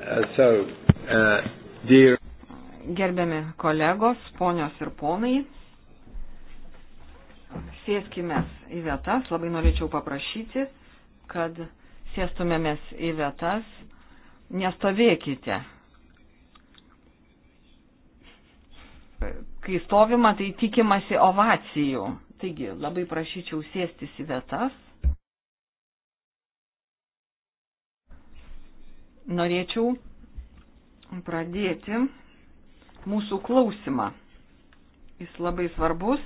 Uh, so, uh, dear... Gerbiami kolegos, ponios ir ponai, sėskime į vietas. Labai norėčiau paprašyti, kad sėstumėmės į vietas. Nestovėkite. Kai stovima, tai tikimasi ovacijų. Taigi, labai prašyčiau sėstis į vietas. norėčiau pradėti mūsų klausimą. Jis labai svarbus.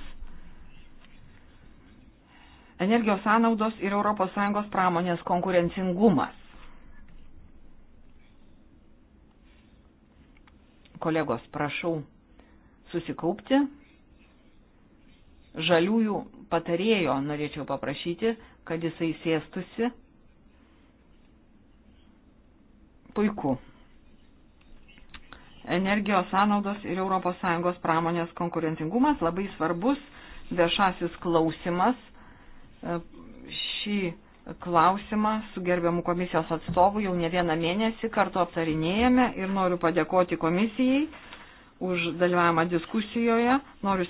Energijos sąnaudos ir ES pramonės konkurencingumas. Kolegos, prašau susikaupti. Žaliųjų patarėjo norėčiau paprašyti, kad jisai sėstusi Puiku. Energijos sąnaudos ir ES pramonės konkurencingumas labai svarbus viešasis klausimas. E, šį klausimą su gerbiamu komisijos atstovu jau ne vieną mėnesį kartu aptarinėjame ir noriu padėkoti komisijai už dalyvavimą diskusijoje. Noriu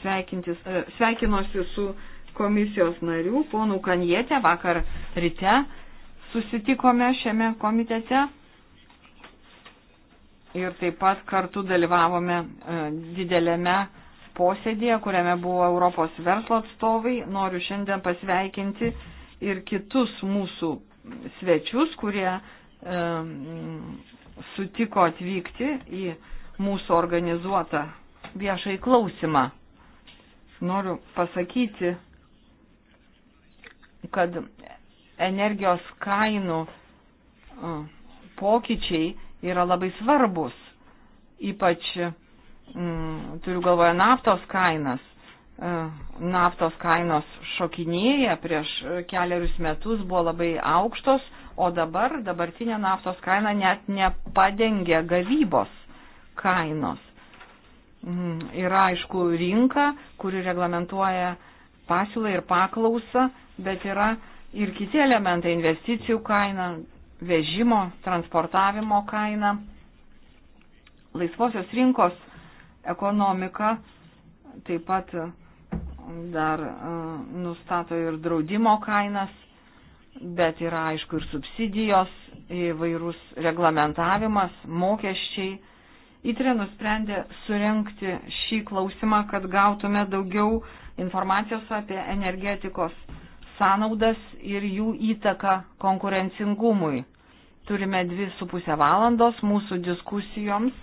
sveikinuosi e, su komisijos narių, ponų Kanjėtė, vakar ryte susitikome šiame komitete ir taip pat kartu dalyvavome e, didelėme posėdėje, kuriame buvo Europos verslo atstovai. Noriu šiandien pasveikinti ir kitus mūsų svečius, kurie e, sutiko atvykti į mūsų organizuotą viešai klausimą. Noriu pasakyti, kad energijos kainų e, pokyčiai yra labai svarbus, ypač mm, turiu galvoje naftos kainas. E, naftos kainos šokinėja prieš keliarius metus buvo labai aukštos, o dabar dabartinė naftos kaina net nepadengia gavybos kainos. Mm, yra aišku rinka, kuri reglamentuoja pasiūlą ir paklausą, bet yra ir kiti elementai - investicijų kaina, vežimo, transportavimo kaina. Laisvosios rinkos ekonomika taip pat dar e, nustato ir draudimo kainas, bet yra aišku ir subsidijos, įvairūs reglamentavimas, mokesčiai. ITRE nusprendė surenkti šį klausimą, kad gautume daugiau informacijos apie energetikos sąnaudas ir jų įtaką konkurencingumui. Turime dvi su pusę valandos mūsų diskusijoms.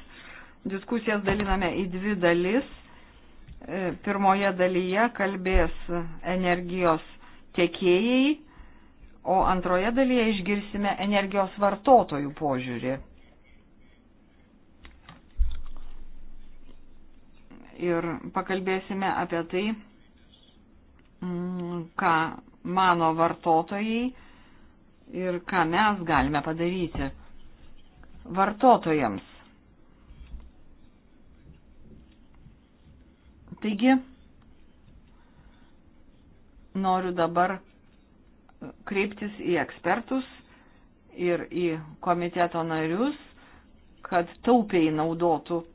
Diskusijas daliname į dvi dalis. E, pirmoje dalyje kalbės energijos tiekėjai, o antroje dalyje išgirsime energijos vartotojų požiūrį. Ir pakalbėsime apie tai, ką mano vartotojai ir ką mes galime padaryti vartotojams. Taigi, noriu dabar kreiptis į ekspertus ir į komiteto narius, kad taupiai naudotų e,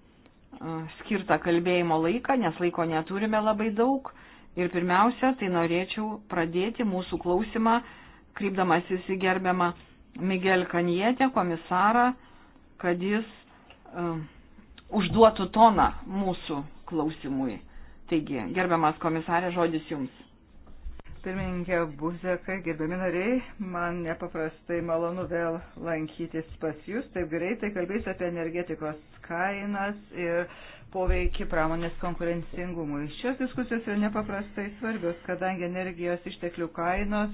skirtą kalbėjimo laiką, nes laiko neturime labai daug. Ir pirmiausia, tai norėčiau pradėti mūsų klausimą, krypdamasis į gerbiamą Miguel Kanietę, komisarą, kad jis uh, užduotų toną mūsų klausimui. Taigi, gerbiamas komisarė, žodis jums. Pirmininkė Buzekai, gerbiami nariai, man nepaprastai malonu vėl lankytis pas jūs. Taip greitai kalbėsiu apie energetikos kainas ir uh, poveikį pramonės konkurencingumui. Šios diskusijos yra nepaprastai svarbios, kadangi energijos išteklių kainos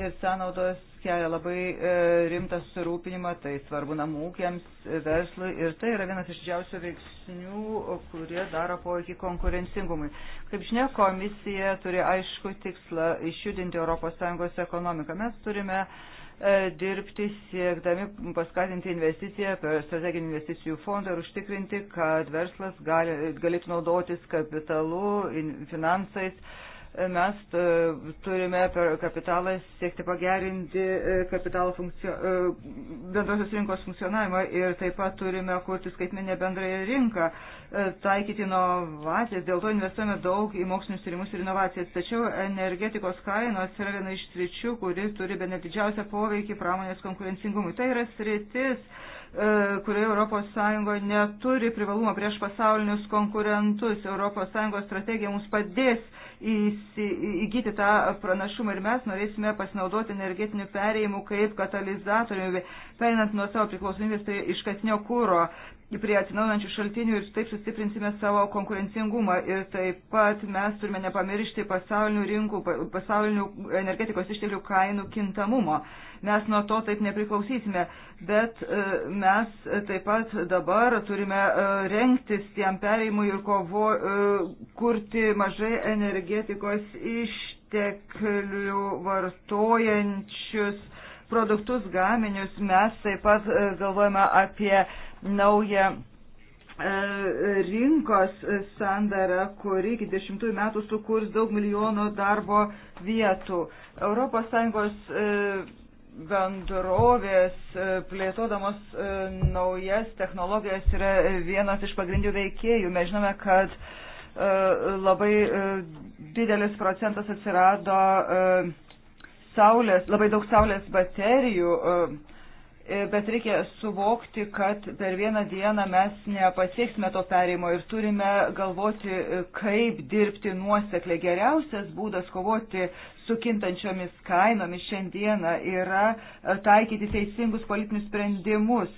ir sąnaudos kelia labai e, rimtą surūpinimą, tai svarbu namų ūkiams, verslui ir tai yra vienas iš didžiausių veiksnių, kurie daro poveikį konkurencingumui. Kaip žinia, komisija turi aišku tikslą išjudinti ES ekonomiką. Mes turime e, E, dirbti siekdami paskatinti investiciją per strateginį investicijų fondą ir užtikrinti, kad verslas gali, galėtų naudotis kapitalu, finansais mes e, turime per kapitalą siekti pagerinti e, kapitalo funkcio, e, bendrosios rinkos funkcionavimą ir taip pat turime kurti skaitminę bendrąją rinką, taikyti inovacijas, dėl to investuojame daug į mokslinius tyrimus ir inovacijas. Tačiau energetikos kainos yra viena iš sričių, kuri turi bene didžiausią poveikį pramonės konkurencingumui. Tai yra sritis kurioje ES neturi privalumo prieš pasaulinius konkurentus. ES strategija mums padės uh, įgyti tą pranašumą ir mes norėsime pasinaudoti energetiniu perėjimu kaip katalizatoriumi, perinant nuo savo priklausomybės prie iškasnio kūro prie atsinaujančių šaltinių ir taip sustiprinsime savo konkurencingumą. Ir taip pat mes turime nepamiršti pasaulinių rinkų, pasaulinių energetikos išteklių kainų kintamumo. Mes nuo to taip nepriklausysime, bet e, mes taip pat dabar turime e, renktis tiem pereimui ir kovo, e, kurti mažai energetikos išteklių vartojančius produktus, gaminius, mes taip pat galvojame apie naują e, rinkos sandara, kuri iki dešimtųjų metų sukurs daug milijonų darbo vietų. ES e, bendrovės e, plėtodamos naujas technologijas yra vienas iš pagrindinių veikėjų. Mes žinome, kad labai didelis procentas atsirado saulės, labai daug saulės baterijų E, bet reikia suvokti, kad per vieną dieną mes nepasieksime to perėjimo ir turime galvoti, e, kaip dirbti nuosekliai. Geriausias būdas kovoti su kintančiomis kainomis šiandieną yra e, taikyti teisingus politinius sprendimus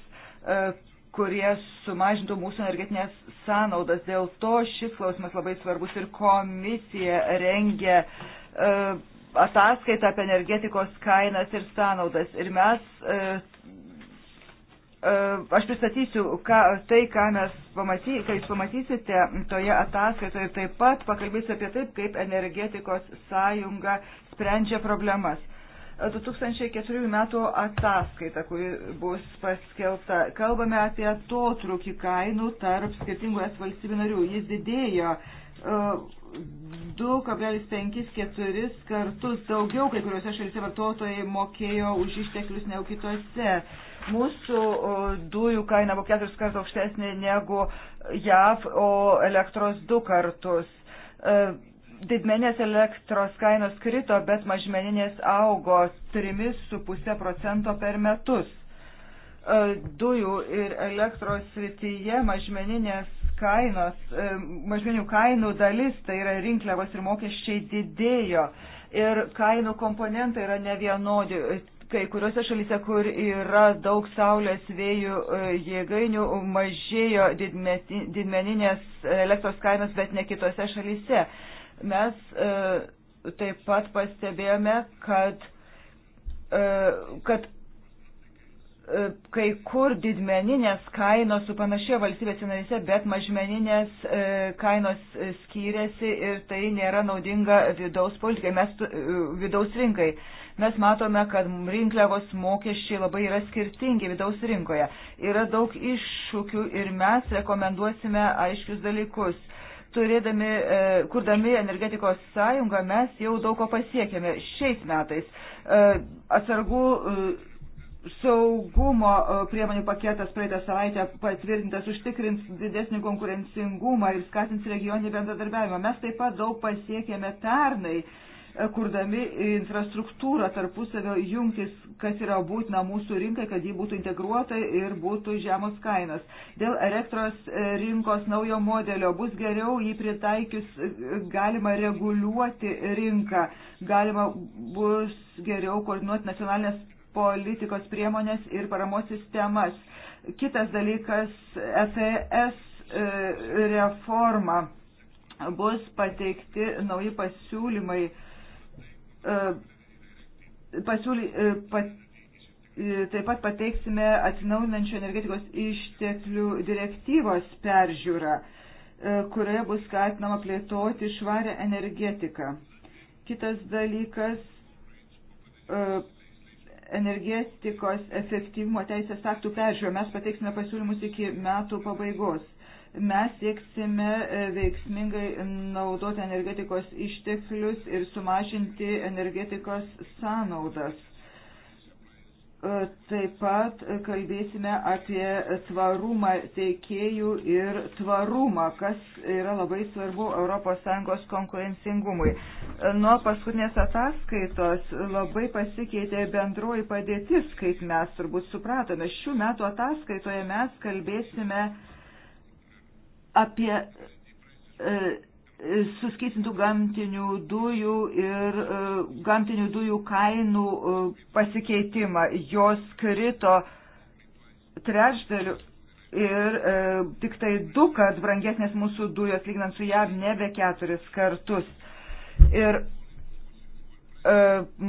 kurie sumažintų mūsų energetinės sąnaudas. Dėl to šis klausimas labai svarbus ir komisija rengia uh, ataskaitą apie energetikos kainas ir sąnaudas. Ir mes, e, e, aš pristatysiu ką, tai, ką mes pamaty, ką jūs pamatysite toje ataskaitoje ir taip pat pakalbėsiu apie taip, kaip energetikos sąjunga sprendžia problemas. 2004 e, metų ataskaita, kuri bus paskelbta. Kalbame apie to trūkį kainų tarp skirtingų es valstybių narių. Jis didėjo 2,54 e, kartus daugiau kai kuriuose šalyse vartotojai mokėjo už išteklius negu kitose. Mūsų dujų kaina buvo keturis kartus aukštesnė negu JAV, o elektros du kartus. E, didmenės elektros kainos krito, bet mažmeninės augo 3,5 procento per metus. E, dujų ir elektros srityje mažmeninės kainos, e, mažmenių kainų dalis, tai yra rinkliavos ir mokesčiai didėjo ir kainų komponentai yra nevienodi. Kai kuriuose šalyse, kur yra daug saulės vėjų e, jėgainių, mažėjo didmeninės elektros kainos, bet ne kitose šalyse. Mes e, taip pat pastebėjome, kad kad E, kai kur didmeninės kainos supanašėjo valstybėse narėse, bet mažmeninės e, kainos skyrėsi ir tai nėra naudinga vidaus politikai, mes, e, vidaus rinkai. Mes matome, kad rinkliavos mokesčiai labai yra skirtingi vidaus rinkoje. Yra daug iššūkių ir mes rekomenduosime aiškius dalykus. Turėdami, kurdami energetikos sąjungą, mes jau daug ko pasiekėme šiais metais. Atsargų saugumo e, priemonių paketas praeitą savaitę patvirtintas užtikrins didesnį konkurencingumą ir skatins regioninį bendradarbiavimą. Mes taip pat daug pasiekėme pernai, e, kurdami infrastruktūrą tarpusavio jungtis, kas yra būtina mūsų rinkai, kad ji būtų integruota ir būtų žemos kainos. Dėl elektros e, rinkos naujo modelio bus geriau jį pritaikius, galima reguliuoti rinką, galima bus geriau koordinuoti nacionalinės politikos priemonės ir paramos sistemas. Kitas dalykas - ETS e, reforma. Bus pateikti nauji pasiūlymai. E, pasiūly, e, pat, taip pat pateiksime atsinaujinančių energetikos išteklių direktyvos peržiūrą kurioje bus skatinama plėtoti švarę energetiką. Kitas dalykas energetikos efektyvumo teisės aktų peržiūrą. Mes pateiksime pasiūlymus iki metų pabaigos. Mes sieksime e, veiksmingai naudoti energetikos išteklius ir sumažinti energetikos sąnaudas E, taip pat kalbėsime apie tvarumą teikėjų ir tvarumą, kas yra labai svarbu ES konkurencingumui. E, nuo paskutinės ataskaitos labai pasikeitė bendroji padėtis, kaip mes turbūt supratome. Šių metų ataskaitoje mes kalbėsime apie e, suskaitintų gamtinių dujų ir e, gamtinių dujų kainų e, pasikeitimą. Jos krito trečdaliu ir e, tik tai du, kad brangesnės mūsų dujos, lyginant su JAV, nebe keturis kartus. Ir e,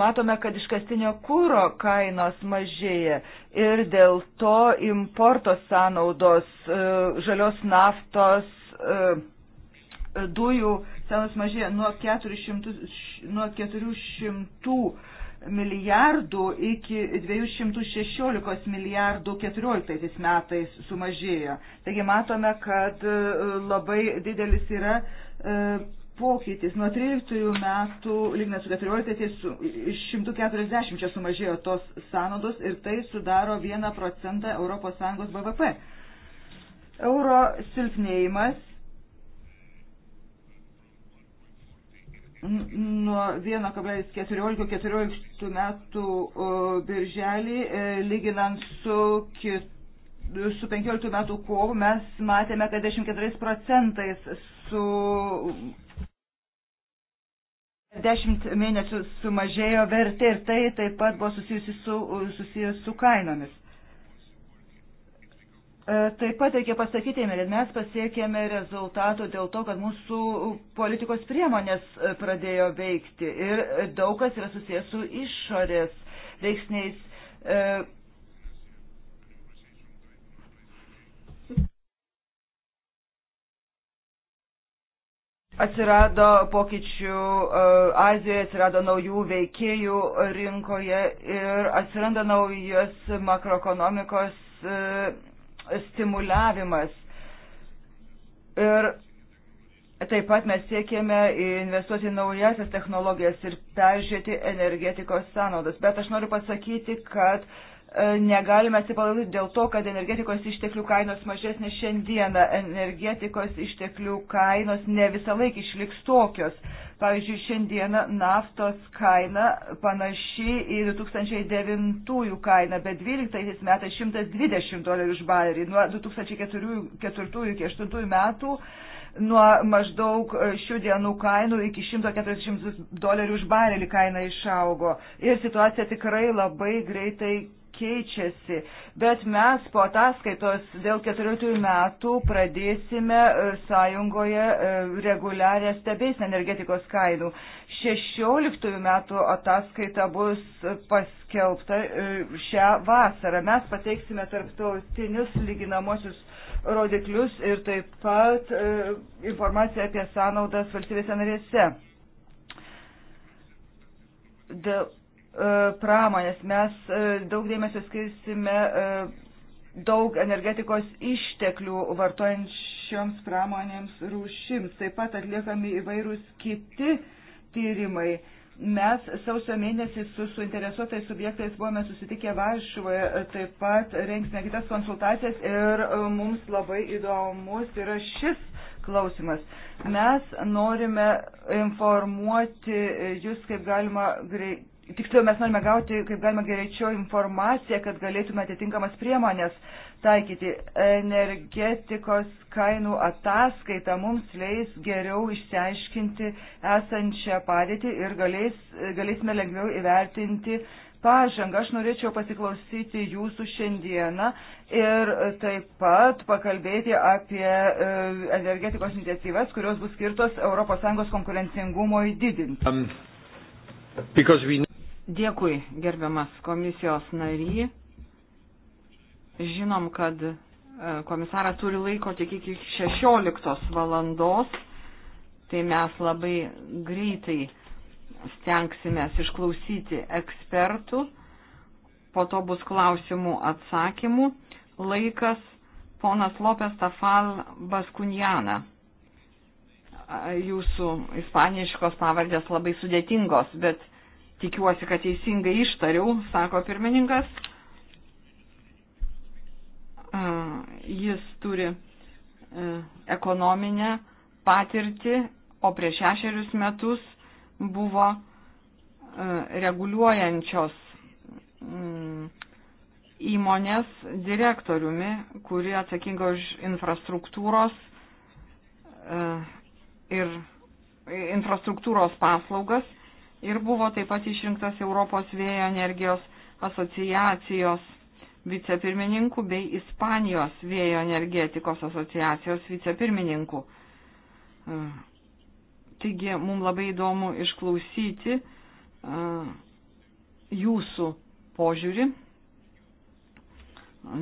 matome, kad iškastinio kūro kainos mažėja ir dėl to importo sąnaudos e, žalios naftos. E, E, dujų senos mažėja nuo 400, nuo 400 milijardų iki 216 milijardų 14 metais sumažėjo. Taigi matome, kad e, labai didelis yra e, pokytis. Nuo 13 metų, lyginant su 14, 140 čia sumažėjo tos sąnaudos ir tai sudaro 1 procentą ES BVP. Euro silpnėjimas nuo 1,14-14 metų birželį, e, lyginant su, kit, su 15 metų kovu, mes matėme, kad 14 procentais su 10 mėnesių sumažėjo vertė ir tai taip pat buvo susijusi su, susijęs su kainomis. E, taip pat reikia pasakyti, kad mes pasiekėme rezultatų dėl to, kad mūsų politikos priemonės e, pradėjo veikti ir daug kas yra susijęs su išorės veiksniais. E, atsirado pokyčių Azijoje, atsirado naujų veikėjų rinkoje ir atsiranda naujos makroekonomikos stimuliavimas. Ir Taip pat mes siekėme investuoti naujasias technologijas ir peržiūrėti energetikos sąnaudas. Bet aš noriu pasakyti, kad e, negalime atsipalaiduoti dėl to, kad energetikos išteklių kainos mažesnės šiandieną. Energetikos išteklių kainos ne visą laiką išliks tokios. Pavyzdžiui, šiandieną naftos kaina panaši į 2009 kainą, bet 12 metais 120 dolerių už barelį. Nuo 2004 iki 2008 metų nuo maždaug šių dienų kainų iki 140 dolerių už barelį kaina išaugo. Ir situacija tikrai labai greitai keičiasi, bet mes po ataskaitos dėl 14 metų pradėsime e, sąjungoje e, reguliarę stebės energetikos kainų. 16 metų ataskaita bus paskelbta e, šią vasarą. Mes pateiksime tarptautinius lyginamosius rodiklius ir taip pat informaciją apie sąnaudas valstybėse narėse. Dėl E, pramonės. Mes e, daug dėmesio skirsime e, daug energetikos išteklių vartojančioms pramonėms rūšims. Taip pat atliekami įvairūs kiti tyrimai. Mes sausio mėnesį su suinteresuotais subjektais buvome susitikę Varšuvoje, taip pat rengsime kitas konsultacijas ir mums labai įdomus yra šis klausimas. Mes norime informuoti jūs kaip galima greit tiksliau mes norime gauti kaip galima greičiau informaciją, kad galėtume atitinkamas priemonės taikyti. Energetikos kainų ataskaita mums leis geriau išsiaiškinti esančią padėtį ir galės, galėsime lengviau įvertinti pažangą. Aš norėčiau pasiklausyti jūsų šiandieną ir taip pat pakalbėti apie e, energetikos iniciatyvas, kurios bus skirtos ES konkurencingumui didinti. Um, we... Dėkui, gerbiamas komisijos nary. Žinom, kad e, komisaras turi laiko tik iki 16 valandos, tai mes labai greitai stengsimės išklausyti ekspertų, po to bus klausimų atsakymų. Laikas ponas Lopes Tafal Baskunjana. Jūsų ispaniškos pavardės labai sudėtingos, bet Tikiuosi, kad teisingai ištariau, sako pirmininkas. Jis turi e, ekonominę patirtį, o prieš šešerius metus buvo e, reguliuojančios įmonės direktoriumi, kuri atsakinga už infrastruktūros e, ir infrastruktūros paslaugas ir buvo taip pat išrinktas Europos vėjo energijos asociacijos vicepirmininku bei Ispanijos vėjo energetikos asociacijos vicepirmininku. E, Taigi mums labai įdomu išklausyti e, jūsų požiūrį,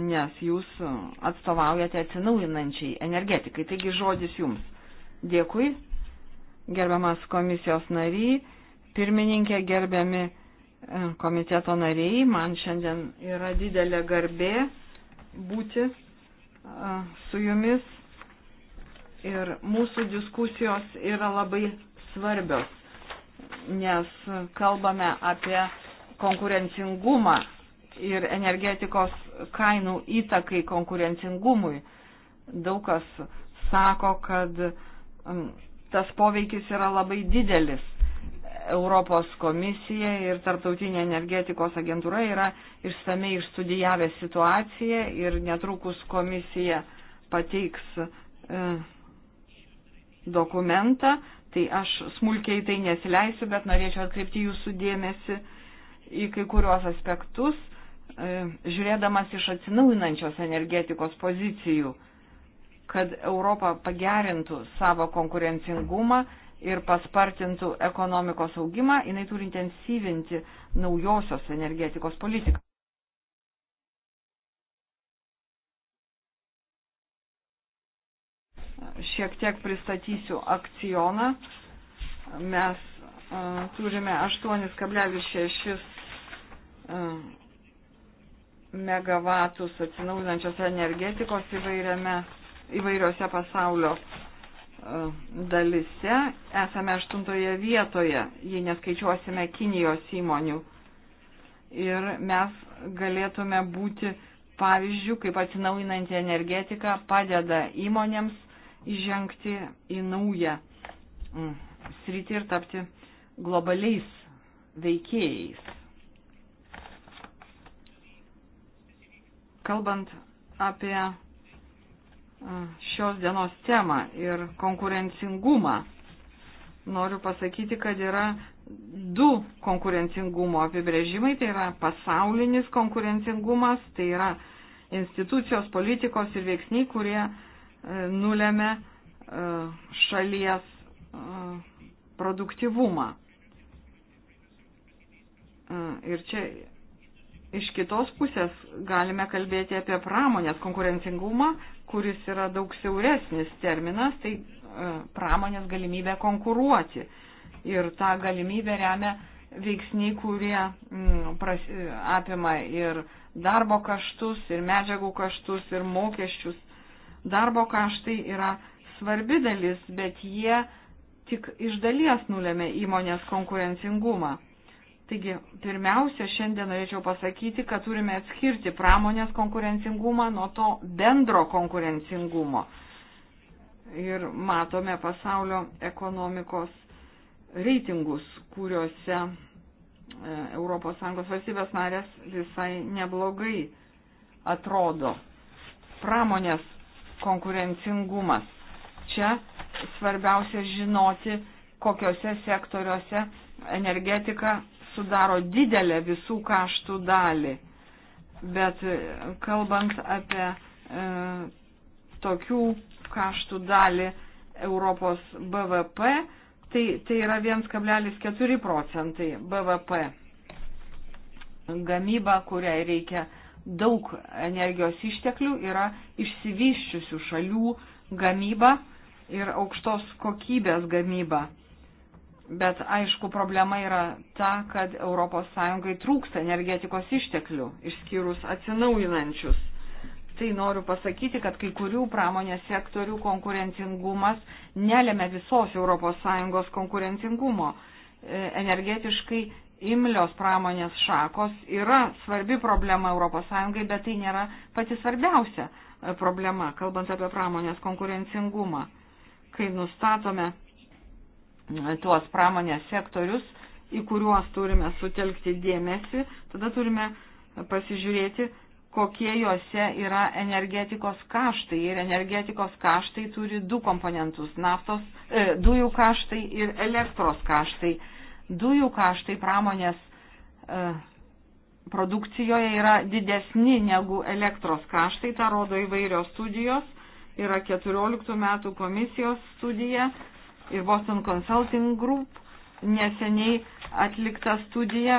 nes jūs atstovaujate atsinaujinančiai energetikai. Taigi žodis jums. Dėkui, gerbiamas komisijos nariai pirmininkė, gerbiami e, komiteto nariai, man šiandien yra didelė garbė būti e, su jumis ir mūsų diskusijos yra labai svarbios, nes kalbame apie konkurencingumą ir energetikos kainų įtakai konkurencingumui. Daug kas sako, kad tas poveikis yra labai didelis Europos komisija ir Tartautinė energetikos agentūra yra išsamei išstudijavę situaciją ir netrukus komisija pateiks e, dokumentą. Tai aš smulkiai tai nesileisiu, bet norėčiau atkreipti jūsų dėmesį į kai kuriuos aspektus, e, žiūrėdamas iš atsinaujinančios energetikos pozicijų, kad Europa pagerintų savo konkurencingumą ir paspartintų ekonomikos augimą, jinai turi intensyvinti naujosios energetikos politiką. Šiek tiek pristatysiu akcioną. Mes uh, turime 8,6 uh, megavatus atsinaujinančios energetikos įvairiame, įvairiose pasaulio uh, dalise esame aštuntoje vietoje, jei neskaičiuosime Kinijos įmonių. Ir mes galėtume būti pavyzdžių, kaip atsinaujinanti energetika padeda įmonėms įžengti į naują mm, sritį ir tapti globaliais veikėjais. Kalbant apie šios dienos temą ir konkurencingumą. Noriu pasakyti, kad yra du konkurencingumo apibrėžimai, tai yra pasaulinis konkurencingumas, tai yra institucijos, politikos ir veiksniai, kurie e, nulėmė e, šalies e, produktivumą. Ir čia iš kitos pusės galime kalbėti apie pramonės konkurencingumą, kuris yra daug siauresnis terminas, tai e, pramonės galimybė konkuruoti. Ir tą galimybę remia veiksniai, kurie m, mm, pras, e, apima ir darbo kaštus, ir medžiagų kaštus, ir mokesčius. Darbo kaštai yra svarbi dalis, bet jie tik iš dalies nulėmė įmonės konkurencingumą. Taigi, pirmiausia, šiandien norėčiau pasakyti, kad turime atskirti pramonės konkurencingumą nuo to bendro konkurencingumo. Ir matome pasaulio ekonomikos reitingus, kuriuose ES valstybės narės visai neblogai atrodo. Pramonės konkurencingumas. Čia svarbiausia žinoti, kokiuose sektoriuose energetika sudaro didelę visų kaštų dalį. Bet e, kalbant apie e, tokių kaštų dalį Europos BVP, tai, tai yra 1,4 procentai BVP. Gamyba, kuriai reikia daug energijos išteklių, yra išsivyščiusių šalių gamyba ir aukštos kokybės gamyba. Bet aišku, problema yra ta, kad ES trūksta energetikos išteklių, išskyrus atsinaujinančius. Tai noriu pasakyti, kad kai kurių pramonės sektorių konkurencingumas nelėmė visos ES konkurencingumo. E, energetiškai imlios pramonės šakos yra svarbi problema ES, bet tai nėra pati svarbiausia e, problema, kalbant apie pramonės konkurencingumą. Kai nustatome tuos pramonės sektorius, į kuriuos turime sutelkti dėmesį, tada turime pasižiūrėti, kokie juose yra energetikos kaštai. Ir energetikos kaštai turi du komponentus - naftos, e, dujų kaštai ir elektros kaštai. Dujų kaštai pramonės e, produkcijoje yra didesni negu elektros kaštai, tą rodo įvairios studijos. Yra 14 metų komisijos studija ir Boston Consulting Group neseniai atlikta studija,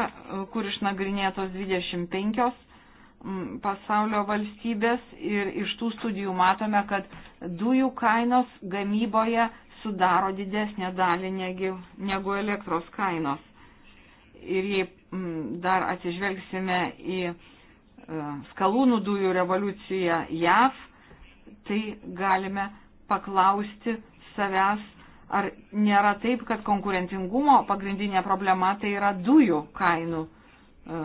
kur išnagrinėtos 25 mm, pasaulio valstybės ir iš tų studijų matome, kad dujų kainos gamyboje sudaro didesnę dalį negi, negu elektros kainos. Ir jei mm, dar atsižvelgsime į e, skalūnų dujų revoliuciją JAV, tai galime paklausti savęs, Ar nėra taip, kad konkurencingumo pagrindinė problema tai yra dujų kainų, e,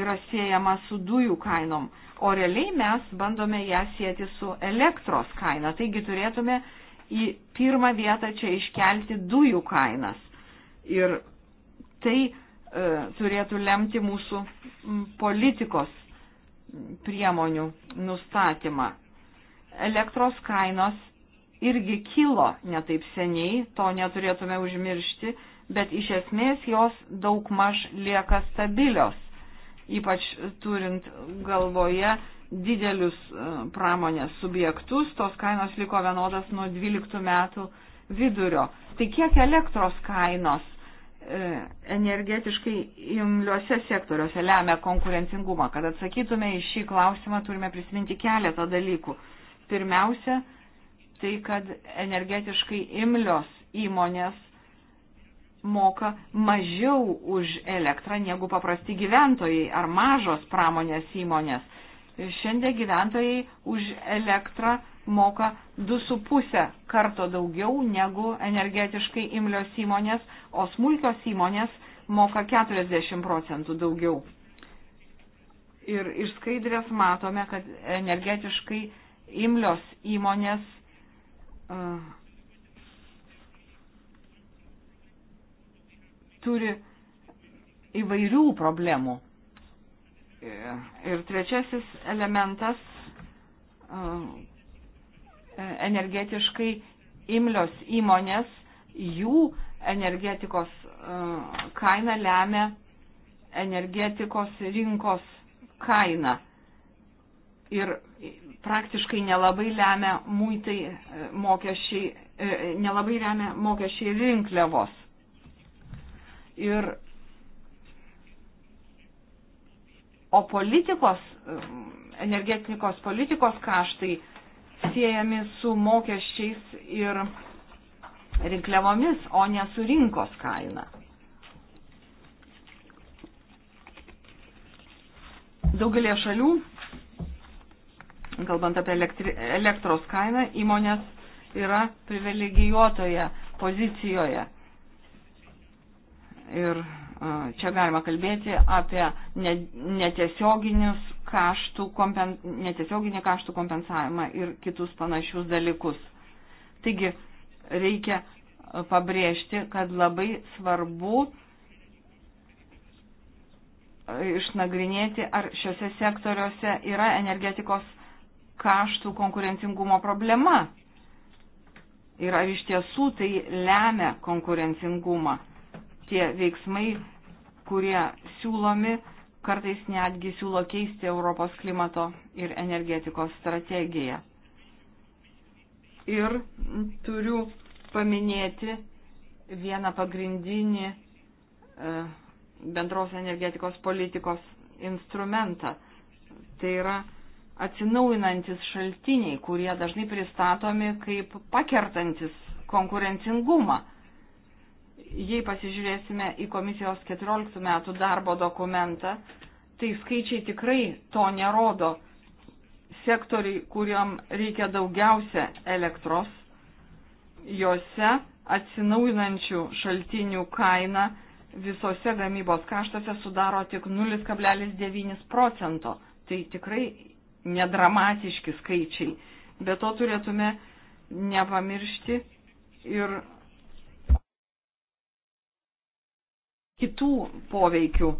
yra siejama su dujų kainom, o realiai mes bandome ją sieti su elektros kaina, taigi turėtume į pirmą vietą čia iškelti dujų kainas. Ir tai e, turėtų lemti mūsų politikos priemonių nustatymą. Elektros kainos irgi kilo netaip seniai, to neturėtume užmiršti, bet iš esmės jos daug maž lieka stabilios, ypač turint galvoje didelius e, pramonės subjektus, tos kainos liko vienodas nuo 12 metų vidurio. Tai kiek elektros kainos e, energetiškai imliuose sektoriuose lemia konkurencingumą? Kad atsakytume į šį klausimą, turime prisiminti keletą dalykų. Pirmiausia, tai, kad energetiškai imlios įmonės moka mažiau už elektrą negu paprasti gyventojai ar mažos pramonės įmonės. Šiandien gyventojai už elektrą moka 2,5 karto daugiau negu energetiškai imlios įmonės, o smulkios įmonės moka 40 procentų daugiau. Ir iš skaidrės matome, kad energetiškai imlios įmonės turi įvairių problemų. E, ir trečiasis elementas - e, energetiškai imlios įmonės, jų energetikos kaina lemia energetikos rinkos kainą ir praktiškai nelabai lemia muitai e, mokesčiai, e, nelabai lemia mokesčiai rinkliavos. Ir o politikos, e, energetikos politikos kaštai siejami su mokesčiais ir rinkliavomis, o ne su rinkos kaina. Daugelie šalių kalbant apie elektri, elektros kainą, įmonės yra privilegijuotoje pozicijoje. Ir čia galima kalbėti apie netiesioginius kaštų, kompen, netiesioginį kaštų kompensavimą ir kitus panašius dalykus. Taigi reikia pabrėžti, kad labai svarbu išnagrinėti, ar šiuose sektoriuose yra energetikos kaštų konkurencingumo problema. Ir ar iš tiesų tai lemia konkurencingumą? Tie veiksmai, kurie siūlomi, kartais netgi siūlo keisti Europos klimato ir energetikos strategiją. Ir turiu paminėti vieną pagrindinį e, bendros energetikos politikos instrumentą. Tai yra atsinaujinantis šaltiniai, kurie dažnai pristatomi kaip pakertantis konkurencingumą. Jei pasižiūrėsime į komisijos 14 metų darbo dokumentą, tai skaičiai tikrai to nerodo. Sektoriai, kuriam reikia daugiausia elektros, juose atsinaujinančių šaltinių kaina visose gamybos kaštuose sudaro tik 0,9 procento. Tai tikrai nedramatiški skaičiai. Be to turėtume nepamiršti ir kitų poveikių.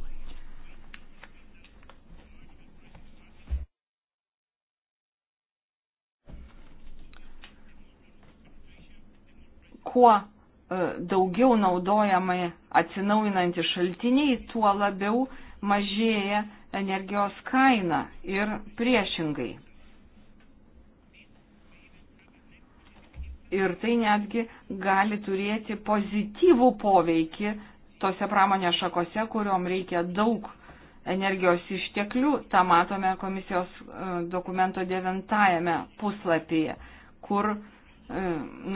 Kuo e, daugiau naudojamai atsinaujinantys šaltiniai, tuo labiau mažėja energijos kainą ir priešingai. Ir tai netgi gali turėti pozityvų poveikį tose pramonės šakose, kuriuom reikia daug energijos išteklių. Ta matome komisijos e, dokumento devintajame puslapyje, kur e,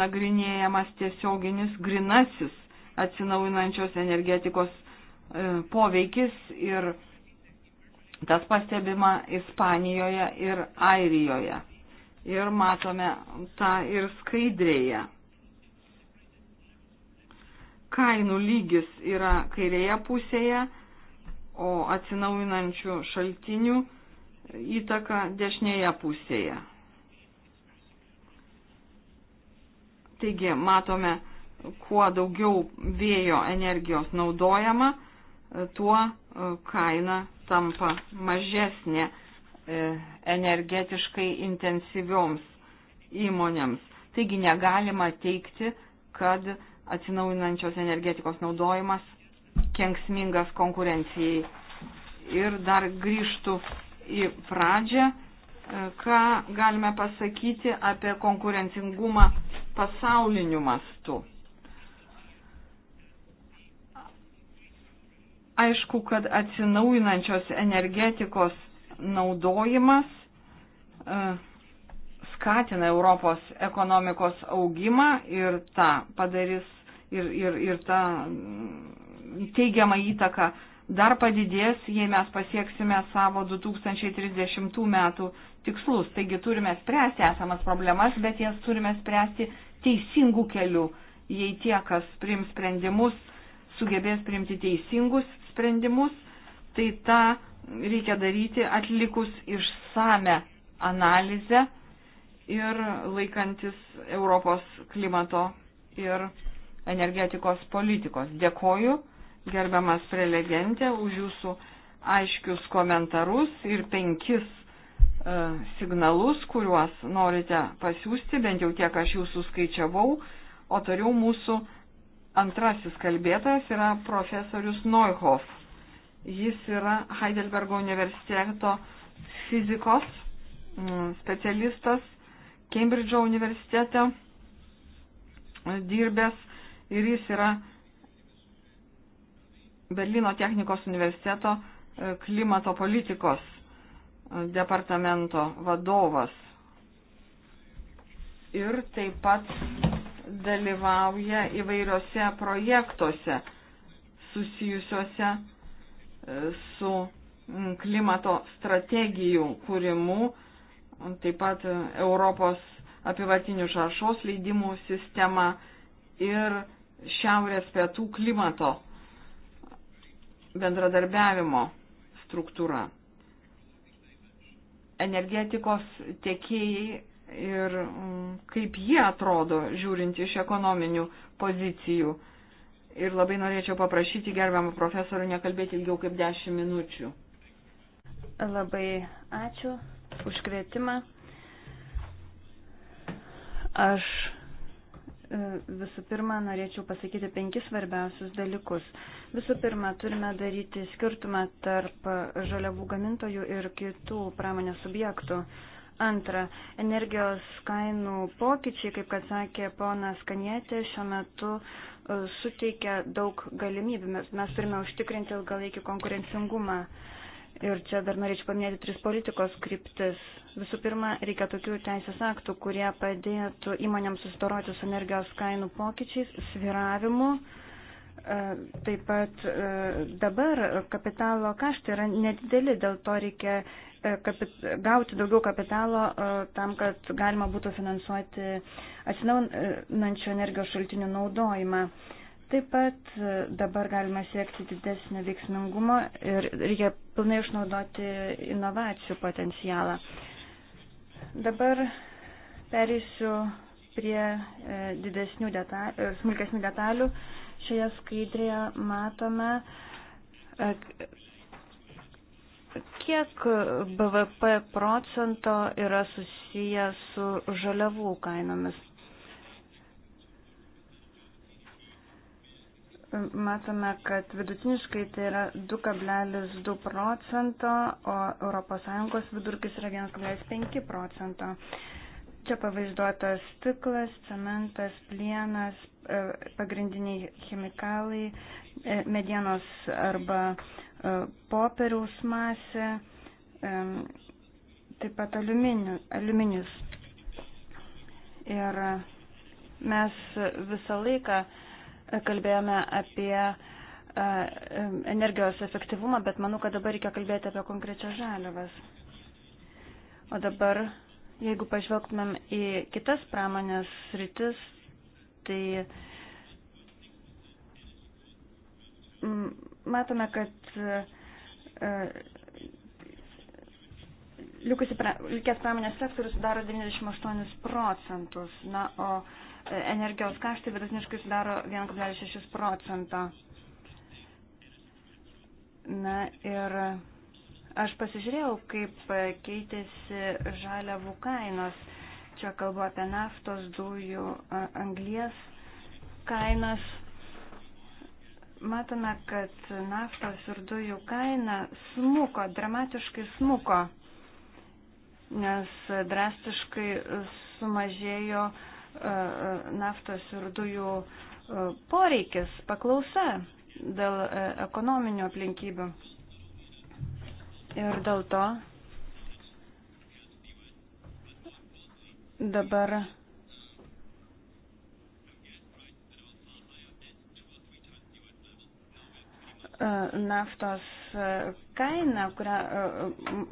nagrinėjamas tiesioginis grinasis atsinaujinančios energetikos e, poveikis ir Tas pastebima Ispanijoje ir Airijoje. Ir matome tą ir skaidrėje. Kainų lygis yra kairėje pusėje, o atsinaujinančių šaltinių įtaka dešinėje pusėje. Taigi matome, kuo daugiau vėjo energijos naudojama, tuo e, kaina tampa mažesnė e, energetiškai intensyvioms įmonėms. Taigi negalima teikti, kad atsinaujinančios energetikos naudojimas kenksmingas konkurencijai. Ir dar grįžtų į pradžią, e, ką galime pasakyti apie konkurencingumą pasauliniu mastu. Aišku, kad atsinaujinančios energetikos naudojimas e, skatina Europos ekonomikos augimą ir tą padarys ir, ir, ir tą mm, teigiamą įtaką dar padidės, jei mes pasieksime savo 2030 metų tikslus. Taigi turime spręsti esamas problemas, bet jas turime spręsti teisingų kelių, jei tie, kas prims sprendimus, sugebės priimti teisingus sprendimus, tai tą reikia daryti atlikus išsame analizę ir laikantis Europos klimato ir energetikos politikos. Dėkoju, gerbiamas prelegentė, už jūsų aiškius komentarus ir penkis e, signalus, kuriuos norite pasiūsti, bent jau tiek aš jūsų skaičiavau, o toliau mūsų Antrasis kalbėtojas yra profesorius Neuhoff. Jis yra Heidelbergo universiteto fizikos mm, specialistas, Kembridžo universitete dirbęs ir jis yra Berlyno technikos universiteto e, klimato politikos e, departamento vadovas ir taip pat dalyvauja įvairiose projektuose susijusiuose e, su klimato strategijų kūrimu, taip pat e, Europos apivartinių šaršos leidimų sistema ir šiaurės pietų klimato bendradarbiavimo struktūra. Energetikos tiekėjai ir mm, kaip jie atrodo žiūrint iš ekonominių pozicijų. Ir labai norėčiau paprašyti gerbiamą profesorių nekalbėti ilgiau kaip 10 minučių. Labai ačiū už kvietimą. Aš e, visų pirma norėčiau pasakyti penkis svarbiausius dalykus. Visų pirma, turime daryti skirtumą tarp žaliavų gamintojų ir kitų pramonės subjektų. Antra, energijos kainų pokyčiai, kaip kad sakė ponas Kanietė, šiuo metu e, suteikia daug galimybių. Mes, mes turime užtikrinti ilgalaikį konkurencingumą. Ir čia dar norėčiau paminėti tris politikos kryptis. Visų pirma, reikia tokių teisės aktų, kurie padėtų įmonėms susidoroti su energijos kainų pokyčiais, sviravimu. E, taip pat e, dabar kapitalo kaštai yra nedideli, dėl to reikia E, kapit, gauti daugiau kapitalo e, tam, kad galima būtų finansuoti atsinaunančių energijos šaltinių naudojimą. Taip pat e, dabar galima siekti didesnio veiksmingumo ir reikia pilnai išnaudoti inovacijų potencialą. Dabar perėsiu prie didesnių detalių, smulkesnių detalių. Šioje skaidrėje matome Kiek BVP procento yra susiję su žaliavų kainomis? Matome, kad vidutiniškai tai yra 2,2 procento, o ES vidurkis yra 1,5 procento. Čia pavaizduotas stiklas, cementas, plienas, e, pagrindiniai chemikalai, e, medienos arba E, popieriaus masė, e, taip pat aliuminius. Ir mes visą laiką kalbėjome apie e, energijos efektyvumą, bet manau, kad dabar reikia kalbėti apie konkrečias žaliavas. O dabar, jeigu pažvelgtumėm į kitas pramonės rytis, tai matome, kad E, e, likusi, likęs pramonės sektorius sudaro 98 procentus, na, o e, energijos kaštai vidutiniškai sudaro 1,6 procento. Na ir aš pasižiūrėjau, kaip keitėsi žaliavų kainos. Čia kalbu apie naftos, dujų, anglies kainas matome, kad naftos ir dujų kaina smuko, dramatiškai smuko, nes drastiškai sumažėjo e, e, naftos ir dujų e, poreikis, paklausa dėl ekonominių aplinkybių. Ir dėl to dabar E, naftos e, kaina, kurią e,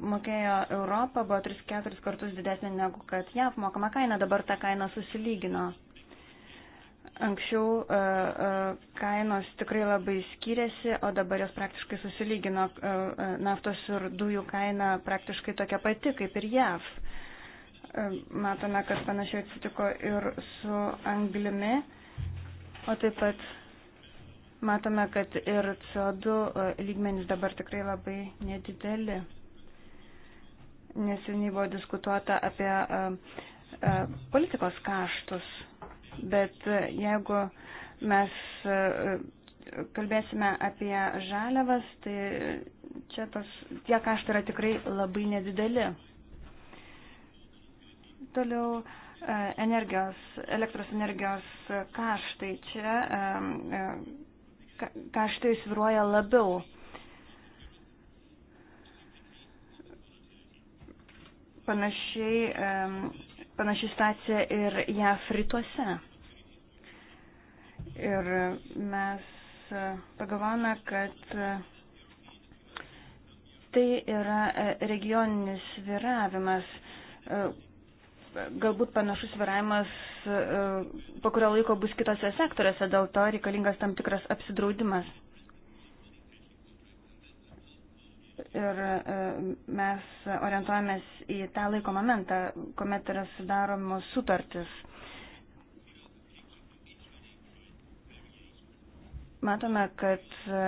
mokėjo Europą, buvo 3-4 kartus didesnė negu kad JAV mokama kaina, dabar ta kaina susilygino. Anksčiau kainos tikrai labai skiriasi, o dabar jos praktiškai susilygino. Naftos ir dujų kaina praktiškai tokia pati kaip ir JAV. Matome, kad panašiai atsitiko ir su anglimi, o taip pat Matome, kad ir CO2 e, lygmenys dabar tikrai labai nedideli. Neseniai buvo diskutuota apie e, e, politikos kaštus, bet jeigu mes kalbėsime apie žaliavas, tai čia tos, tie kaštai yra tikrai labai nedideli. Toliau energijos, elektros energijos kaštai čia kaštai sviruoja labiau. Panašiai, panašiai situacija ir JAF rytuose. Ir mes e, pagalvojame, kad e, tai yra e, regioninis sviravimas, galbūt panašus sviravimas e, po kurio laiko bus kitose sektoriuose, dėl to reikalingas tam tikras apsidraudimas. Ir e, mes orientuojamės į tą laiko momentą, kuomet yra sudaromos sutartis. Matome, kad e,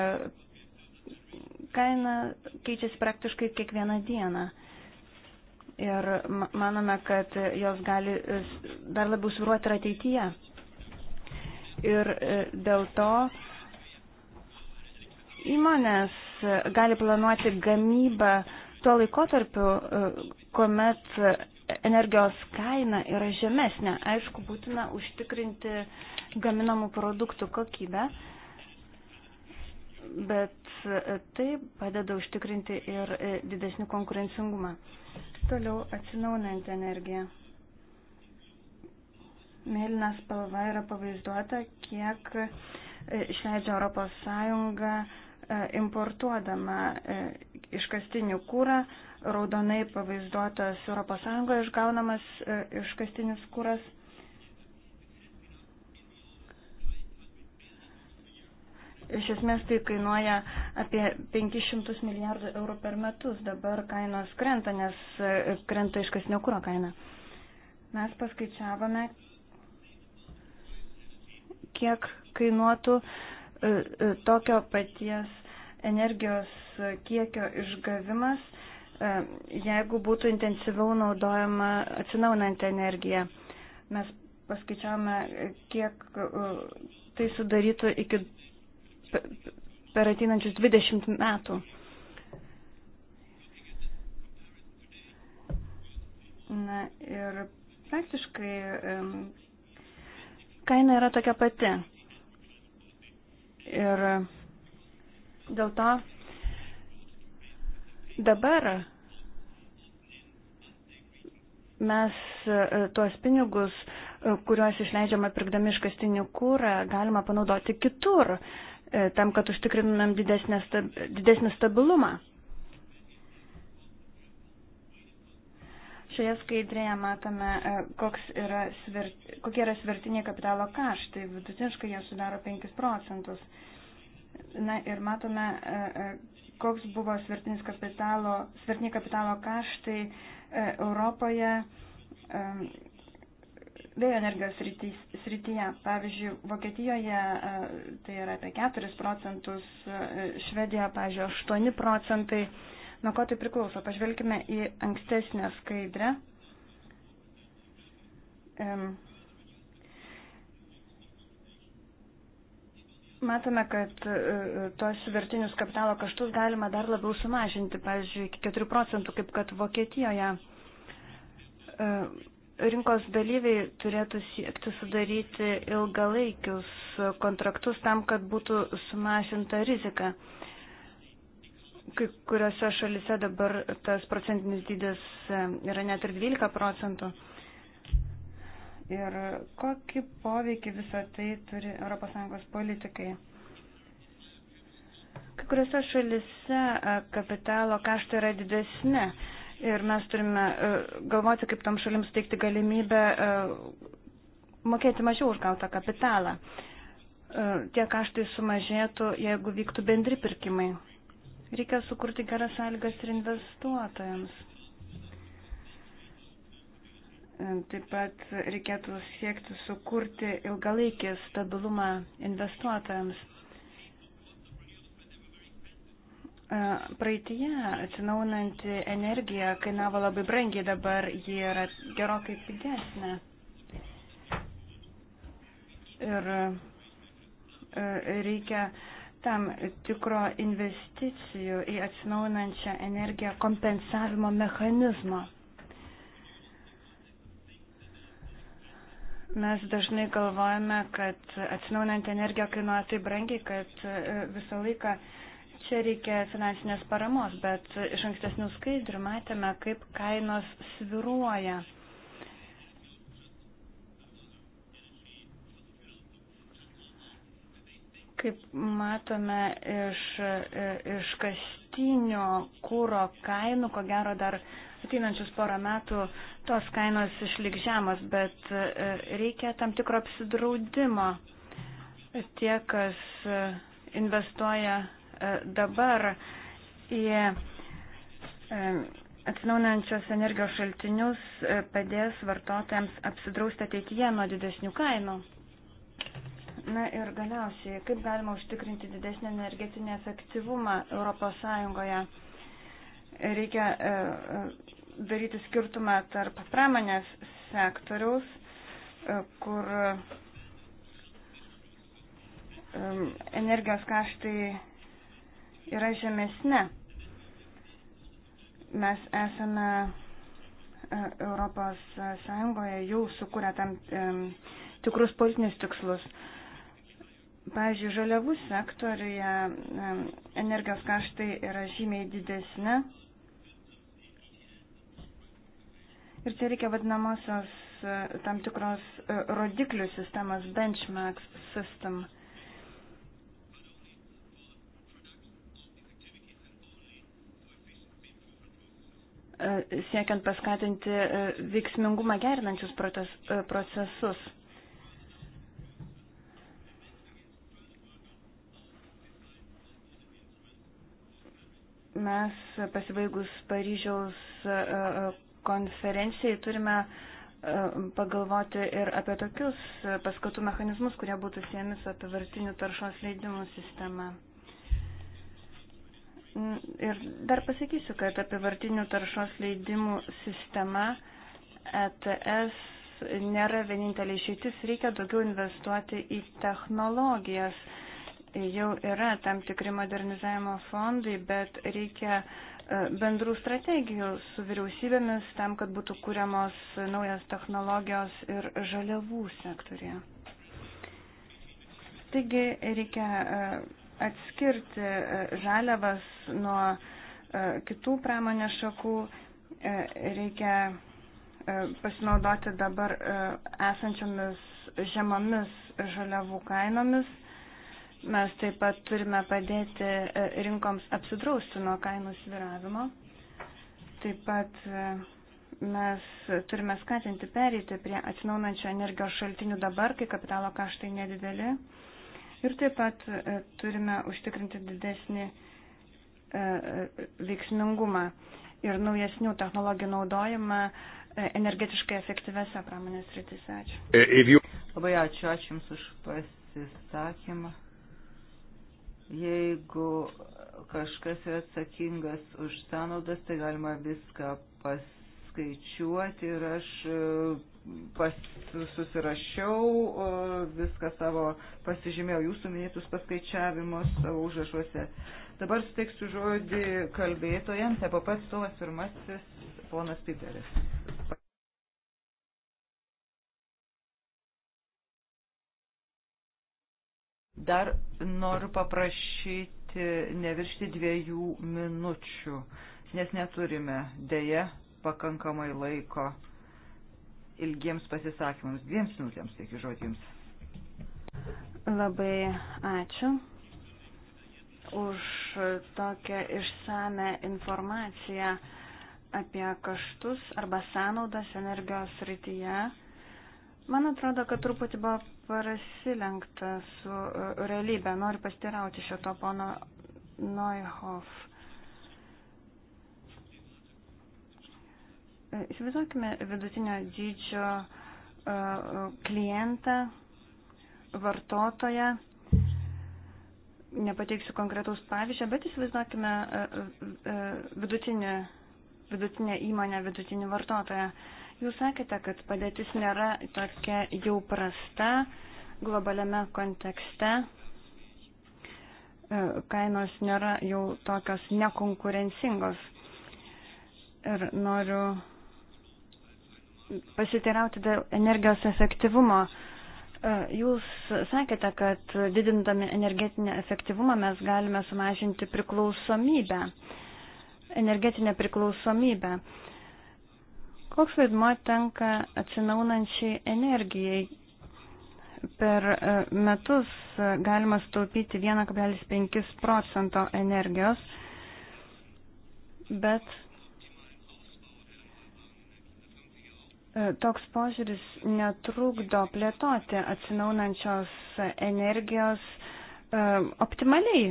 kaina keičiasi praktiškai kiekvieną dieną ir manome, kad jos gali dar labiau sviruoti ir ateityje. Ir e, dėl to įmonės gali planuoti gamybą tuo laikotarpiu, e, kuomet energijos kaina yra žemesnė. Aišku, būtina užtikrinti gaminamų produktų kokybę bet e, tai padeda užtikrinti ir e, didesnį konkurencingumą. Toliau atsinaunant energiją. Mėlyna spalva yra pavaizduota, kiek e, išleidžia Europos Sąjunga importuodama iškastinių kūrą, raudonai pavaizduotas Europos Sąjungoje išgaunamas iškastinis kūras. Iš esmės tai kainuoja apie 500 milijardų eurų per metus. Dabar kainos krenta, nes e, krenta iškasnio kūro kaina. Mes paskaičiavome, kiek kainuotų e, e, tokio paties energijos kiekio išgavimas, jeigu būtų intensyviau naudojama atsinaunanti energija. Mes paskaičiavome, kiek tai sudarytų iki per ateinančius 20 metų. Na ir praktiškai kaina yra tokia pati. Ir dėl to dabar mes e, tuos pinigus, e, kuriuos išleidžiame pirkdami iškastinį kūrą, galima panaudoti kitur. Uh, E, tam, kad užtikrintumėm didesnį stabilumą. Šioje skaidrėje matome, e, yra svirt, kokie yra svertiniai kapitalo kaštai. Vidutiniškai jie sudaro 5 procentus. Na ir matome, e, koks buvo svertiniai kapitalo, svertiniai kapitalo kaštai Europoje vėjo energijos sritys, srityje. Pavyzdžiui, Vokietijoje e, tai yra apie 4 procentus, e, Švedijoje, pavyzdžiui, 8 procentai. Nuo ko tai priklauso? Pažvelkime į ankstesnę skaidrę. Matome, kad e, tos vertinius kapitalo kaštus galima dar labiau sumažinti, pavyzdžiui, iki 4 procentų, kaip kad Vokietijoje rinkos dalyviai turėtų siekti sudaryti ilgalaikius kontraktus tam, kad būtų sumažinta rizika. Kai kuriuose šalise dabar tas procentinis dydis e, yra net ir 12 procentų. Ir kokį poveikį visą tai turi ES politikai? Kai kuriuose šalise e, kapitalo kaštai yra didesni Ir mes turime e, galvoti, kaip tom šalims teikti galimybę e, mokėti mažiau užgautą kapitalą. E, tie kaštai sumažėtų, jeigu vyktų bendri pirkimai. Reikia sukurti geras sąlygas ir investuotojams. Taip pat reikėtų siekti sukurti ilgalaikį stabilumą investuotojams. Praeitie atsinaunanti energija kainavo labai brangiai, dabar ji yra gerokai pigesnė. Ir reikia tam tikro investicijų į atsinaunančią energiją kompensavimo mechanizmo. Mes dažnai galvojame, kad atsinaunanti energija kainuoja taip brangiai, kad visą laiką uh, Čia reikia finansinės paramos, bet iš ankstesnių skaidrių matėme, kaip kainos sviruoja. Kaip matome iš, iš kastinio kūro kainų, ko gero dar ateinančius porą metų tos kainos išlik žemos, bet e, reikia tam tikro apsidraudimo. Tie, kas e, investuoja E, dabar į e, atsinaunančios energijos šaltinius e, padės vartotojams apsidrausti ateityje nuo didesnių kainų. Na ir galiausiai, kaip galima užtikrinti didesnį energetinį efektyvumą ES? Reikia daryti skirtumą tarp pramonės sektoriaus, kur energijos kaštai yra žemesnė. Mes esame e, Europos Sąjungoje jau sukūrę tam e, tikrus politinius tikslus. Pavyzdžiui, žaliavų sektoriuje e, energijos kaštai yra žymiai didesnė. Ir čia reikia vadinamosios tam tikros rodiklių sistemas, benchmarks system. E, siekiant paskatinti e, veiksmingumą gerinančius e, procesus. Mes pasibaigus Paryžiaus konferencijai turime pagalvoti ir apie tokius paskatų mechanizmus, kurie būtų siejami su apivartiniu taršos leidimų sistema. Ir dar pasakysiu, kad apivartinių taršos leidimų sistema ETS nėra vienintelė išeitis, reikia daugiau investuoti į technologijas. Jau yra tam tikri modernizavimo fondai, bet reikia e, bendrų strategijų su vyriausybėmis tam, kad būtų kūriamos naujas technologijos ir žaliavų sektorėje. Taigi reikia e, atskirti e, žaliavas nuo e, kitų pramonės šakų, e, reikia pasinaudoti dabar esančiomis žemomis žaliavų kainomis. Mes taip pat turime padėti rinkoms apsidrausti nuo kainų sviravimo. Taip pat mes turime skatinti pereiti prie atsinaunančio energijos šaltinių dabar, kai kapitalo kaštai nedideli. Ir taip pat e, turime užtikrinti didesnį e, e, veiksmingumą ir naujesnių technologijų naudojimą energetiškai efektyvėse pramonės rytise. Ačiū. Labai ačiū, ačiū Jums už pasisakymą. Jeigu kažkas yra atsakingas už sąnaudas, tai galima viską pas paskaičiuoti ir aš e, pas, susirašiau viską savo, pasižymėjau jūsų minėtus paskaičiavimus savo užrašuose. Dabar suteiksiu žodį kalbėtojams, EPP tai atstovas pirmasis, ponas Piperis. Dar noriu paprašyti neviršti dviejų minučių, nes neturime dėje pakankamai laiko ilgiems pasisakymams. Dviems minutėms teikiu žodį jums. Labai ačiū už tokią išsame informaciją apie kaštus arba sąnaudas energijos rytyje. Man atrodo, kad truputį buvo parasilenkta su realybė. Noriu pastirauti šio to pono Neuhoff Įsivaizduokime vidutinio dydžio e, e, klientą, vartotoją. Nepateiksiu konkretaus pavyzdžio, bet įsivaizduokime e, vidutinį, vidutinę įmonę, vidutinį vartotoją. Jūs sakėte, kad padėtis nėra tokia jau prasta globaliame kontekste. Kainos nėra jau tokios nekonkurencingos. Ir noriu pasiteirauti dėl energijos efektyvumo. E, jūs sakėte, kad didindami energetinę efektyvumą mes galime sumažinti priklausomybę, energetinę priklausomybę. Koks vaidmuo tenka atsinaunančiai energijai? Per e, metus galima staupyti 1,5 procento energijos, bet E, toks požiūris netrukdo plėtoti atsinaunančios energijos e, optimaliai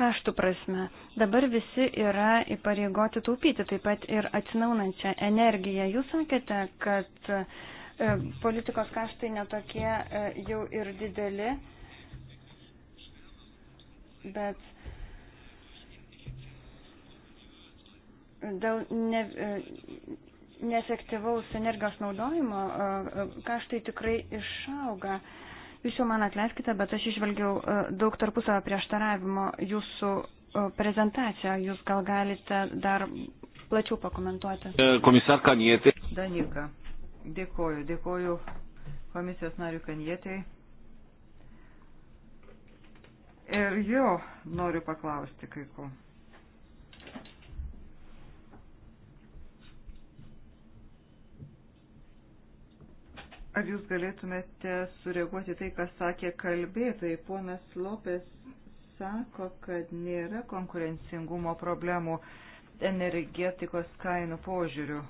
kaštų prasme. Dabar visi yra įpareigoti taupyti taip pat ir atsinaunančią energiją. Jūs sakėte, kad e, politikos kaštai netokie jau ir dideli, bet dėl ne, neefektyvaus energijos naudojimo e, e, kaštai tikrai išauga. Jūs jau man atleiskite, bet aš išvelgiau e, daug tarpusavio prieštaravimo jūsų prezentaciją. Jūs gal galite dar plačiau pakomentuoti. Komisar Kanietė. Danika, dėkoju, dėkoju komisijos nariu Kanietėjai. Ir jo noriu paklausti kai ko. Ar jūs galėtumėte sureaguoti tai, kas sakė kalbėtai? Ponas Lopes sako, kad nėra konkurencingumo problemų energetikos kainų požiūrių.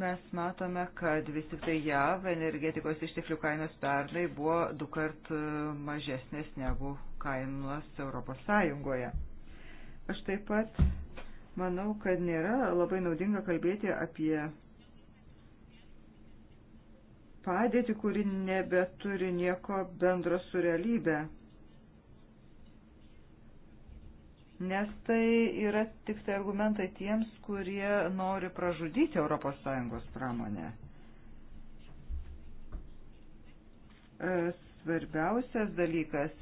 Mes matome, kad vis tik tai JAV energetikos išteklių kainos pernai buvo du kart e, mažesnės negu kainos Europos Sąjungoje. Aš taip pat manau, kad nėra labai naudinga kalbėti apie padėtį, kuri nebeturi nieko bendro su realybė. Nes tai yra tik tai argumentai tiems, kurie nori pražudyti ES pramonę. E, svarbiausias dalykas,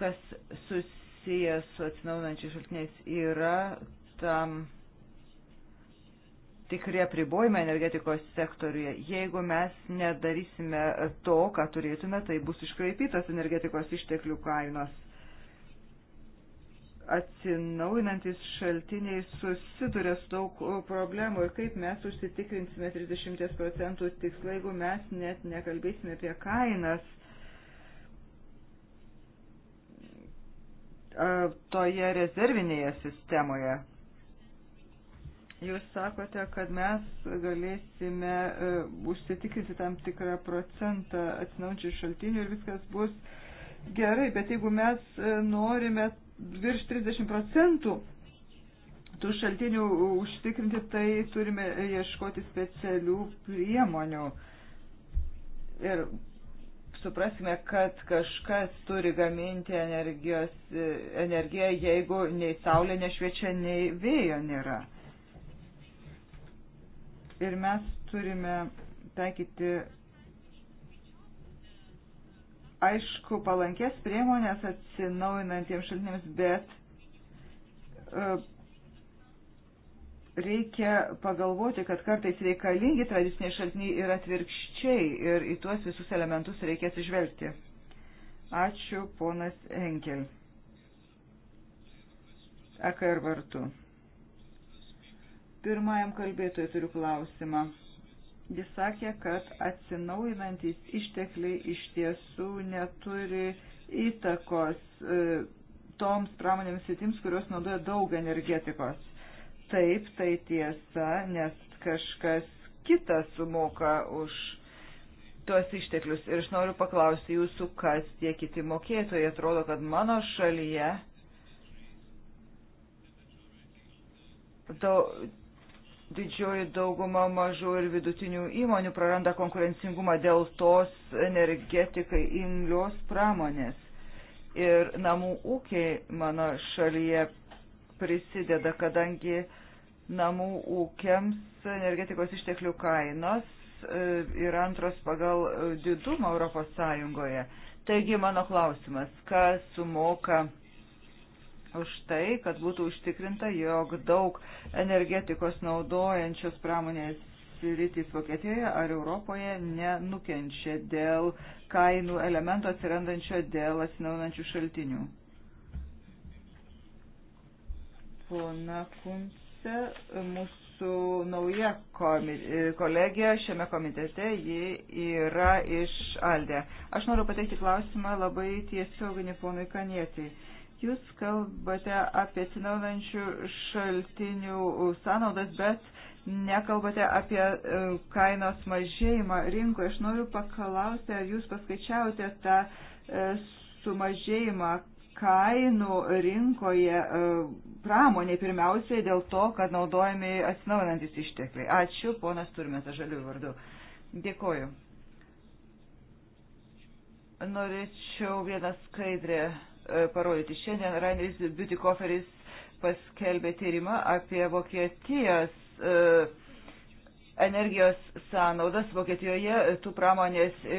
kas susijęs su atsinaunančiais šaltiniais, yra tam tikri apribojimai energetikos sektoriuje. Jeigu mes nedarysime to, ką turėtume, tai bus iškraipytos energetikos išteklių kainos. Atsinaujinantis šaltiniai susiduria su daug problemų ir kaip mes užsitikrinsime 30 procentų tikslą, jeigu mes net nekalbėsime apie kainas. toje rezervinėje sistemoje Jūs sakote, kad mes galėsime uh, užsitikrinti tam tikrą procentą atsinaujančių šaltinių ir viskas bus gerai, bet jeigu mes uh, norime virš 30 procentų tų šaltinių užtikrinti, tai turime ieškoti specialių priemonių. Ir suprasime, kad kažkas turi gaminti energijos, e, energiją, jeigu nei saulė nešviečia, nei vėjo nėra. Ir mes turime taikyti aišku palankės priemonės atsinaujinantiems šaltiniams, bet e, reikia pagalvoti, kad kartais reikalingi tradiciniai šaltiniai ir atvirkščiai ir į tuos visus elementus reikia atsižvelgti. Ačiū, ponas Henkel. EKR vartu. Pirmajam kalbėtojui turiu klausimą. Jis sakė, kad atsinaujinantis ištekliai iš tiesų neturi įtakos e, toms pramonėms sritims, kurios naudoja daug energetikos. Taip, tai tiesa, nes kažkas kitas sumoka už tuos išteklius. Ir aš noriu paklausti jūsų, kas tie kiti mokėtojai. Atrodo, kad mano šalyje daug didžioji dauguma mažų ir vidutinių įmonių praranda konkurencingumą dėl tos energetikai imlios pramonės. Ir namų ūkiai mano šalyje prisideda, kadangi namų ūkiams energetikos išteklių kainos e, yra antros pagal didumą Europos Sąjungoje. Taigi mano klausimas, kas sumoka už tai, kad būtų užtikrinta, jog daug energetikos naudojančios pramonės rytis Vokietijoje ar Europoje nenukenčia dėl kainų elemento atsirandančio dėl atsinaunančių šaltinių. Pona Kunce, mūsų mūsų nauja kolegija šiame komitete, ji yra iš Aldė. Aš noriu pateikti klausimą labai tiesioginį ponui Kanietį. Jūs kalbate apie atsinaujančių šaltinių sąnaudas, bet nekalbate apie e, kainos mažėjimą rinkoje. Aš noriu paklausti, ar jūs paskaičiavote tą e, sumažėjimą kainų rinkoje e, pramonė pirmiausiai dėl to, kad naudojami atsinaujantis ištekliai. Ačiū, ponas Turmės, žaliu vardu. Dėkoju. Norėčiau vieną skaidrę E, parodyti. Šiandien Rainis Biutikoferis paskelbė tyrimą apie Vokietijos e, energijos sąnaudas Vokietijoje tų pramonės e,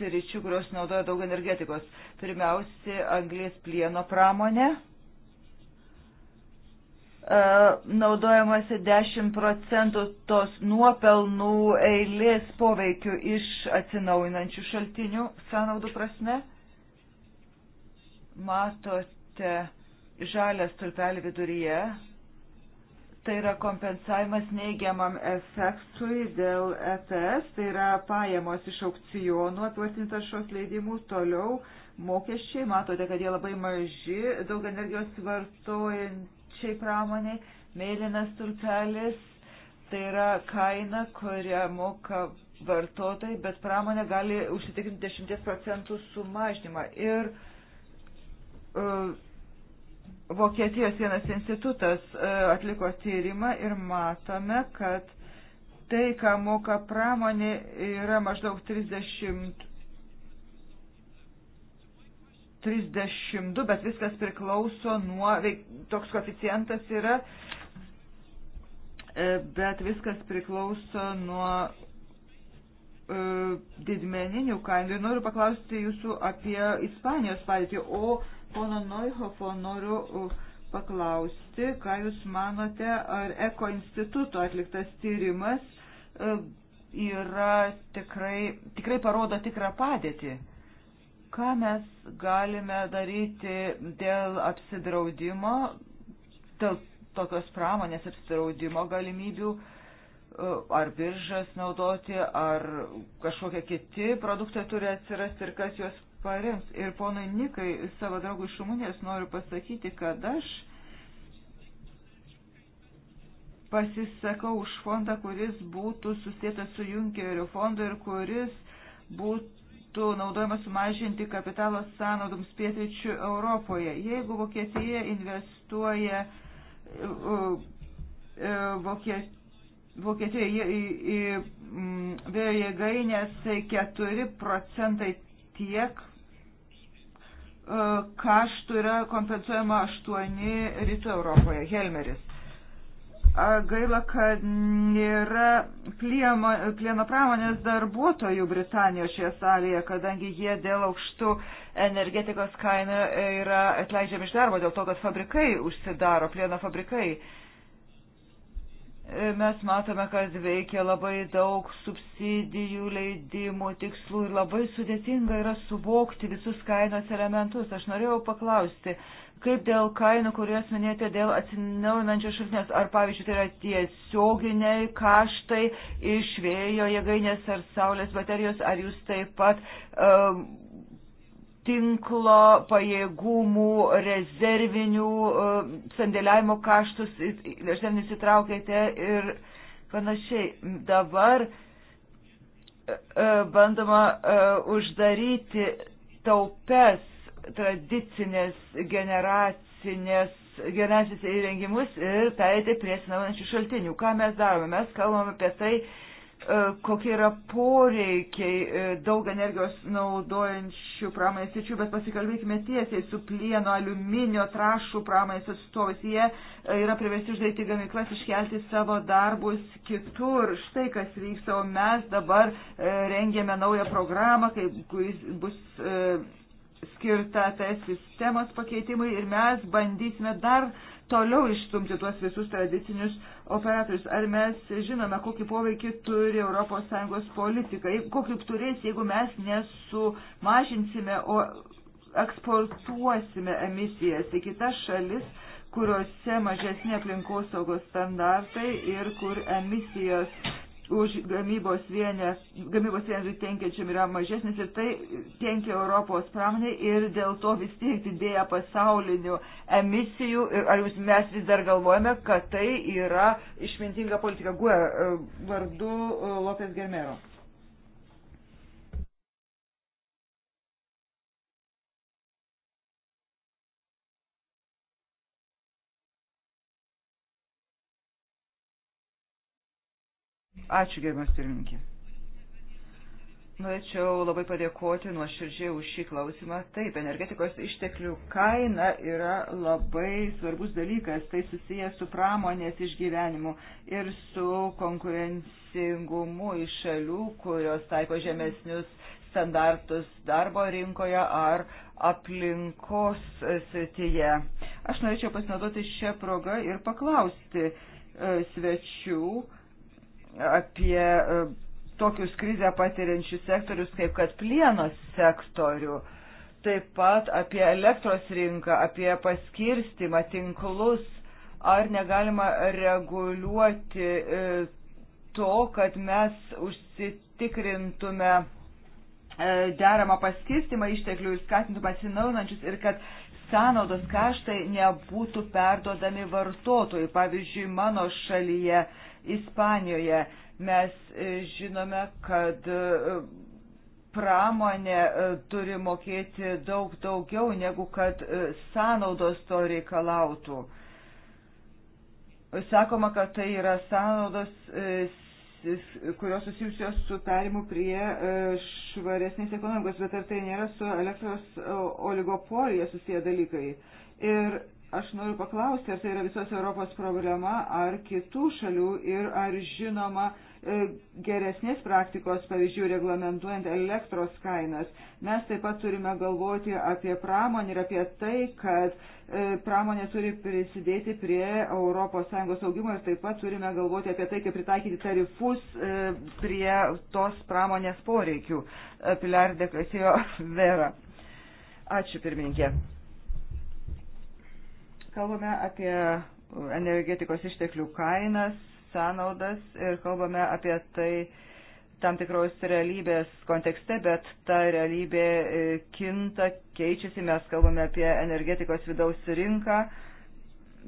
sričių, kurios naudoja daug energetikos. Pirmiausia, anglės plieno pramonė. Naudojamasi 10 procentų tos nuopelnų eilės poveikių iš atsinaujinančių šaltinių sąnaudų prasme. Matote žalę stulpelį viduryje. Tai yra kompensavimas neigiamam efektui dėl ETS, tai yra pajamos iš aukcijonų atvartinti taršos leidimų, toliau mokesčiai, matote, kad jie labai maži, daug energijos vartojančiai pramoniai, mėlynas stulpelis, tai yra kaina, kurią moka vartotojai, bet pramonė gali užsitikrinti 10 procentų sumažinimą. Ir E, Vokietijos vienas institutas e, atliko tyrimą ir matome, kad tai, ką moka pramonė, yra maždaug 30, 32, bet viskas priklauso nuo, toks koficijantas yra, e, bet viskas priklauso nuo didmeninių kainų. Ir noriu paklausti jūsų apie Ispanijos padėtį, o Pono Neuhofo noriu paklausti, ką Jūs manote, ar Eko instituto atliktas tyrimas yra tikrai, tikrai parodo tikrą padėtį. Ką mes galime daryti dėl apsidraudimo, dėl tokios pramonės apsidraudimo galimybių, ar biržas naudoti, ar kažkokie kiti produktai turi atsirasti ir kas juos parems. Ir ponai Nikai, savo draugų iš Rumunijos, noriu pasakyti, kad aš pasisakau už fondą, kuris būtų susijęs su Junkerio fondu ir kuris būtų naudojamas sumažinti kapitalo sąnaudoms pietryčių Europoje. Jeigu Vokietija investuoja Vokietijoje Vokietijoje į vėjo jėgainės 4 tai procentai tiek kaštų yra kompensuojama 8 rytų Europoje. Helmeris. Gaila, kad nėra plieno, plieno pramonės darbuotojų Britanijoje šioje salėje, kadangi jie dėl aukštų energetikos kainų yra atleidžiami iš darbo, dėl to, kad fabrikai užsidaro, plieno fabrikai. Uh, mes matome, kad veikia labai daug subsidijų, leidimų, tikslų ir labai sudėtinga yra suvokti visus kainos elementus. Aš norėjau paklausti, kaip dėl kainų, kuriuos minėjote dėl atsinaujinančios šaltinės, ar pavyzdžiui tai yra tiesioginiai kaštai iš vėjo jėgainės ar saulės baterijos, ar jūs taip pat um, tinklo pajėgumų, rezervinių e, sandėliavimo kaštus, aš ten įsitraukėte ir panašiai. Dabar e, e, bandoma uždaryti taupes tradicinės generacinės generacinės įrengimus ir perėti prie atsinaujančių šaltinių. Ką mes darome? Mes kalbame apie tai, E, kokie yra poreikiai e, daug energijos naudojančių pramonės sričių, bet pasikalbėkime tiesiai su plieno, aliuminio, trašų pramonės atstovais. Jie e, yra priversti uždaryti gamyklas, iškelti savo darbus kitur. Štai kas vyksta, o mes dabar rengėme naują programą, kuris bus skirta TS sistemos pakeitimui ir mes bandysime dar toliau išstumti tuos visus tradicinius operatorius. Ar mes žinome, kokį poveikį turi ES politika, kokį turės, jeigu mes nesumažinsime, o eksportuosime emisijas į kitas šalis, kuriuose mažesni aplinkosaugos standartai ir kur emisijos už gamybos vienetus, gamybos vienetus tenkiančiam yra mažesnis ir tai tenkia Europos pramonė ir dėl to vis tiek didėja pasaulinių emisijų ir ar jūs mes vis dar galvojame, kad tai yra išmintinga politika. Gue e, vardu e, Lopės Germero. Ačiū, gerbiamas pirmininkė. Norėčiau labai padėkoti nuoširdžiai už šį klausimą. Taip, energetikos išteklių kaina yra labai svarbus dalykas. Tai susijęs su pramonės išgyvenimu ir su konkurencingumu iš šalių, kurios taiko žemesnius standartus darbo rinkoje ar aplinkos srityje. Aš norėčiau pasinaudoti šią progą ir paklausti e, svečių apie e, tokius krizę patiriančius sektorius, kaip kad plienos sektorių, taip pat apie elektros rinką, apie paskirstimą, tinklus, ar negalima reguliuoti e, to, kad mes užsitikrintume e, deramą paskirstimą išteklių ir skatintume atsinaunančius ir kad sąnaudos kaštai nebūtų perdodami vartotojai. Pavyzdžiui, mano šalyje Ispanijoje. Mes e, žinome, kad e, pramonė e, turi mokėti daug daugiau, negu kad sąnaudos to reikalautų. Sakoma, kad tai yra sąnaudos, kurios susijusios su perimu prie švaresnės ekonomikos, bet ar tai nėra su elektros oligopolija susiję dalykai. Ir Aš noriu paklausti, ar tai yra visos Europos problema, ar kitų šalių ir ar žinoma e, geresnės praktikos pavyzdžių reglamentuojant elektros kainas. Mes taip pat turime galvoti apie pramonį ir apie tai, kad e, pramonė turi prisidėti prie ES augimo ir taip pat turime galvoti apie tai, kaip pritaikyti tarifus e, prie tos pramonės poreikių. Pilar Dekasijo Vera. Ačiū pirmininkė. Kalbame apie energetikos išteklių kainas, sąnaudas ir kalbame apie tai tam tikros realybės kontekste, bet ta realybė e, kinta, keičiasi, mes kalbame apie energetikos vidaus rinką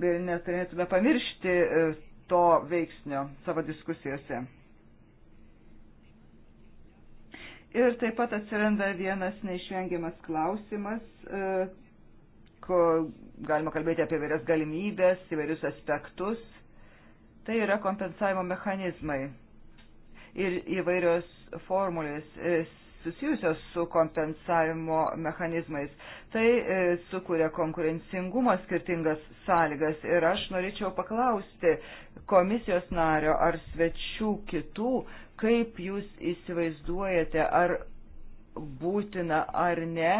ir neturėtume pamiršti e, to veiksnio savo diskusijose. Ir taip pat atsiranda vienas neišvengiamas klausimas, e, ko galima kalbėti apie vairias galimybės, įvairius aspektus. Tai yra kompensavimo mechanizmai ir įvairios formulės e, susijusios su kompensavimo mechanizmais. Tai e, sukuria konkurencingumo skirtingas sąlygas ir aš norėčiau paklausti komisijos nario ar svečių kitų, kaip jūs įsivaizduojate, ar būtina ar ne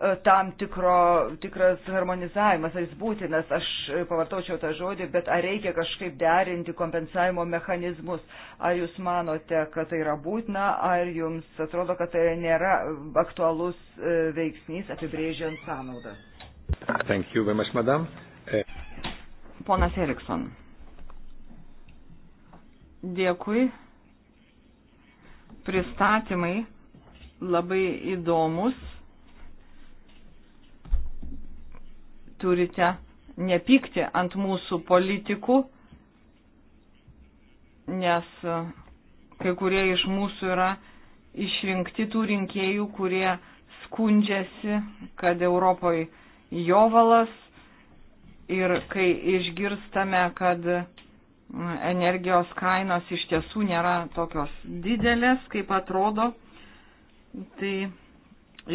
E, tam tikro, tikras harmonizavimas, ar jis būtinas, aš pavartočiau tą žodį, bet ar reikia kažkaip derinti kompensavimo mechanizmus, ar jūs manote, kad tai yra būtina, ar jums atrodo, kad tai nėra aktualus e, veiksnys apibrėžiant sąnaudas. Thank you very much, madam. E- Ponas Erikson. Dėkui. Pristatymai labai įdomus turite nepykti ant mūsų politikų, nes e, kai kurie iš mūsų yra išrinkti tų rinkėjų, kurie skundžiasi, kad Europoje jovalas ir kai išgirstame, kad energijos kainos iš tiesų nėra tokios didelės, kaip atrodo, tai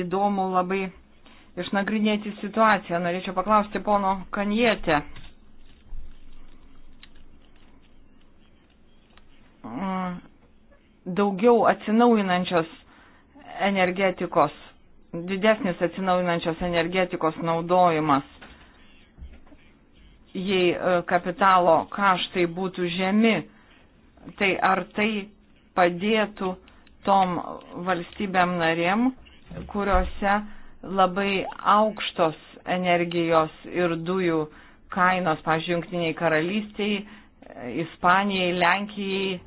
įdomu labai išnagrinėti situaciją. Norėčiau paklausti pono Kanjėtę. Mm, daugiau atsinaujinančios energetikos, didesnis atsinaujinančios energetikos naudojimas, jei e, kapitalo kaštai būtų žemi, tai ar tai padėtų tom valstybėm narėm, kuriuose labai aukštos energijos ir dujų kainos, pavyzdžiui, Junktiniai karalystiai, Ispanijai, Lenkijai.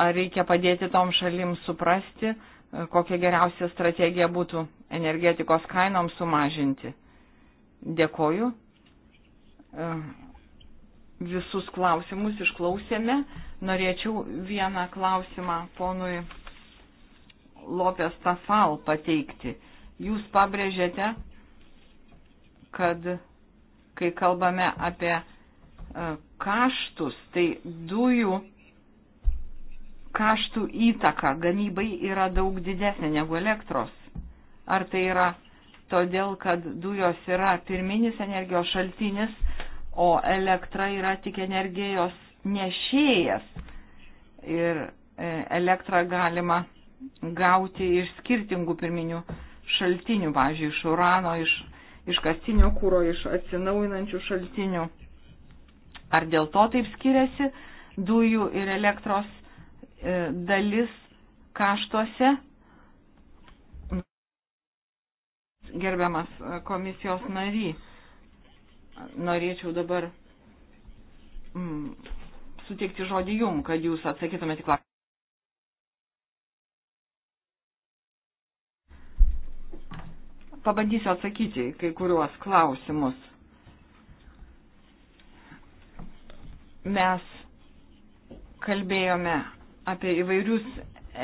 Ar reikia padėti tom šalim suprasti, kokia geriausia strategija būtų energetikos kainoms sumažinti? Dėkoju. Visus klausimus išklausėme. Norėčiau vieną klausimą ponui Lopės Tafal pateikti. Jūs pabrėžėte, kad kai kalbame apie e, kaštus, tai dujų kaštų įtaka gamybai yra daug didesnė negu elektros. Ar tai yra todėl, kad dujos yra pirminis energijos šaltinis, o elektra yra tik energijos nešėjas. Ir e, elektrą galima gauti iš skirtingų pirminių šaltinių, pavyzdžiui, iš urano, iš, iš kastinio kūro, iš atsinaujinančių šaltinių. Ar dėl to taip skiriasi dujų ir elektros e, dalis kaštuose? Gerbiamas e, komisijos nary, norėčiau dabar mm, suteikti žodį jum, kad jūs atsakytumėte klausimą. pabandysiu atsakyti kai kuriuos klausimus. Mes kalbėjome apie įvairius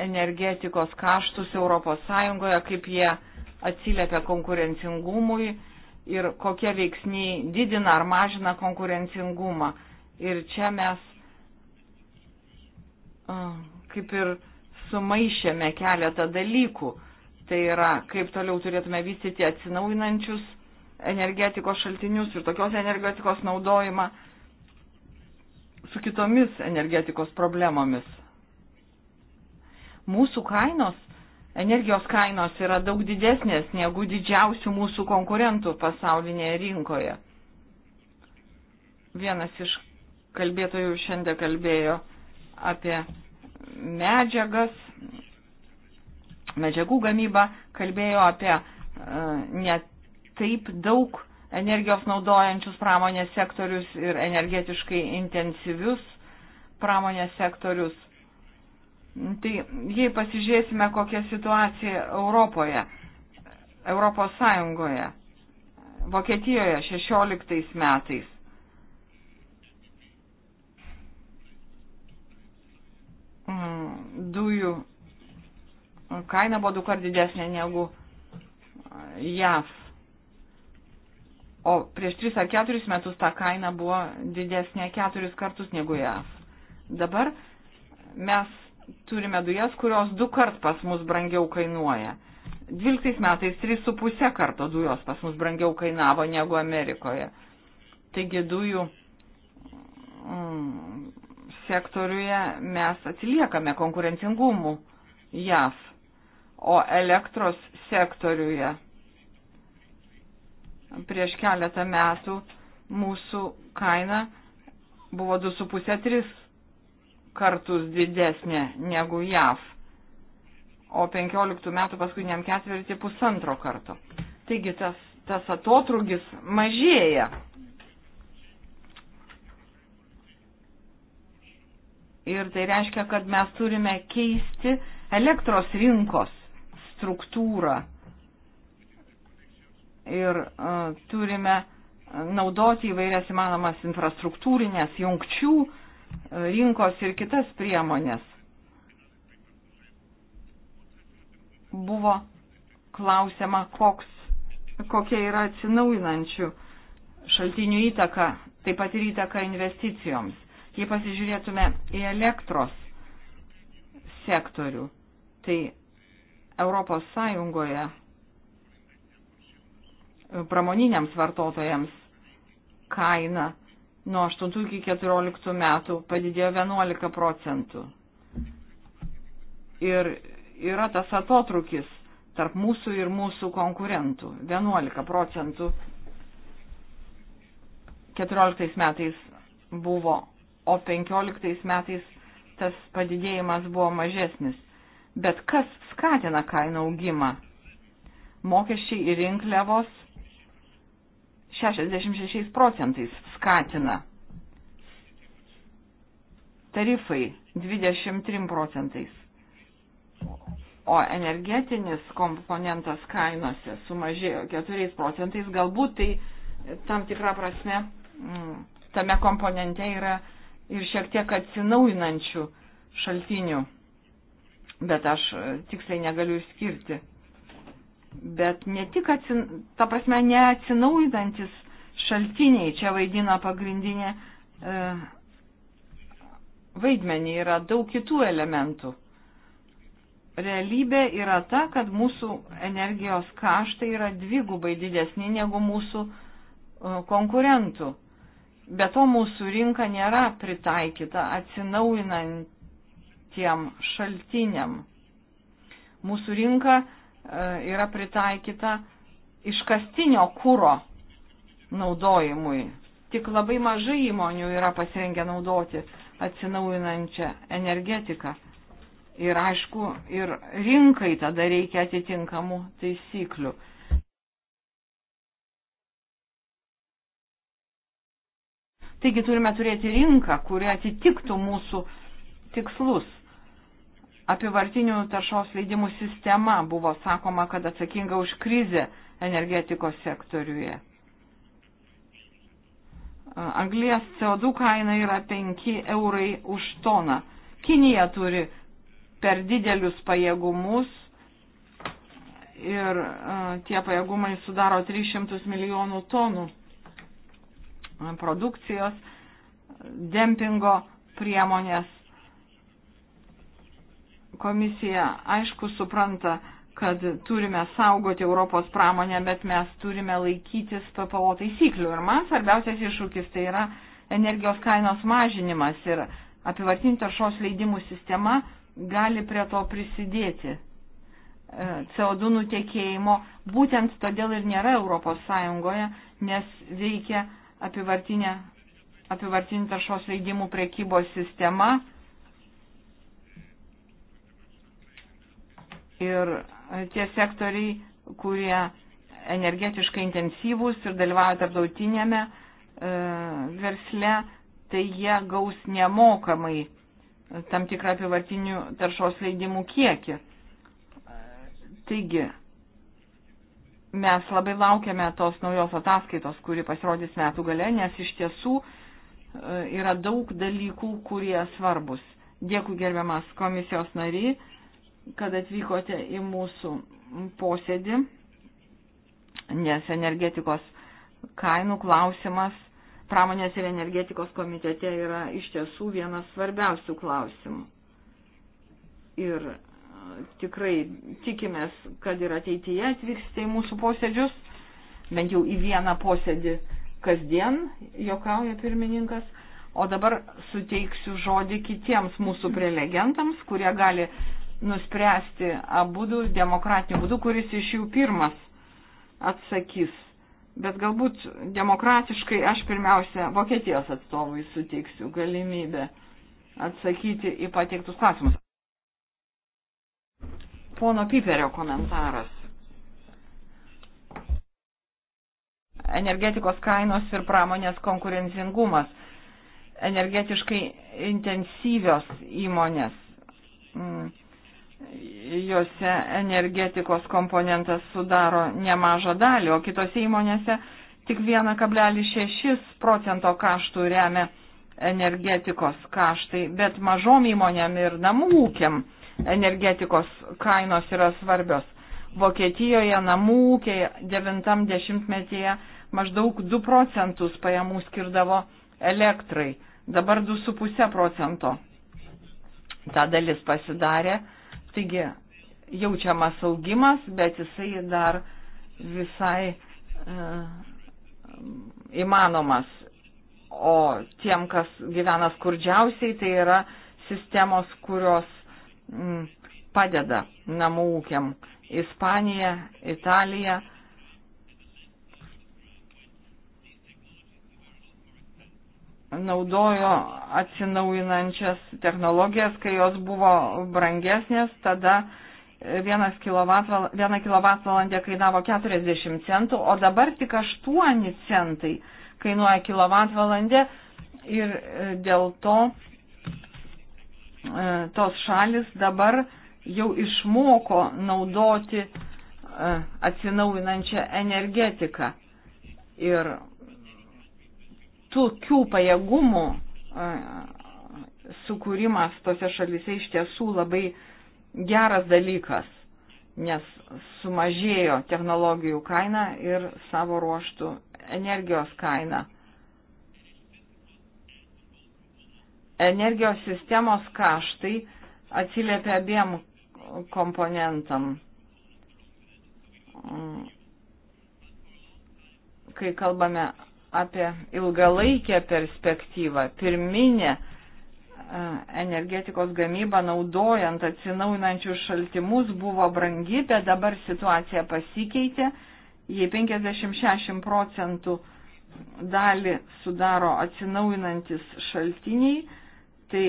energetikos kaštus ES, kaip jie atsiliepia konkurencingumui ir kokie veiksniai didina ar mažina konkurencingumą. Ir čia mes kaip ir sumaišėme keletą dalykų Tai yra, kaip toliau turėtume vystyti atsinaujinančius energetikos šaltinius ir tokios energetikos naudojimą su kitomis energetikos problemomis. Mūsų kainos, energijos kainos yra daug didesnės negu didžiausių mūsų konkurentų pasaulinėje rinkoje. Vienas iš kalbėtojų šiandien kalbėjo apie medžiagas, medžiagų gamybą, kalbėjo apie e, net taip daug energijos naudojančius pramonės sektorius ir energetiškai intensyvius pramonės sektorius. Tai jei pasižiūrėsime, kokia situacija Europoje, Europos Sąjungoje, Vokietijoje 16 metais. Mm, dujų kaina buvo du kart didesnė negu JAV. O prieš 3 ar 4 metus ta kaina buvo didesnė 4 kartus negu JAV. Dabar mes turime dujas, kurios du kart pas mus brangiau kainuoja. 12 metais 3,5 karto dujos pas mus brangiau kainavo negu Amerikoje. Taigi dujų mm, sektoriuje mes atsiliekame konkurencingumu JAV o elektros sektoriuje prieš keletą metų mūsų kaina buvo 2,5-3 kartus didesnė negu JAV, o 15 metų paskutiniam ketvirtį pusantro karto. Taigi tas, tas atotrugis mažėja. Ir tai reiškia, kad mes turime keisti elektros rinkos struktūrą. Ir uh, turime naudoti įvairias įmanomas infrastruktūrinės jungčių, rinkos ir kitas priemonės. Buvo klausima, koks, kokia yra atsinaujinančių šaltinių įtaka, taip pat ir įtaka investicijoms. Jei pasižiūrėtume į elektros sektorių, tai Europos Sąjungoje pramoniniams vartotojams kaina nuo 8 iki 14 metų padidėjo 11 procentų. Ir yra tas atotrukis tarp mūsų ir mūsų konkurentų. 11 procentų 14 metais buvo, o 15 metais tas padidėjimas buvo mažesnis. Bet kas skatina kainų augimą? Mokesčiai ir rinkliavos 66 procentais skatina. Tarifai 23 procentais. O energetinis komponentas kainose sumažėjo 4 procentais. Galbūt tai tam tikrą prasme mm, tame komponente yra ir šiek tiek atsinaujinančių šaltinių bet aš e, tiksliai negaliu išskirti. Bet ne tik, atsin, ta prasme, neatsinaujantis šaltiniai čia vaidina pagrindinę e, vaidmenį, yra daug kitų elementų. Realybė yra ta, kad mūsų energijos kaštai yra dvigubai didesni negu mūsų e, konkurentų. Be to mūsų rinka nėra pritaikyta atsinaujinant tiem šaltiniam. Mūsų rinka e, yra pritaikyta iškastinio kūro naudojimui. Tik labai mažai įmonių yra pasirengę naudoti atsinaujinančią energetiką. Ir aišku, ir rinkai tada reikia atitinkamų taisyklių. Taigi turime turėti rinką, kuri atitiktų mūsų tikslus apivartinių taršos leidimų sistema buvo sakoma, kad atsakinga už krizę energetikos sektoriuje. Anglijas CO2 kaina yra 5 eurai už toną. Kinija turi per didelius pajėgumus ir tie pajėgumai sudaro 300 milijonų tonų produkcijos, dempingo priemonės Komisija aišku supranta, kad turime saugoti Europos pramonę, bet mes turime laikytis PPO taisyklių. Ir man svarbiausias iššūkis tai yra energijos kainos mažinimas ir apivartinių taršos leidimų sistema gali prie to prisidėti. E, CO2 nutekėjimo būtent todėl ir nėra Europos Sąjungoje, nes veikia apivartinė, apivartinių taršos leidimų prekybos sistema ir e, tie sektoriai, kurie energetiškai intensyvūs ir dalyvauja tarptautinėme e, versle, tai jie gaus nemokamai e, tam tikrą apivartinių taršos leidimų kiekį. Taigi, mes labai laukiame tos naujos ataskaitos, kuri pasirodys metų gale, nes iš tiesų yra daug dalykų, kurie svarbus. Dėkui gerbiamas komisijos nariai kad atvykote į mūsų posėdį, nes energetikos kainų klausimas pramonės ir energetikos komitete yra iš tiesų vienas svarbiausių klausimų. Ir e, tikrai tikimės, kad ir ateityje atvyksite į mūsų posėdžius, bent jau į vieną posėdį kasdien, jokauja pirmininkas. O dabar suteiksiu žodį kitiems mūsų prelegentams, kurie gali nuspręsti abudu demokratiniu būdu, kuris iš jų pirmas atsakys. Bet galbūt demokratiškai aš pirmiausia Vokietijos atstovui suteiksiu galimybę atsakyti į pateiktus klausimus. Pono Piperio komentaras. Energetikos kainos ir pramonės konkurencingumas. Energetiškai intensyvios įmonės. Mm Jose energetikos komponentas sudaro nemažą dalį, o kitose įmonėse tik 1,6 procento kaštų remia energetikos kaštai, bet mažom įmonėm ir namų ūkiam energetikos kainos yra svarbios. Vokietijoje namų ūkiai 90-metyje maždaug 2 procentus pajamų skirdavo elektrai, dabar 2,5 procento. Ta dalis pasidarė Taigi jaučiamas augimas, bet jisai dar visai uh, įmanomas. O tiem, kas gyvena skurdžiausiai, tai yra sistemos, kurios mm, padeda namų ūkiam. Ispanija, Italija. Uh, naudojo atsinaujinančias technologijas, kai jos buvo brangesnės, tada vienas kilovatvalandė kilovatvalandė kainavo 40 centų, o dabar tik 8 centai kainuoja kilovatvalandė ir e, dėl to e, tos šalis dabar jau išmoko naudoti e, atsinaujinančią energetiką. Ir tokių pajėgumų sukūrimas tose šalise iš tiesų labai geras dalykas, nes sumažėjo technologijų kaina ir savo ruoštų energijos kaina. Energijos sistemos kaštai atsiliepia abiem komponentam. Kai kalbame apie ilgalaikę perspektyvą, pirminę e, energetikos gamyba naudojant atsinaujinančius šaltimus buvo brangi, bet dabar situacija pasikeitė. Jei 56 procentų dalį sudaro atsinaujinantis šaltiniai, tai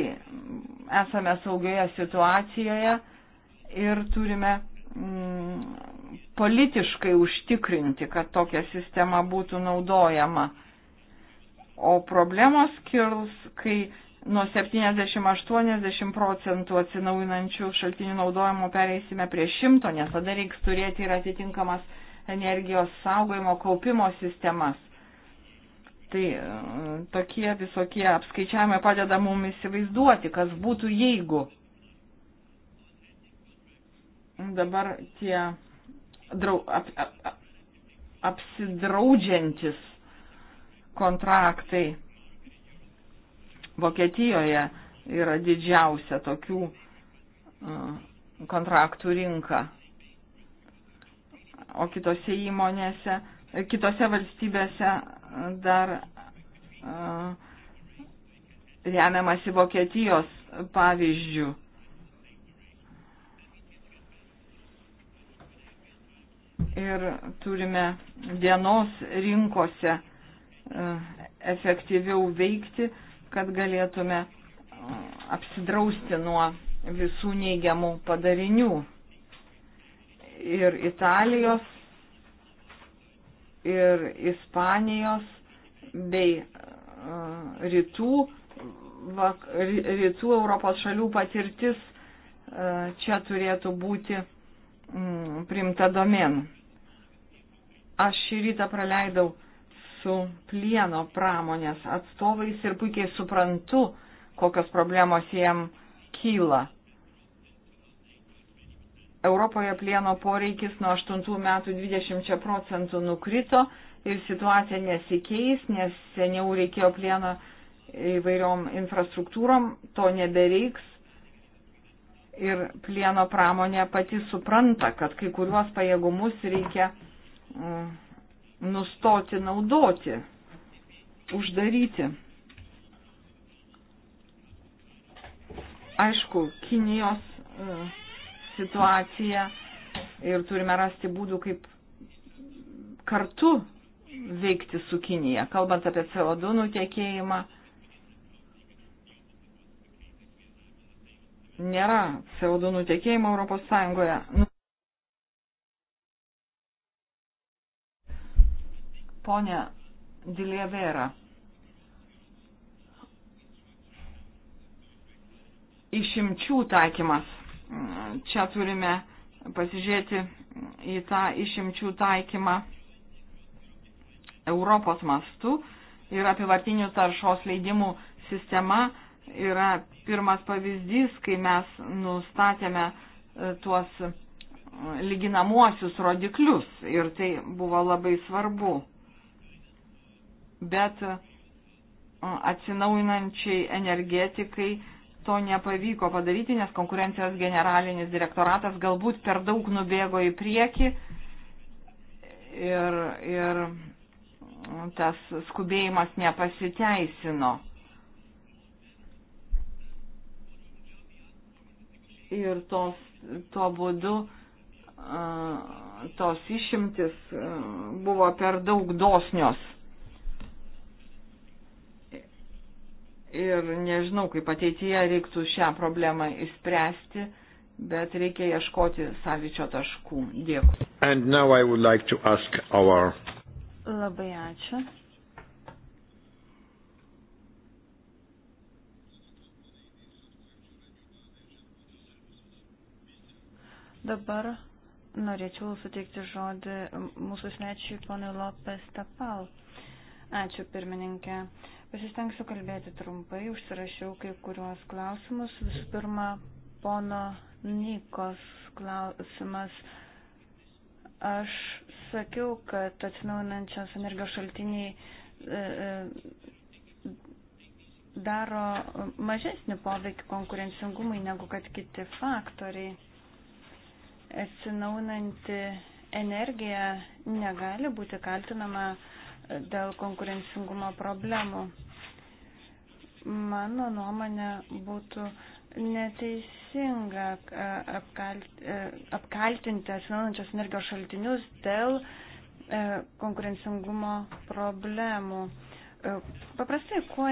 esame saugioje situacijoje ir turime mm, politiškai užtikrinti, kad tokia sistema būtų naudojama. O problemos kils, kai nuo 70-80 procentų atsinaujinančių šaltinių naudojimo pereisime prie šimto, nes tada reiks turėti ir atitinkamas energijos saugojimo kaupimo sistemas. Tai e, tokie visokie apskaičiavimai padeda mums įsivaizduoti, kas būtų jeigu. Dabar tie drau, ap, ap, ap, apsidraudžiantis kontraktai Vokietijoje yra didžiausia tokių uh, kontraktų rinka. O kitose įmonėse, kitose valstybėse dar uh, remiamasi Vokietijos pavyzdžių. ir turime dienos rinkose e, efektyviau veikti, kad galėtume e, apsidrausti nuo visų neigiamų padarinių. Ir Italijos, ir Ispanijos, bei e, rytų, vak, rytų Europos šalių patirtis čia turėtų būti primta domen. Aš šį rytą praleidau su plieno pramonės atstovais ir puikiai suprantu, kokios problemos jiem kyla. Europoje plieno poreikis nuo 8 metų 20 procentų nukrito ir situacija nesikeis, nes seniau reikėjo plieno įvairiom infrastruktūrom, to nebereiks. Ir plieno pramonė pati supranta, kad kai kuriuos pajėgumus reikia E, nustoti naudoti, uždaryti. Aišku, Kinijos e, situacija ir turime rasti būdų, kaip kartu veikti su Kinija, kalbant apie CO2 nutiekėjimą. Nėra CO2 nutiekėjimo Europos Sąjungoje. Pone Dilievera, išimčių taikymas. Čia turime pasižiūrėti į tą išimčių taikymą Europos mastu ir apivartinių taršos leidimų sistema yra pirmas pavyzdys, kai mes nustatėme e, tuos lyginamuosius rodiklius ir tai buvo labai svarbu bet e, atsinaujinančiai energetikai to nepavyko padaryti, nes konkurencijos generalinis direktoratas galbūt per daug nubėgo į priekį ir, ir tas skubėjimas nepasiteisino. Ir tos, tuo būdu e, tos išimtis e, buvo per daug dosnios ir nežinau, kaip ateityje reiktų šią problemą išspręsti, bet reikia ieškoti sąlyčio taškų. Dėkui. Like our... Labai ačiū. Dabar norėčiau suteikti žodį mūsų svečiui ponui Lopes Tapal. Uh, Ačiū pirmininkė. Pasistengsiu kalbėti trumpai, užsirašiau kai kuriuos klausimus. Visų pirma, pono Nikos klausimas. Aš sakiau, kad atsinaujinančios energijos šaltiniai e, e, daro mažesnį poveikį konkurencingumui negu kad kiti faktoriai. Atsinaujinanti energija negali būti kaltinama uh, dėl konkurencingumo problemų. Mano nuomonė būtų neteisinga e, e, apkaltinti atsinaujančios energijos šaltinius dėl e, konkurencingumo problemų. Paprastai, kuo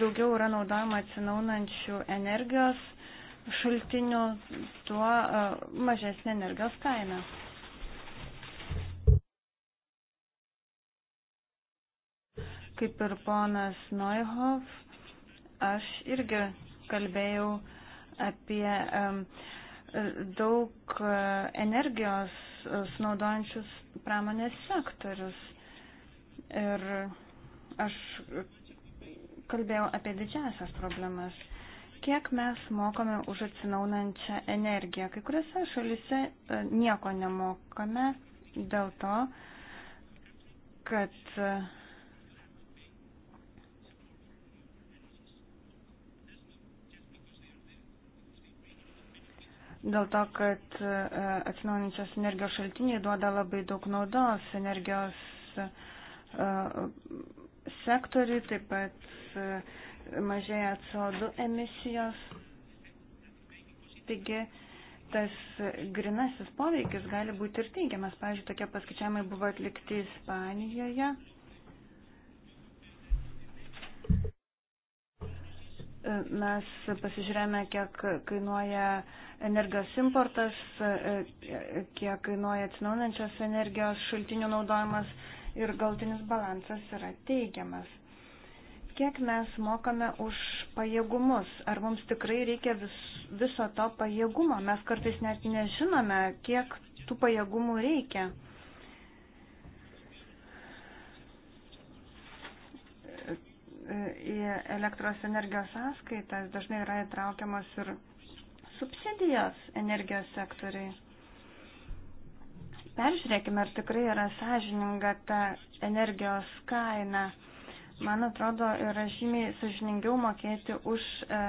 daugiau yra naudojama atsinaunančių energijos šaltinių, tuo mažesnė energijos kaina. Kaip ir ponas Neuhoff, aš irgi kalbėjau apie daug e, energijos e, sunaudojančius pramonės sektorius. Ir aš kalbėjau apie didžiasias problemas. Kiek mes mokame už atsinaunančią energiją? Kai kuriuose šalise e, nieko nemokame dėl to, kad dėl to, kad e, atsinaujinančios energijos šaltiniai duoda labai daug naudos energijos e, sektoriui, taip pat e, mažėja CO2 emisijos. Taigi, tas grinasis poveikis gali būti ir teigiamas. Pavyzdžiui, tokie paskaičiavimai buvo atlikti Ispanijoje. mes pasižiūrėjome, kiek kainuoja energijos importas, kiek kainuoja atsinaunančios energijos šaltinių naudojimas ir galtinis balansas yra teigiamas. Kiek mes mokame už pajėgumus? Ar mums tikrai reikia vis, viso to pajėgumo? Mes kartais net nežinome, kiek tų pajėgumų reikia. E, į elektros energijos sąskaitas dažnai yra įtraukiamas ir subsidijos energijos sektoriai. Peržiūrėkime, ar tikrai yra sąžininga ta energijos kaina. Man atrodo, yra žymiai sažiningiau mokėti už e,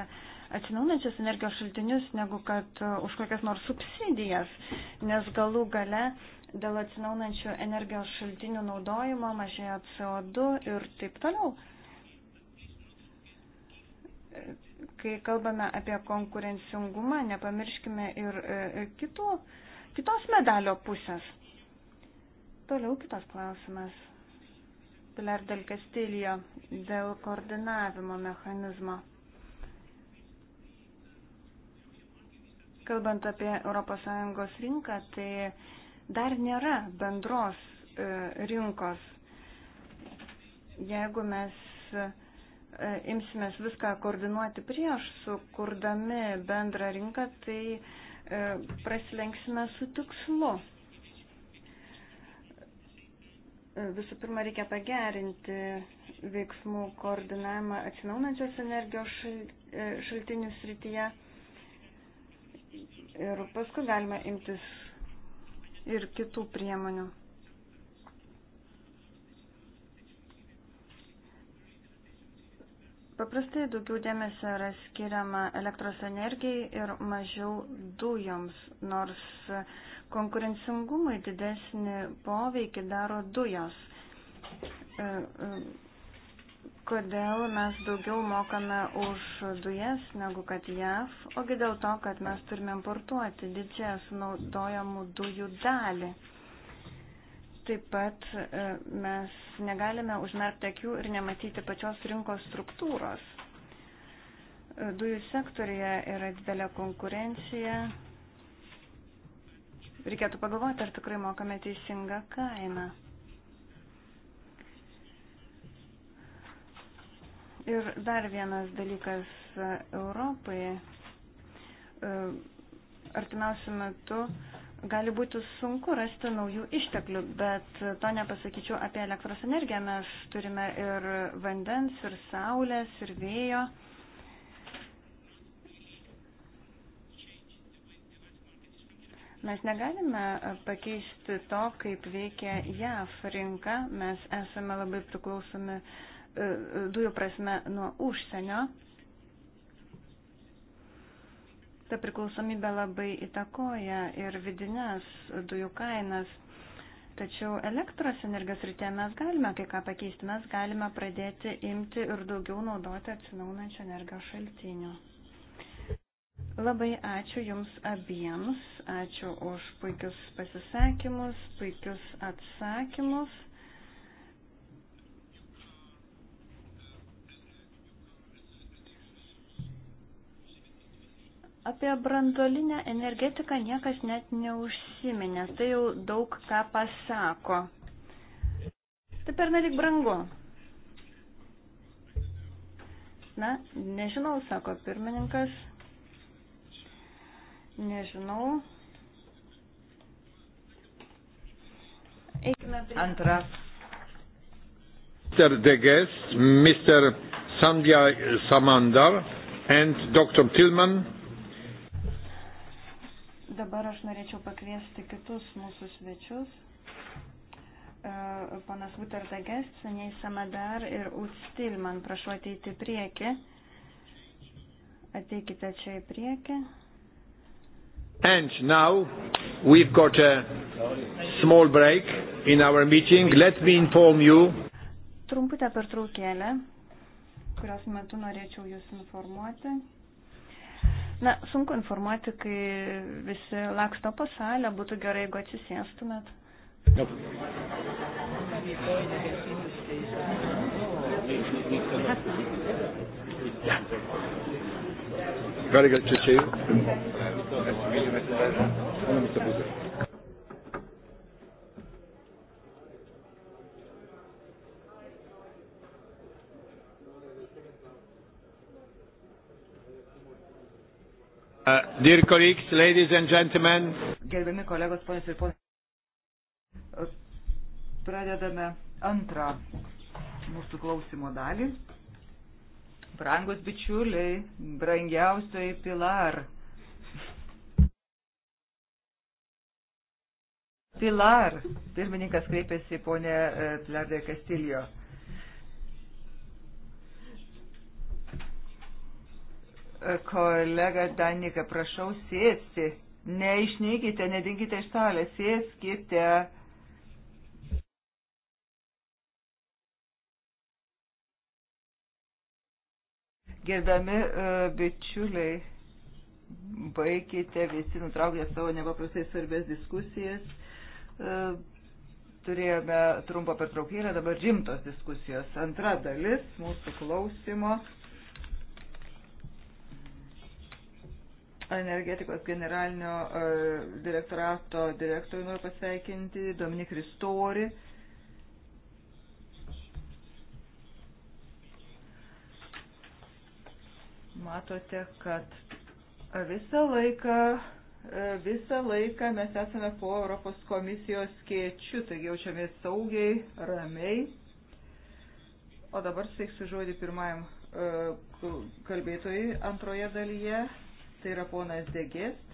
atsinaujančias energijos šaltinius, negu kad e, už kokias nors subsidijas, nes galų gale dėl atsinaujančių energijos šaltinių naudojimo mažėja CO2 ir taip toliau kai kalbame apie konkurencingumą, nepamirškime ir e, e, kitų, kitos medalio pusės. Toliau kitas klausimas. Pilar del Castillo dėl koordinavimo mechanizmo. Kalbant apie ES rinką, tai dar nėra bendros e, rinkos. Jeigu mes E, imsimės viską koordinuoti prieš, sukurdami bendrą rinką, tai e, prasilenksime su tikslu. Visų pirma, reikia pagerinti veiksmų koordinavimą atsinaunančios energijos e, šaltinių srityje. Ir paskui galima imtis ir kitų priemonių. Paprastai daugiau dėmesio yra skiriama elektros energijai ir mažiau dujoms, nors konkurencingumui didesnį poveikį daro dujos. E, e, kodėl mes daugiau mokame už dujas negu kad JAV, ogi dėl to, kad mes turime importuoti didžiąją sunaudojamų dujų dalį. Taip pat e, mes negalime užmerkti akių ir nematyti pačios rinkos struktūros. E, dujų sektorija yra didelė konkurencija. Reikėtų pagalvoti, ar tikrai mokame teisingą kainą. Ir dar vienas dalykas e, Europai. Artimiausiu metu uh, gali būti sunku rasti naujų išteklių, bet to nepasakyčiau apie elektros energiją. Mes turime ir vandens, ir saulės, ir vėjo. Mes negalime pakeisti to, kaip veikia JAF rinka. Mes esame labai priklausomi e, e, dujų prasme nuo užsienio. ta priklausomybė labai įtakoja ir vidinės dujų kainas. Tačiau elektros energijos rytė mes galime kai ką pakeisti, mes galime pradėti imti ir daugiau naudoti atsinaunančių energijos šaltinių. Labai ačiū Jums abiems, ačiū už puikius pasisakymus, puikius atsakymus. Apie brandolinę energetiką niekas net neužsiminė. Tai jau daug ką pasako. Tai pernelik brangu. Na, nežinau, sako pirmininkas. Nežinau. Eikime prie. Antra. Mr. Deges, Mr. Sandhya Samandar and Dr. Tillman Dabar aš norėčiau pakviesti kitus mūsų svečius. E, Panas Vutardages, Seniai Samadar ir Ustilman, prašau ateiti į priekį. Ateikite čia į priekį. And now we've got a small break in our meeting. Let me inform you. Trumputę pertraukėlę, kurios metu norėčiau jūs informuoti. Na, sunku informuoti, kai visi laksto pasalę, būtų gerai, jeigu atsisėstumėt. Nope. Very good to see you. Uh, dear colleagues, ladies and gentlemen. Gerbiami kolegos, ponios ir ponai. Pradedame antrą mūsų klausimo dalį. Brangus bičiuliai, brangiausiai Pilar. Pilar, pirmininkas kreipėsi į ponę eh, Pilar de Castillo. Kolega Danika, prašau sėsti. Neišnykite, nedinkite iš salės, sėskite. Gerbiami e, bičiuliai, baikite visi nutraukę savo nepaprastai svarbės diskusijas. E, turėjome trumpą pertraukėlę, dabar rimtos diskusijos. Antra dalis mūsų klausimo. energetikos generalinio e, direktorato direktorių noriu pasveikinti, Dominik Ristori. Matote, kad visą laiką, e, visą laiką mes esame po Europos komisijos kiečių, taigi jaučiamės saugiai, ramiai. O dabar sveiksiu žodį pirmajam e, kalbėtojui antroje dalyje tai yra ponas Degest,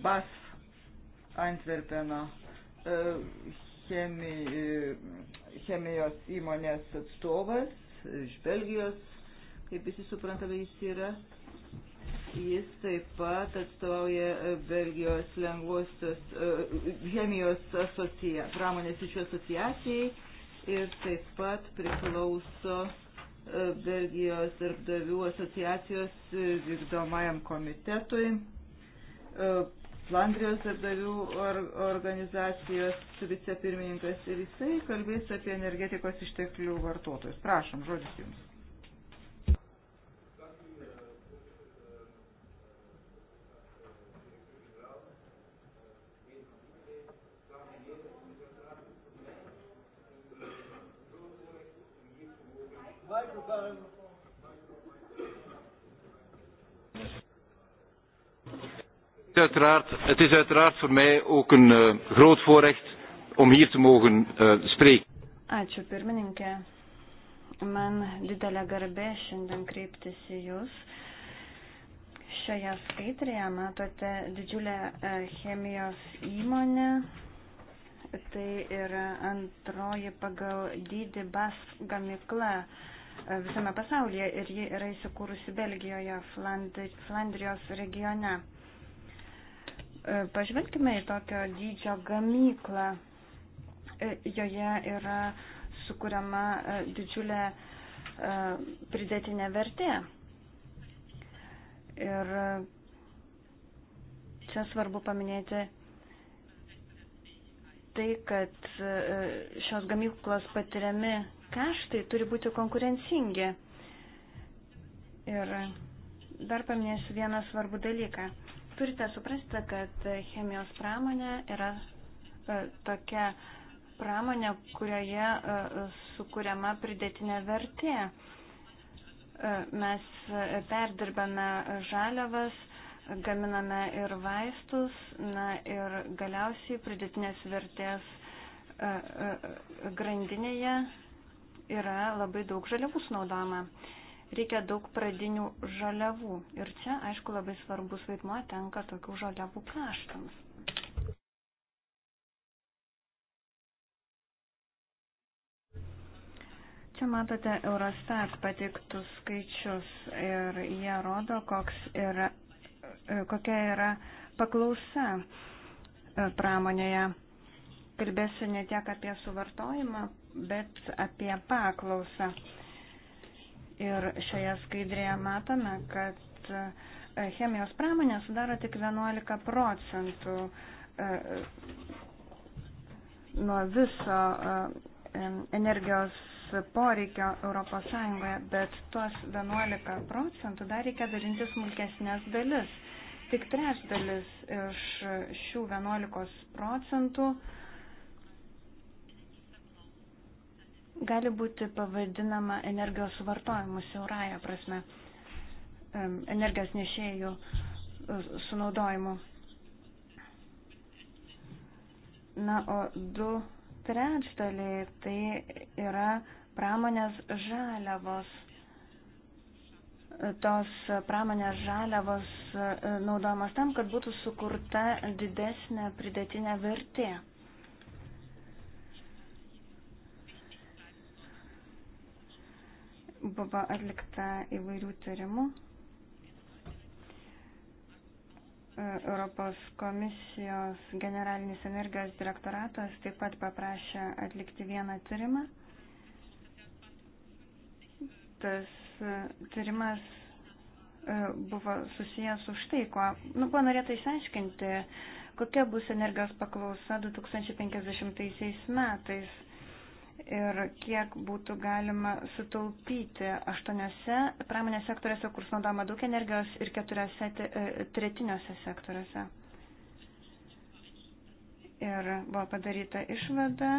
BAS Antverpeno e, chemi, e, chemijos įmonės atstovas iš Belgijos, kaip visi suprantame, jis yra. Jis taip pat atstovauja e, Belgijos lengvosios chemijos asocija, pramonės ryšių asociacijai ir taip pat priklauso E, Belgijos darbdavių asociacijos e, vykdomajam komitetui, e, Flandrijos darbdavių organizacijos vicepirmininkas ir jisai kalbės apie energetikos išteklių vartotojus. Prašom, žodis jums. is uiteraard, het is uiteraard voor mij ook een uh, groot voorrecht om hier te mogen uh, spreken. Ačiū pirmininkė. Man didelė garbė šiandien kreiptis į Jūs. Šioje skaitrėje matote didžiulę e, chemijos įmonę. Tai yra antroji pagal dydį BAS gamikla e, visame pasaulyje ir ji yra įsikūrusi Belgijoje, Flandrijos regione. E, pažvelkime į tokio dydžio gamyklą. E, joje yra sukūriama e, didžiulė pridėtinė vertė. Ir čia svarbu paminėti tai, kad šios gamyklos patiriami kaštai turi būti konkurencingi. Ir dar paminėsiu vieną svarbų dalyką turite suprasti, kad chemijos pramonė yra e, tokia pramonė, kurioje e, sukūriama pridėtinė vertė. E, mes perdirbame žaliavas, gaminame ir vaistus, na ir galiausiai pridėtinės vertės grandinėje yra labai daug žaliavų sunaudojama reikia daug pradinių žaliavų. Ir čia, aišku, labai svarbus vaidmuo tenka tokių žaliavų kaštams. Čia matote Eurostat pateiktus skaičius ir jie rodo, koks yra, kokia yra paklausa e, pramonėje. Kalbėsiu ne tiek apie suvartojimą, bet apie paklausą. Ir šioje skaidrėje matome, kad e, chemijos pramonė sudaro tik 11 procentų e, nuo viso e, energijos poreikio ES, bet tuos 11 procentų dar reikia dalinti smulkesnės dalis. Tik trečdalis iš šių 11 procentų uh, gali būti pavadinama energijos suvartojimu siauraja prasme, energijos nešėjų e, sunaudojimu. Na, o du trečdaliai tai yra pramonės žaliavos. Tos pramonės žaliavos e, naudojamos tam, kad būtų sukurta didesnė pridėtinė vertė. Buvo atlikta įvairių tyrimų. E, Europos komisijos generalinis energijos direktoratas taip pat paprašė atlikti vieną tyrimą. Tas e, tyrimas e, buvo susijęs už tai, ko nu, buvo norėta išsiaiškinti, kokia bus energijos paklausa 2050 metais ir kiek būtų galima sutaupyti aštuoniuose pramonės sektoriuose, kur sunaudojama daug energijos, ir keturiuose e, tretiniuose sektoriuose. Ir buvo padaryta išvada,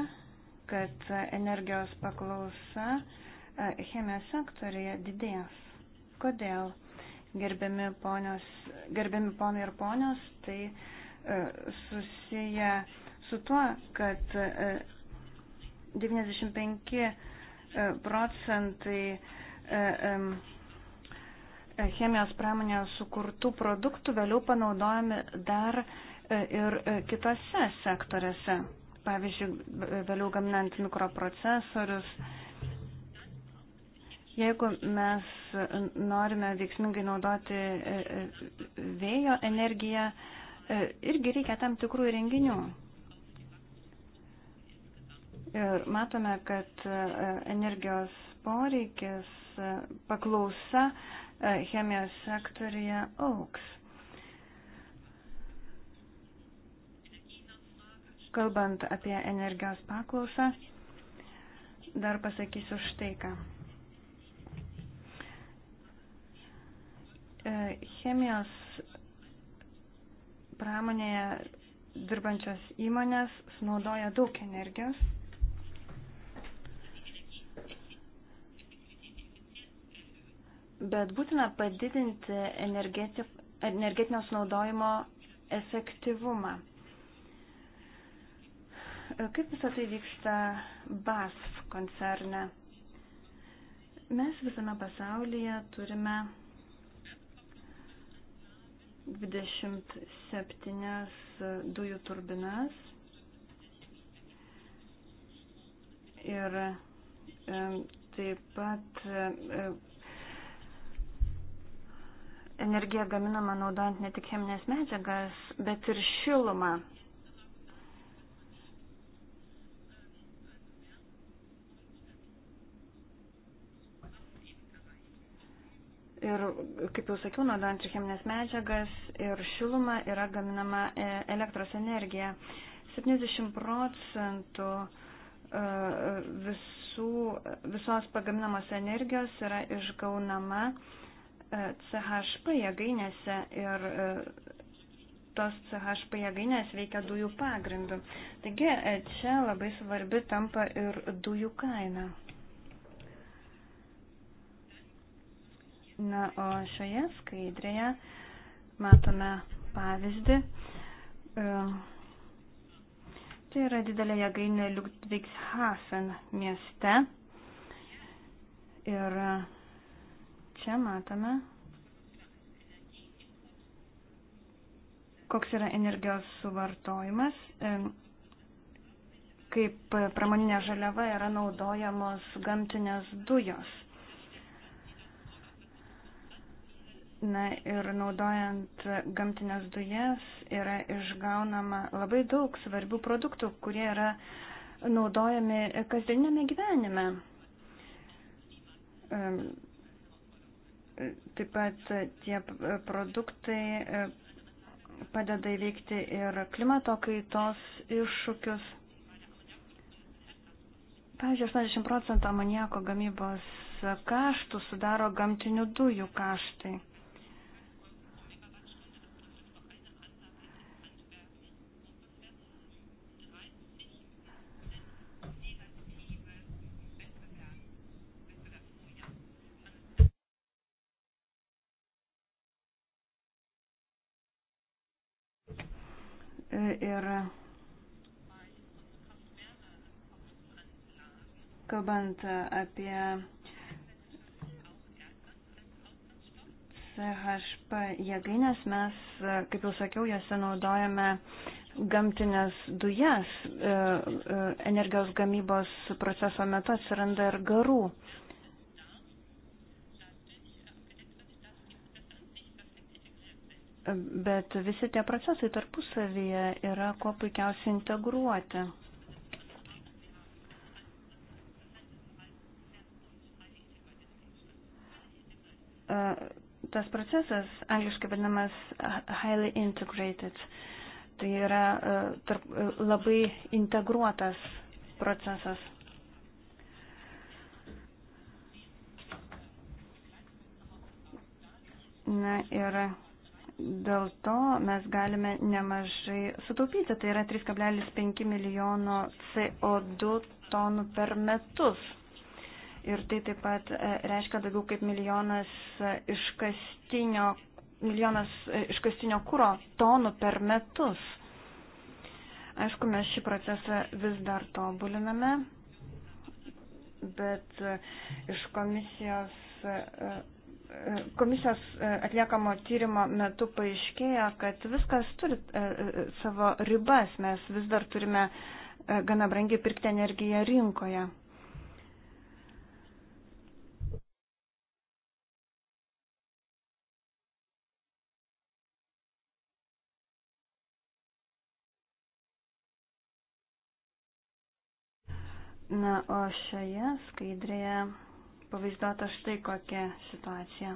kad energijos paklausa e, chemijos sektorija didės. Kodėl? Gerbiami, ponios, gerbiami ponai ir ponios, tai e, susiję su tuo, kad 95 e, procentai e, e, chemijos pramonėje sukurtų produktų vėliau panaudojami dar ir kitose sektoriuose, pavyzdžiui, vėliau gaminant mikroprocesorius. Jeigu mes norime veiksmingai naudoti vėjo energiją, irgi reikia tam tikrų įrenginių. Ir matome, kad e, energijos poreikis, e, paklausa e, chemijos sektorija auks. Kalbant apie energijos paklausą, dar pasakysiu štai ką. Chemijos pramonėje dirbančios įmonės sunaudoja daug energijos bet būtina padidinti energetinio sunaudojimo efektyvumą. Kaip visą tai vyksta BASF koncerne? Mes visame pasaulyje turime 27 dujų turbinas ir taip pat energija gaminama naudojant ne tik cheminės medžiagas, bet ir šilumą. Ir, kaip jau sakiau, naudojant ir cheminės medžiagas, ir šilumą yra gaminama e, elektros energija. 70 procentų e, visų, visos pagaminamos energijos yra išgaunama uh, E, CHP jėgainėse ir e, tos CHP jėgainės veikia dujų pagrindu. Taigi e, čia labai svarbi tampa ir dujų kaina. Na, o šioje skaidrėje matome pavyzdį. Tai yra didelė jėgainė Ludwigshafen mieste. Ir čia matome, koks yra energijos suvartojimas, e, kaip pramoninė žaliava yra naudojamos gamtinės dujos. Na ir naudojant gamtinės dujas yra išgaunama labai daug svarbių produktų, kurie yra naudojami kasdienėme gyvenime Taip pat tie produktai e, padeda įveikti ir klimato kaitos iššūkius. Pavyzdžiui, 80 procentų amoniako gamybos kaštų sudaro gamtinių dujų kaštai. ir kalbant apie CHP jėgainės, mes, kaip jau sakiau, jose naudojame gamtinės dujas. E, e, energijos gamybos proceso metu atsiranda ir garų. Bet visi tie procesai tarpusavyje yra kuo puikiausiai integruoti. E, tas procesas, angliškai vadinamas highly integrated, tai yra e, tarp, e, labai integruotas procesas. Na ir Dėl to mes galime nemažai sutaupyti, tai yra 3,5 milijono CO2 tonų per metus. Ir tai taip pat e, reiškia daugiau kaip milijonas e, iškastinio, milijonas e, iškastinio kūro tonų per metus. Aišku, mes šį procesą vis dar tobuliname, bet iš komisijos komisijos e, atliekamo tyrimo metu paaiškėjo, kad viskas turi e, e, savo ribas, mes vis dar turime gana brangiai pirkti energiją rinkoje. Na, o šioje skaidrėje pavaizduota štai kokia situacija.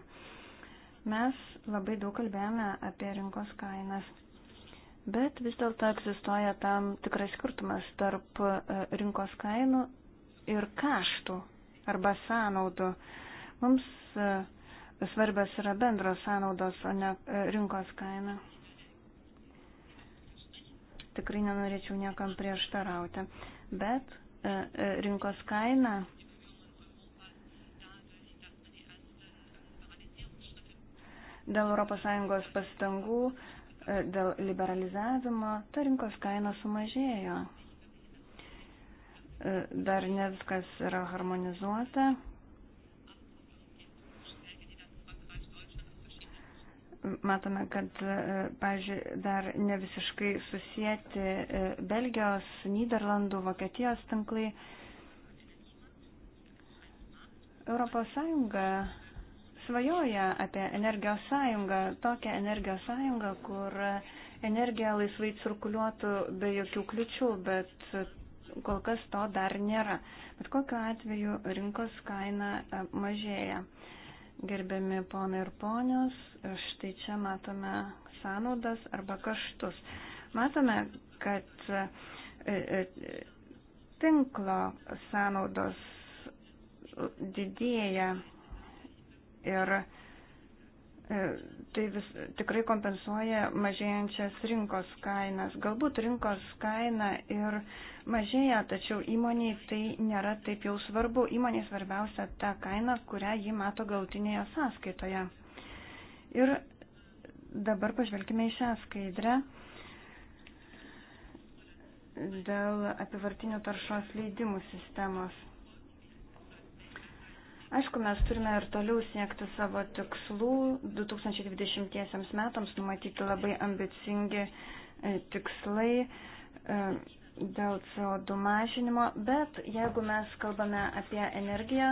Mes labai daug kalbėjome apie rinkos kainas, bet vis dėlto egzistuoja tam tikras skirtumas tarp e, rinkos kainų ir kaštų arba sąnaudų. Mums e, svarbios yra bendros sąnaudos, o ne e, rinkos kaina. Tikrai nenorėčiau niekam prieštarauti, bet rinkos kaina Dėl ES pastangų, e, dėl liberalizavimo ta rinkos kaina sumažėjo. E, dar ne viskas yra harmonizuota. Matome, kad, e, pažiūrėjau, dar ne visiškai susijęti Belgijos, Niderlandų, Vokietijos tinklai. Europos Sąjunga svajoja apie energijos sąjungą, tokią energijos sąjungą, kur energija laisvai cirkuliuotų be jokių kliučių, bet kol kas to dar nėra. Bet kokiu atveju rinkos kaina e, mažėja. Gerbiami ponai ir ponios, štai čia matome sąnaudas arba kaštus. Matome, kad e, e, tinklo sąnaudos didėja ir e, tai vis, tikrai kompensuoja mažėjančias rinkos kainas. Galbūt rinkos kaina ir mažėja, tačiau įmoniai tai nėra taip jau svarbu. Įmoniai svarbiausia ta kaina, kurią ji mato gautinėje sąskaitoje. Ir dabar pažvelkime į šią skaidrę dėl apivartinių taršos leidimų sistemos. Aišku, mes turime ir toliau siekti savo tikslų. 2020 metams numatyti labai ambicingi e, tikslai e, dėl CO2 mažinimo, bet jeigu mes kalbame apie energiją,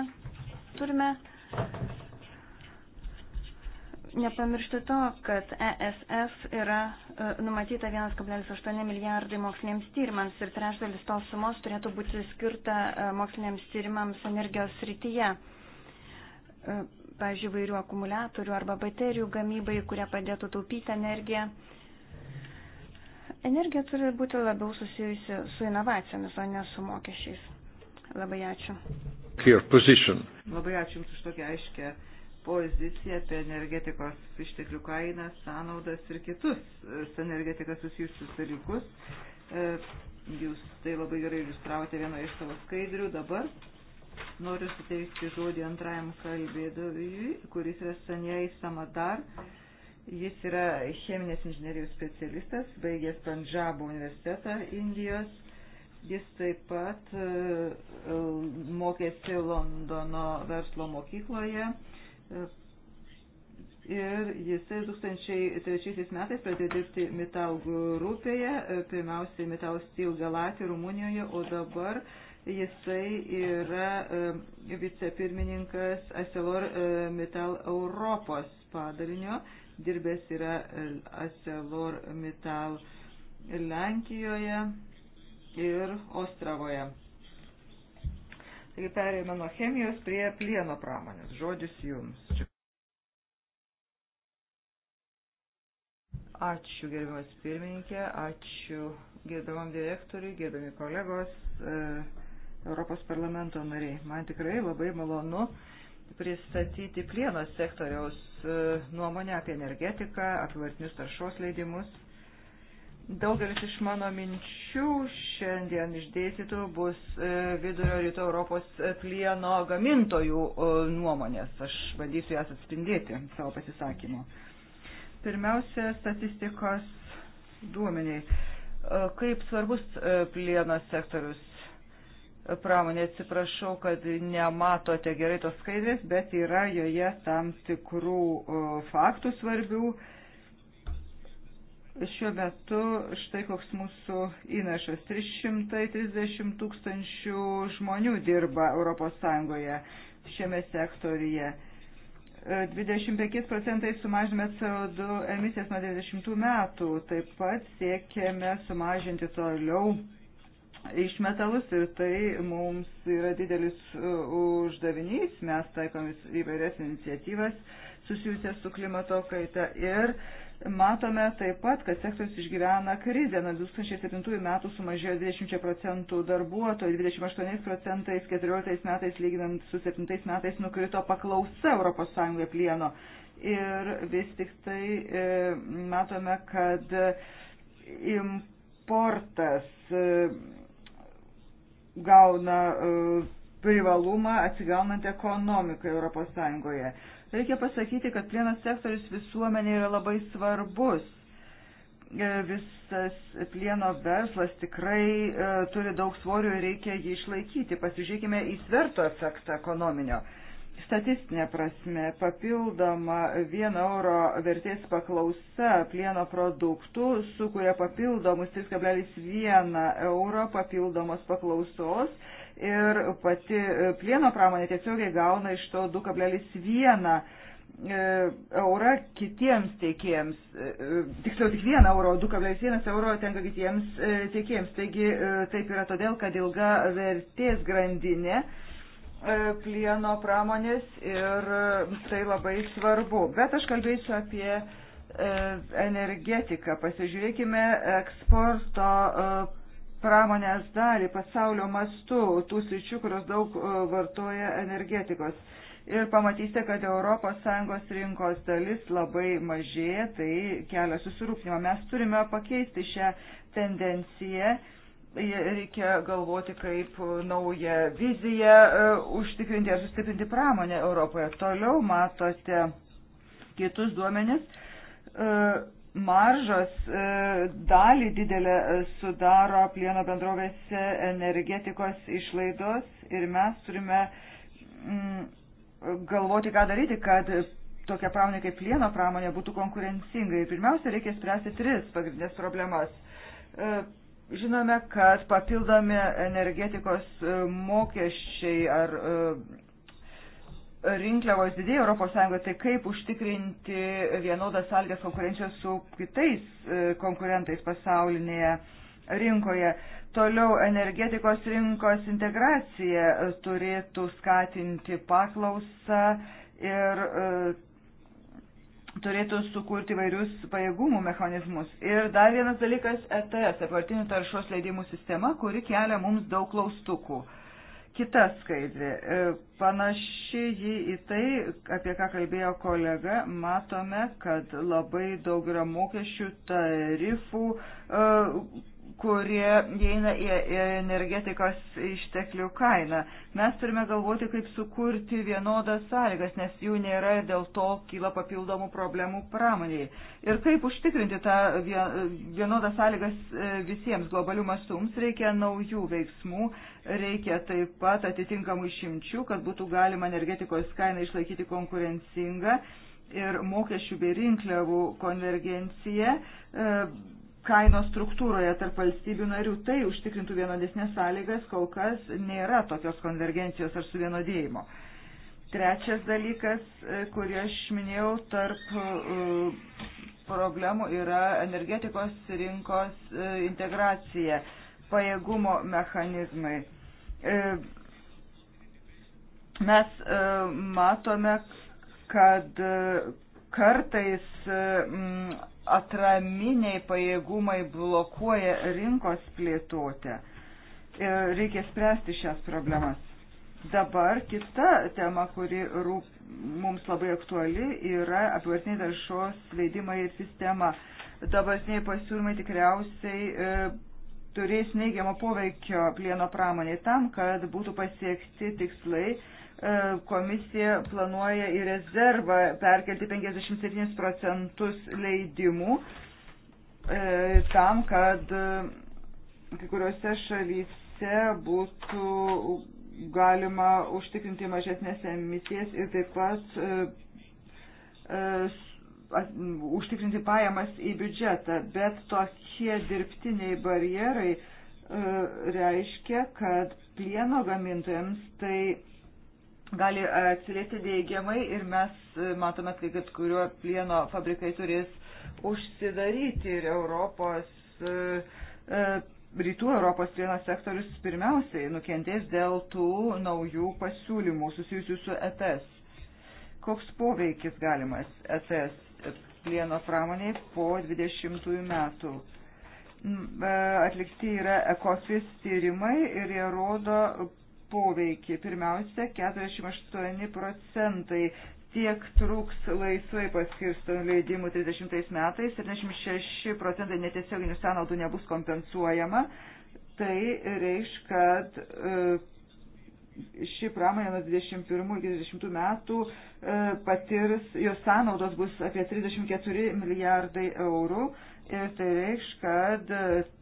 turime nepamiršti to, kad ESF yra e, numatyta 1,8 milijardai moksliniams tyrimams ir trečdalis tos sumos turėtų būti skirta moksliniams tyrimams energijos srityje pažiūrėjau, vairių akumuliatorių arba baterijų gamybai, kurie padėtų taupyti energiją. Energija turi būti labiau susijusi su inovacijomis, o ne su mokesčiais. Labai ačiū. Labai ačiū Jums už tokią aiškę poziciją apie energetikos išteklių kainą, sąnaudas ir kitus e, su energetika susijusius dalykus. E, Jūs tai labai gerai iliustravote vienoje iš savo skaidrių. Dabar Noriu suteikti žodį antrajam kalbėdavui, kuris yra Sanjai Samadar. Jis yra cheminės inžinierijos specialistas, baigęs Pandžabo universitetą Indijos. Jis taip pat e, mokėsi Londono verslo mokykloje ir jisai 2003 metais pradėjo dirbti Mital grupėje, e, pirmiausiai Mital Steel Galati Rumunijoje, o dabar uh, Jisai yra e, vicepirmininkas Aselor e, Metal Europos padalinio, dirbęs yra e, Aselor Metal Lenkijoje ir Ostravoje. Taigi perėjome nuo chemijos prie plieno pramonės. Žodis jums. Ačiū gerbiamas pirmininkė, ačiū gerbiamam direktoriui, gerbiami kolegos. E, Europos parlamento nariai. Man tikrai labai malonu pristatyti plieno sektoriaus e, nuomonę apie energetiką, apivartinius taršos leidimus. Daugelis iš mano minčių šiandien išdėstytų bus e, vidurio rytų Europos e, plieno gamintojų nuomonės. Aš bandysiu jas atspindėti savo pasisakymu. Pirmiausia, statistikos duomeniai. Kaip svarbus plieno sektorius pramonė. Atsiprašau, kad nematote gerai tos skaidrės, bet yra joje tam tikrų faktų svarbių. Šiuo metu štai koks mūsų įnašas. 330 tūkstančių žmonių dirba ES šiame sektoriuje. 25 procentai sumažiname CO2 emisijas nuo 90 metų. Taip pat siekėme sumažinti toliau išmetalus ir tai mums yra didelis e, uždavinys. Mes taikomis įvairias iniciatyvas susijusias su klimato kaita ir matome taip pat, kad sektorius išgyvena krizę. Nuo 2007 metų sumažėjo 20 procentų darbuotojų, 28 procentais 14 metais lyginant su 7 metais nukrito paklausa ES plieno. Ir vis tik tai e, matome, kad importas e, gauna e, privalumą atsigaunant ekonomiką Europos Sąjungoje. Reikia pasakyti, kad plienas sektorius visuomenė yra labai svarbus. E, visas plieno verslas tikrai e, turi daug svorio ir reikia jį išlaikyti. Pasižiūrėkime į sverto efektą ekonominio. E, Statistinė prasme, papildoma 1 euro vertės paklausa plieno produktų sukuria papildomus 3,1 euro papildomos paklausos ir pati plieno pramonė tiesiogiai gauna iš to 2,1 e, eurą kitiems tiekėjams, e, e, tiksliau tik 1 euro, 2,1 euro tenka kitiems tiekėjams. Taigi taip yra todėl, kad ilga vertės grandinė E, plieno pramonės ir e, tai labai svarbu. Bet aš kalbėsiu apie e, energetiką. Pasižiūrėkime eksporto pramonės dalį pasaulio mastu, tų sričių, kurios daug vartoja energetikos. Ir pamatysite, kad ES rinkos dalis labai mažėja, tai kelia susirūpinimą. Mes turime pakeisti šią tendenciją reikia galvoti, kaip naują viziją e, užtikrinti ar sustiprinti pramonę Europoje. Toliau matote kitus duomenis. E, maržos e, dalį didelę sudaro plieno bendrovėse energetikos išlaidos ir mes turime mm, galvoti, ką daryti, kad tokia pramonė kaip plieno pramonė būtų konkurencinga. Ir pirmiausia, reikia spręsti tris pagrindinės problemas Žinome, kad papildomi energetikos e, mokesčiai ar e, rinkliavos didėja Europos Sąjungoje, tai kaip užtikrinti vienodas sąlygas konkurencijos su kitais e, konkurentais pasaulinėje rinkoje. Toliau energetikos rinkos integracija turėtų skatinti paklausą ir turėtų sukurti vairius pajėgumų mechanizmus. Ir dar vienas dalykas - ETS, apivartinių taršos leidimų sistema, kuri kelia mums daug klaustukų. Kita skaidrė. E, panaši jį į tai, apie ką kalbėjo kolega, matome, kad labai daug yra mokesčių, tarifų, e, kurie įeina į energetikos išteklių kainą. Mes turime galvoti, kaip sukurti vienodas sąlygas, nes jų nėra ir dėl to kyla papildomų problemų pramoniai. Ir kaip užtikrinti tą vienodas sąlygas e, visiems globalių mastų. Mums reikia naujų veiksmų, reikia taip pat atitinkamų išimčių, kad būtų galima energetikos kainą išlaikyti konkurencingą ir mokesčių bei rinkliavų konvergencija e, kainos struktūroje tarp valstybių narių. Tai užtikrintų vienodesnės sąlygas, kol kas nėra tokios konvergencijos ar suvienodėjimo. Trečias dalykas, e, kurį aš minėjau, tarp e, problemų yra energetikos rinkos e, integracija, pajėgumo mechanizmai. Mes matome, kad kartais atraminiai pajėgumai blokuoja rinkos plėtotę. Ir reikia spręsti šias problemas. Dabar kita tema, kuri rūp, mums labai aktuali, yra apivartiniai taršos leidimai ir sistema. Dabartiniai pasiūlymai tikriausiai e, turės neigiamą poveikio plieno pramonėje tam, kad būtų pasiekti tikslai E, komisija planuoja į rezervą perkelti 57 procentus leidimų e, tam, kad e, kai kuriuose šalyse būtų galima užtikrinti mažesnės emisijas ir taip pat užtikrinti pajamas į biudžetą, bet tokie dirbtiniai barjerai reiškia, kad plieno gamintojams tai gali atsiliepti dėgiamai ir mes e, matome, kai kad kurio plieno fabrikai turės užsidaryti ir Europos, e, e, rytų Europos plieno sektorius pirmiausiai nukentės dėl tų naujų pasiūlymų susijusių su ETS. Koks poveikis galimas ETS plieno pramoniai po 20 metų? Mm, atlikti yra ekofis tyrimai ir jie rodo poveikį. Pirmiausia, 48 procentai tiek truks laisvai paskirstomų leidimų 30 metais, 76 procentai netiesioginių sąnaudų nebus kompensuojama. Tai reiš, kad e, ši pramonė nuo 21 iki 20 metų e, patirs, jos sąnaudos bus apie 34 milijardai eurų ir tai reikš, kad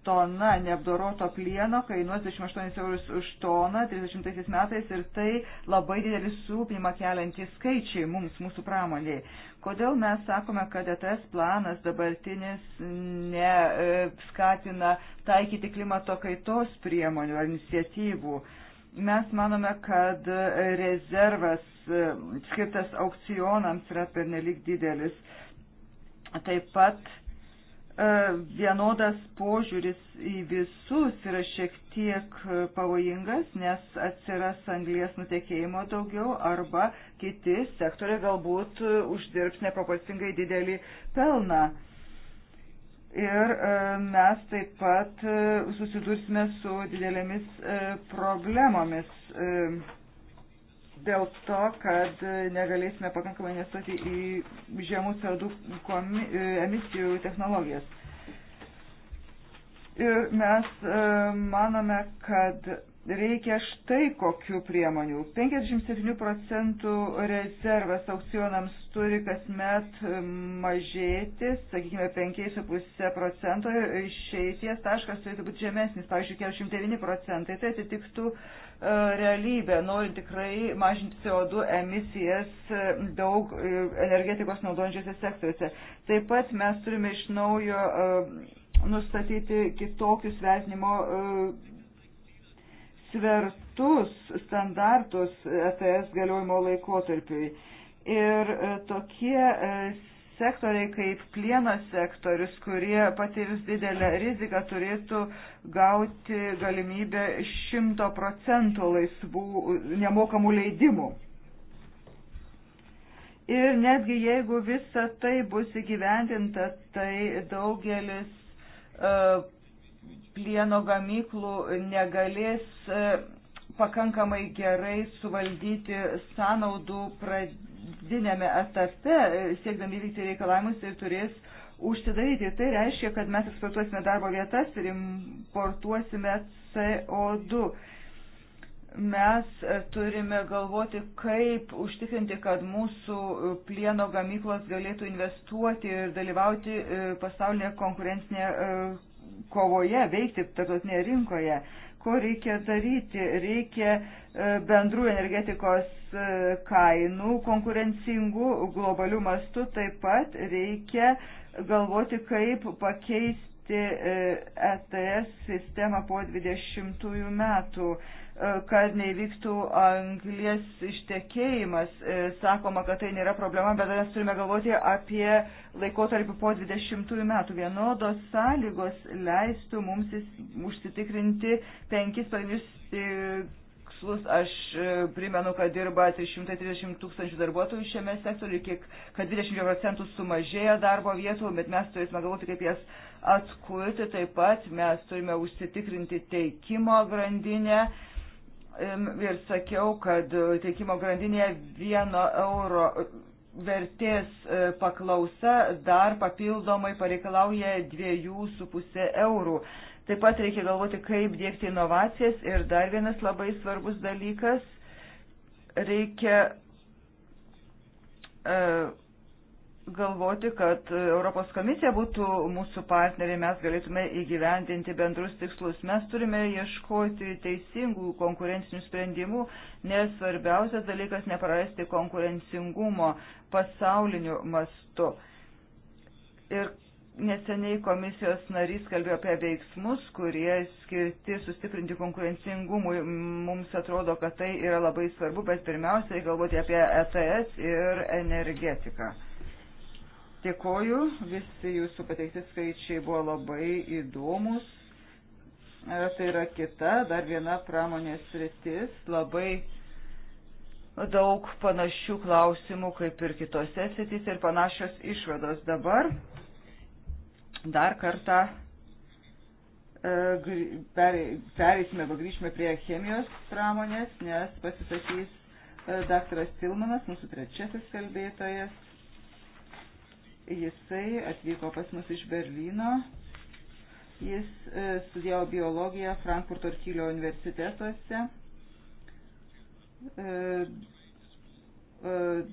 tona neapdoroto plieno kainuos 28 eurus už toną 30 metais ir tai labai didelis rūpimą keliantys skaičiai mums, mūsų pramoniai. Kodėl mes sakome, kad ETS planas dabartinis neskatina e, taikyti klimato kaitos priemonių ar iniciatyvų? Mes manome, kad rezervas e, skirtas aukcionams yra pernelyg didelis. Taip pat E, vienodas požiūris į visus yra šiek tiek e, pavojingas, nes atsiras anglės nutekėjimo daugiau arba kiti sektoriai galbūt e, uždirbs neproporcingai didelį pelną. Ir mes taip pat susidursime su didelėmis problemomis dėl to, kad negalėsime pakankamai investuoti į žemų CO2 e, emisijų technologijas. Ir mes e, manome, kad reikia štai kokių priemonių. 57 procentų rezervas aukcionams turi kasmet mažėti, sakykime, 5,5 procento, išeities taškas turėtų būti žemesnis, pavyzdžiui, 49 procentai. Tai atitiktų e, realybę, norint tikrai mažinti CO2 emisijas e, daug e, energetikos naudojančiose sektoriuose. Taip pat mes turime iš naujo nustatyti kitokius vertinimo svertus, standartus ETS galiojimo laikotarpiui. Ir e, tokie e, sektoriai kaip plieno sektorius, kurie patirs didelę riziką, turėtų gauti galimybę 100 procentų laisvų nemokamų leidimų. Ir netgi jeigu visa tai bus įgyvendinta, tai daugelis uh, plieno gamyklų negalės e, pakankamai gerai suvaldyti sąnaudų pradinėme etape, e, siekdami vykti reikalavimus ir turės užsidaryti. Tai reiškia, kad mes eksportuosime darbo vietas ir importuosime CO2. Mes e, turime galvoti, kaip užtikrinti, kad mūsų plieno gamyklos galėtų investuoti ir dalyvauti pasaulinėje konkurencinėje kovoje, veikti tarptautinėje rinkoje. Ko reikia daryti? Reikia e, bendrų energetikos e, kainų konkurencingų globalių mastų, taip pat reikia galvoti, kaip pakeisti ETS e sistemą po 20 metų. E, kad neįvyktų anglies ištekėjimas. E, sakoma, kad tai nėra problema, bet mes turime galvoti apie laikotarpį po 20 metų. Vienodos sąlygos leistų mums užsitikrinti penkis pagrindinius tikslus. Aš e, primenu, kad dirba 330 tūkstančių darbuotojų šiame sektoriu, kiek, kad 20 procentų sumažėjo darbo vietų, bet mes turėsime galvoti, kaip jas atkurti. Taip pat mes turime užsitikrinti teikimo grandinę ir sakiau, kad e, tiekimo grandinėje vieno euro e, vertės e, paklausa dar papildomai pareikalauja dviejų su pusė eurų. Taip pat reikia galvoti, kaip dėkti inovacijas ir dar vienas labai svarbus dalykas, reikia uh, galvoti, kad Europos komisija būtų mūsų partneriai, mes galėtume įgyvendinti bendrus tikslus. Mes turime ieškoti teisingų konkurencinių sprendimų, nes svarbiausias dalykas neprarasti konkurencingumo pasauliniu mastu. Ir neseniai komisijos narys kalbėjo apie veiksmus, kurie skirti sustiprinti konkurencingumui. Mums atrodo, kad tai yra labai svarbu, bet pirmiausiai galvoti apie ETS ir energetiką. Dėkoju, visi jūsų pateikti skaičiai buvo labai įdomus. E, tai yra kita, dar viena pramonės rytis, labai daug panašių klausimų kaip ir kitose srityse ir panašios išvados. Dabar dar kartą e, perėsime arba grįžime prie chemijos pramonės, nes pasisakys e, daktaras Tilmanas, mūsų trečiasis kalbėtojas. Jisai atvyko pas mus iš Berlyno. Jis e, studijavo biologiją Frankfurto ir Kylio universitetuose. E, e,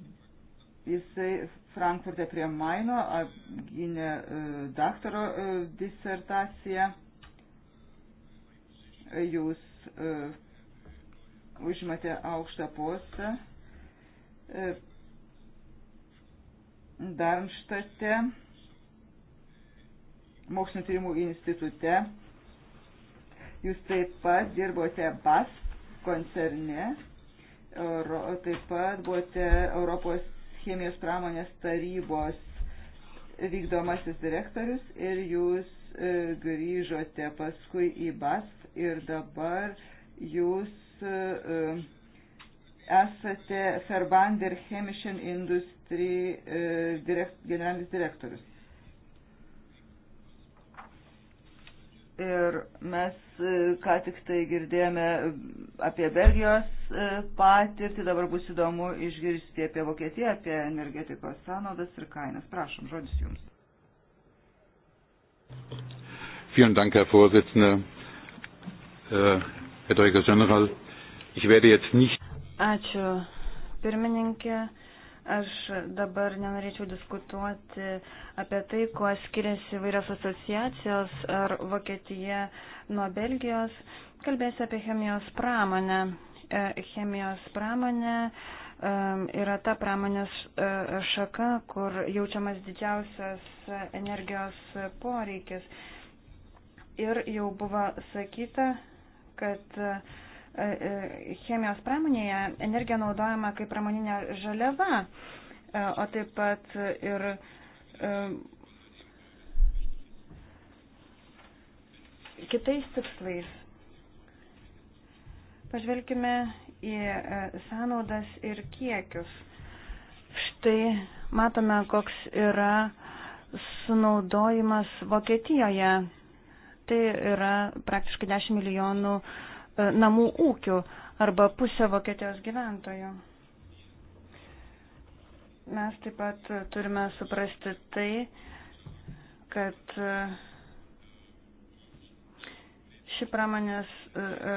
jisai Frankfurte prie Maino apgynė daktaro disertaciją. Jūs užimate aukštą postą Darmštate, Mokslinio tyrimų institute. Jūs taip pat dirbote BAS koncerne, taip pat buvote Europos chemijos pramonės tarybos vykdomasis direktorius ir jūs e, grįžote paskui į BAS ir dabar jūs e, esate Ferbander Chemischen Industry e, direkt, generalinis direktorius. Ir mes e, ką tik tai girdėjome apie Belgijos e, patirtį, dabar bus įdomu išgirsti apie Vokietiją, apie energetikos sąnaudas ir kainas. Prašom, žodis Jums. Vielen Dank, Herr Vorsitzender. Äh, Herr Direktor General, ich werde jetzt nicht Ačiū, pirmininkė. Aš dabar nenorėčiau diskutuoti apie tai, kuo skiriasi vairios asociacijos ar Vokietija nuo Belgijos. Kalbėsiu apie chemijos pramonę. E, chemijos pramonė e, yra ta pramonės e, šaka, kur jaučiamas didžiausias energijos poreikis. Ir jau buvo sakyta, kad E, e, chemijos pramonėje energija naudojama kaip pramoninė žaliava, e, o taip pat ir kitais tikslais. Pažvelkime į sąnaudas ir kiekius. Štai matome, koks yra sunaudojimas Vokietijoje. Tai yra praktiškai 10 milijonų uh, E, namų ūkių arba pusę Vokietijos gyventojų. Mes taip pat turime suprasti tai, kad e, ši pramonės e,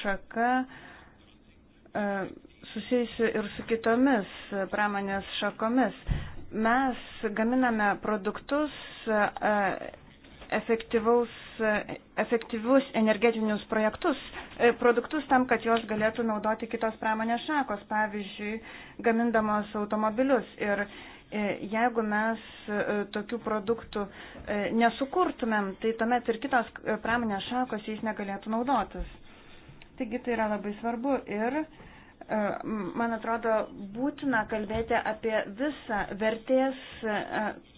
šaka susijusi ir su kitomis pramonės šakomis. Mes gaminame produktus efektyvius energetinius projektus, e, produktus tam, kad jos galėtų naudoti kitos pramonės šakos, pavyzdžiui, gamindamos automobilius. Ir e, jeigu mes e, tokių produktų nesukurtumėm, tai tuomet ir kitos pramonės šakos jais negalėtų naudotis. Taigi tai yra labai svarbu ir man atrodo, būtina kalbėti apie visą vertės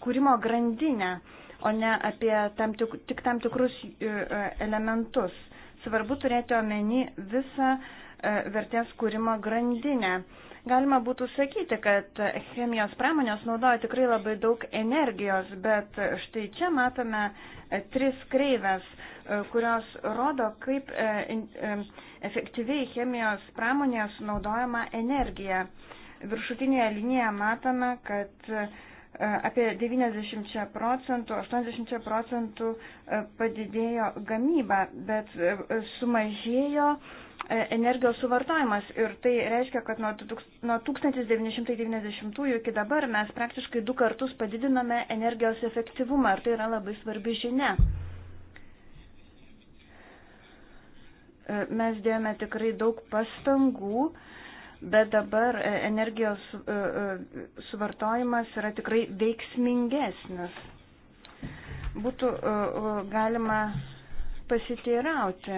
kūrimo grandinę o ne apie tam tik, tik tam tikrus e, e, elementus. Svarbu turėti omeny visą e, vertės kūrimo grandinę. Galima būtų sakyti, kad chemijos pramonės naudoja tikrai labai daug energijos, bet štai čia matome tris kreivės, kurios rodo, kaip efektyviai chemijos pramonės naudojama energija. Viršutinėje linėje matome, kad apie 90 procentų, 80 procentų e, padidėjo gamyba, bet e, sumažėjo e, energijos suvartojimas ir tai reiškia, kad nuo 1990 iki dabar mes praktiškai du kartus padidiname energijos efektyvumą ir tai yra labai svarbi žinia. Mes dėjome tikrai daug pastangų uh, bet dabar e, energijos e, e, suvartojimas yra tikrai veiksmingesnis. Būtų galima pasiteirauti,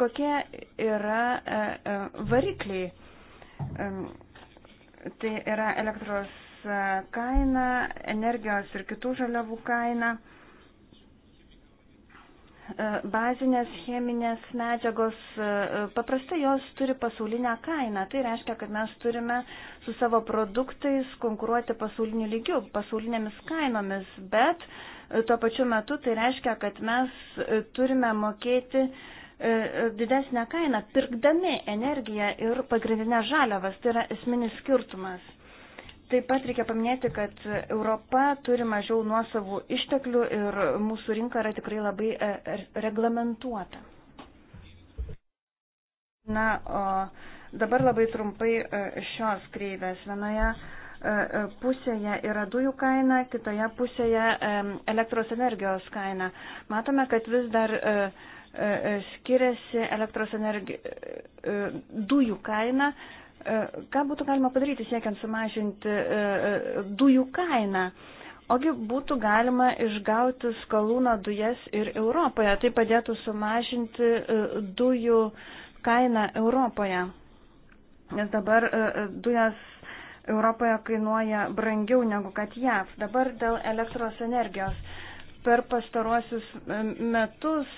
kokie yra varikliai. Tai yra elektros kaina, energijos ir kitų žaliavų kaina. E, bazinės cheminės medžiagos, e, e, paprastai jos turi pasaulinę kainą. Tai reiškia, kad mes turime su savo produktais konkuruoti pasauliniu lygiu, pasaulinėmis kainomis, bet tuo pačiu metu tai reiškia, kad mes turime mokėti didesnę kainą, pirkdami energiją ir pagrindinę žaliavas. Tai yra esminis skirtumas. Taip pat reikia paminėti, kad Europa turi mažiau nuosavų išteklių ir mūsų rinka yra tikrai labai e, reglamentuota. Na, o dabar labai trumpai e, šios kreivės. Vienoje e, pusėje yra dujų kaina, kitoje pusėje elektros energijos kaina. Matome, kad vis dar skiriasi elektros energi... dujų kaina E, ką būtų galima padaryti siekiant sumažinti e, e, dujų kainą? Ogi būtų galima išgauti skalūno dujas ir Europoje. Tai padėtų sumažinti dujų kainą Europoje. Nes dabar dujas Europoje kainuoja brangiau negu kad JAV. Dabar dėl elektros energijos per pastaruosius metus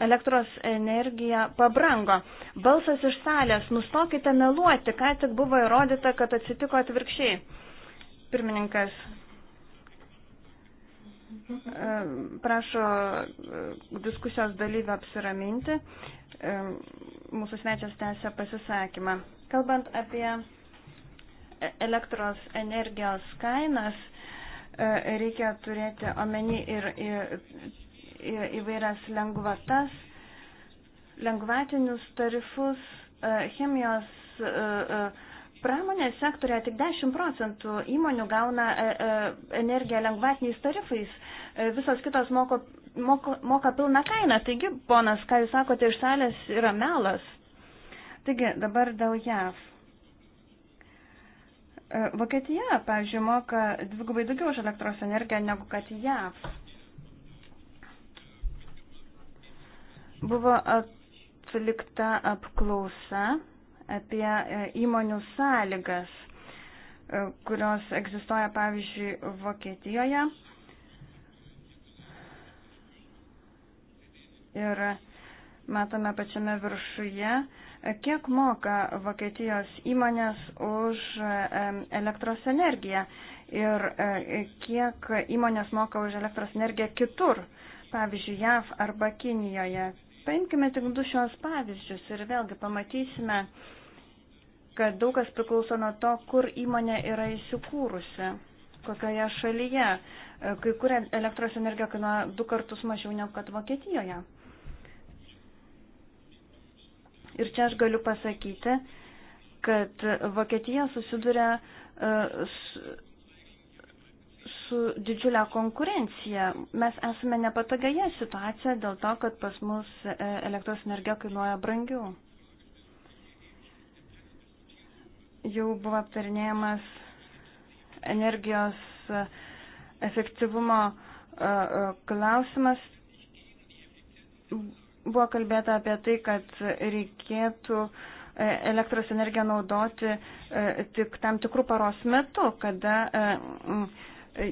elektros energija pabrango. Balsas iš salės, nustokite meluoti, ką tik buvo įrodyta, kad atsitiko atvirkščiai. Pirmininkas. Prašo diskusijos dalyvę apsiraminti. Mūsų svečias tęsia pasisakymą. Kalbant apie e-, elektros energijos kainas, E, reikia turėti omeny ir įvairias lengvatas, lengvatinius tarifus. E, chemijos e, pramonės sektorėje tik 10 procentų įmonių gauna energiją lengvatiniais tarifais, visos kitos moko, moko, moka pilną kainą. Taigi, ponas, ką jūs sakote iš salės, yra melas. Taigi, dabar dėl JAV. E, Vokietija, pavyzdžiui, moka dvigubai daugiau už elektros energiją negu kad JAV. Buvo atlikta apklausa apie e, įmonių sąlygas, e, kurios egzistuoja, pavyzdžiui, Vokietijoje. Ir matome pačiame viršuje Kiek moka Vokietijos įmonės už elektros energiją ir e, kiek įmonės moka už elektros energiją kitur, pavyzdžiui, JAV arba Kinijoje. Paimkime tik du šios pavyzdžius ir vėlgi pamatysime, kad daug kas priklauso nuo to, kur įmonė yra įsikūrusi, kokioje šalyje. E, kai kur e, elektros energija kainuoja du kartus mažiau negu kad Vokietijoje. Ir čia aš galiu pasakyti, kad Vokietija susiduria e, su, su didžiulė konkurencija. Mes esame nepatogioje situacijoje dėl to, kad pas mus e, elektros energija kainuoja brangiau. Jau buvo aptarinėjamas energijos e, efektyvumo klausimas Buvo kalbėta apie tai, kad reikėtų e, elektros energiją naudoti e, tik tam tikrų paros metu, kada e,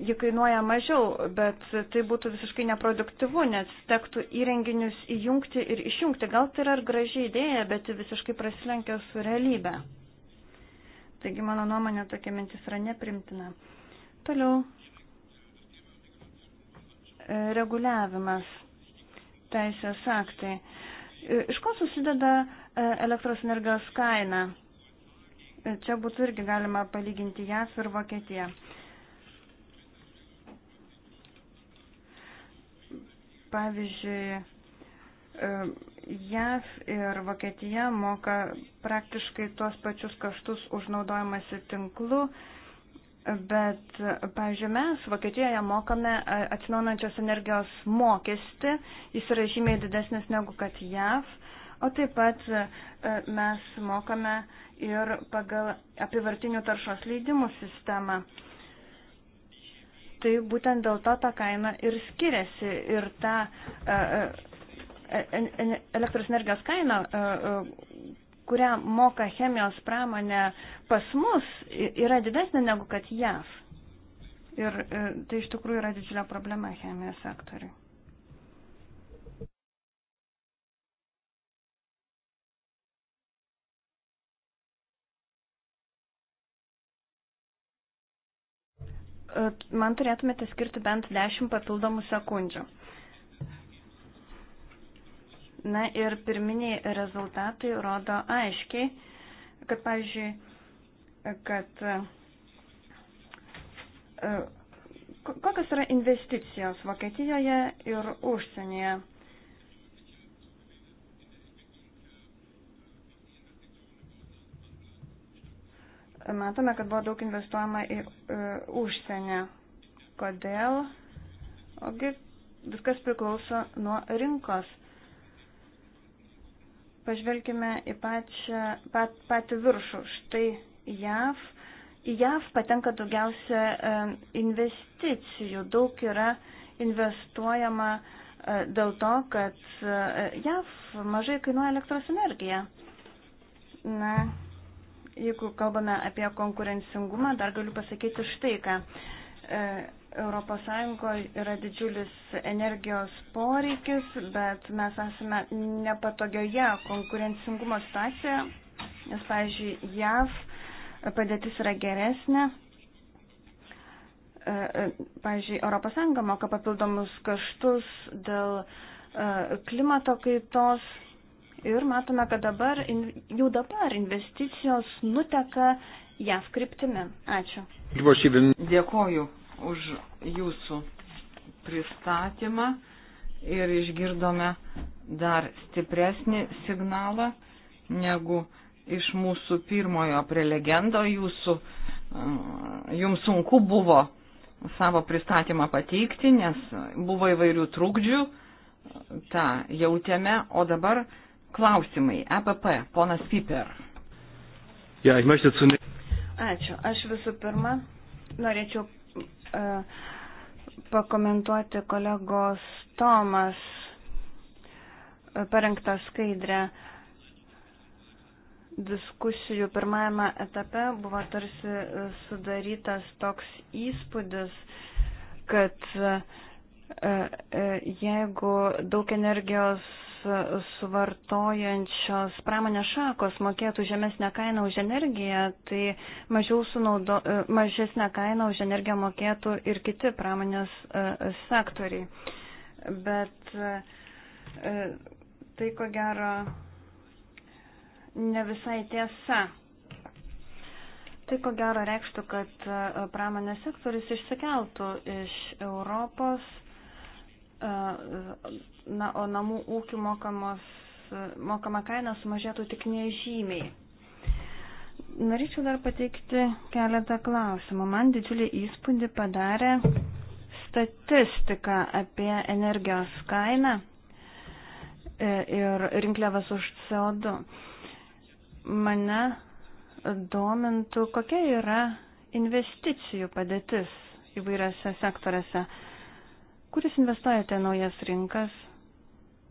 ji kainuoja mažiau, bet tai būtų visiškai neproduktyvu, nes tektų įrenginius įjungti ir išjungti. Gal tai yra ir graži idėja, bet visiškai prasilenkia su realybė. Taigi mano nuomonė tokia mintis yra neprimtina. Toliau. Reguliavimas teisės aktai. E, iš ko susideda e, elektros energijos kaina? E, čia būtų irgi galima palyginti JAF ir Vokietiją. Pavyzdžiui, JAV ir Vokietija moka praktiškai tuos pačius kaštus už naudojimąsi tinklu, Bet, pavyzdžiui, mes Vokietijoje mokame atsinaujančios energijos mokestį, jis yra žymiai didesnis negu kad JAV, o taip pat mes mokame ir pagal apivartinių taršos leidimų sistemą. Tai būtent dėl to ta kaina ir skiriasi ir ta e, e, e, elektros energijos kaina, kurią moka chemijos pramonė pas mus, yra didesnė negu kad JAV. Ir e, tai iš tikrųjų yra didžiulė problema chemijos sektoriui. E, man turėtumėte skirti bent 10 papildomų sekundžių. Na ir pirminiai rezultatai rodo aiškiai, kad, pavyzdžiui, kad e, kokios yra investicijos Vokietijoje ir užsienyje. Matome, kad buvo daug investuojama į e, užsienį. Kodėl? Ogi viskas priklauso nuo rinkos. Pažvelkime į pačią, pat, patį viršų. Štai JAV. Į JAV patenka daugiausia e, investicijų. Daug yra investuojama e, dėl to, kad e, JAV mažai kainuoja elektros energija. Na, jeigu kalbame apie konkurencingumą, dar galiu pasakyti štai ką. ES yra didžiulis energijos poreikis, bet mes esame nepatogioje konkurencingumo situacijoje, nes, pavyzdžiui, JAV padėtis yra geresnė. E, e, pavyzdžiui, ES moka papildomus kaštus dėl e, klimato kaitos ir matome, kad dabar, jau dabar investicijos nuteka JAV kryptimi. Ačiū. Dėkoju už jūsų pristatymą ir išgirdome dar stipresnį signalą negu iš mūsų pirmojo prelegendo. Jūsų, um, jums sunku buvo savo pristatymą pateikti, nes buvo įvairių trūkdžių, tą jautėme, o dabar klausimai. EPP, ponas Piper. Ja, Ačiū. Aš visų pirma norėčiau E, pakomentuoti kolegos Tomas parengtą skaidrę. Diskusijų pirmajame etape buvo tarsi sudarytas toks įspūdis, kad e, e, jeigu daug energijos suvartojančios pramonės šakos mokėtų žemesnę kainą už energiją, tai mažiau sunaudo, mažesnę kainą už energiją mokėtų ir kiti pramonės e, sektoriai. Bet e, tai ko gero ne visai tiesa. Tai ko gero reikštų, kad e, pramonės sektorius išsikeltų iš Europos E, na, o namų ūkių mokamos, e, mokama kaina sumažėtų tik nežymiai. Norėčiau dar pateikti keletą klausimų. Man didžiulį įspūdį padarė statistika apie energijos kainą e, ir rinkliavas už CO2. Mane domintų, kokia yra investicijų padėtis įvairiose sektoriuose. Kur jūs investuojate naujas rinkas?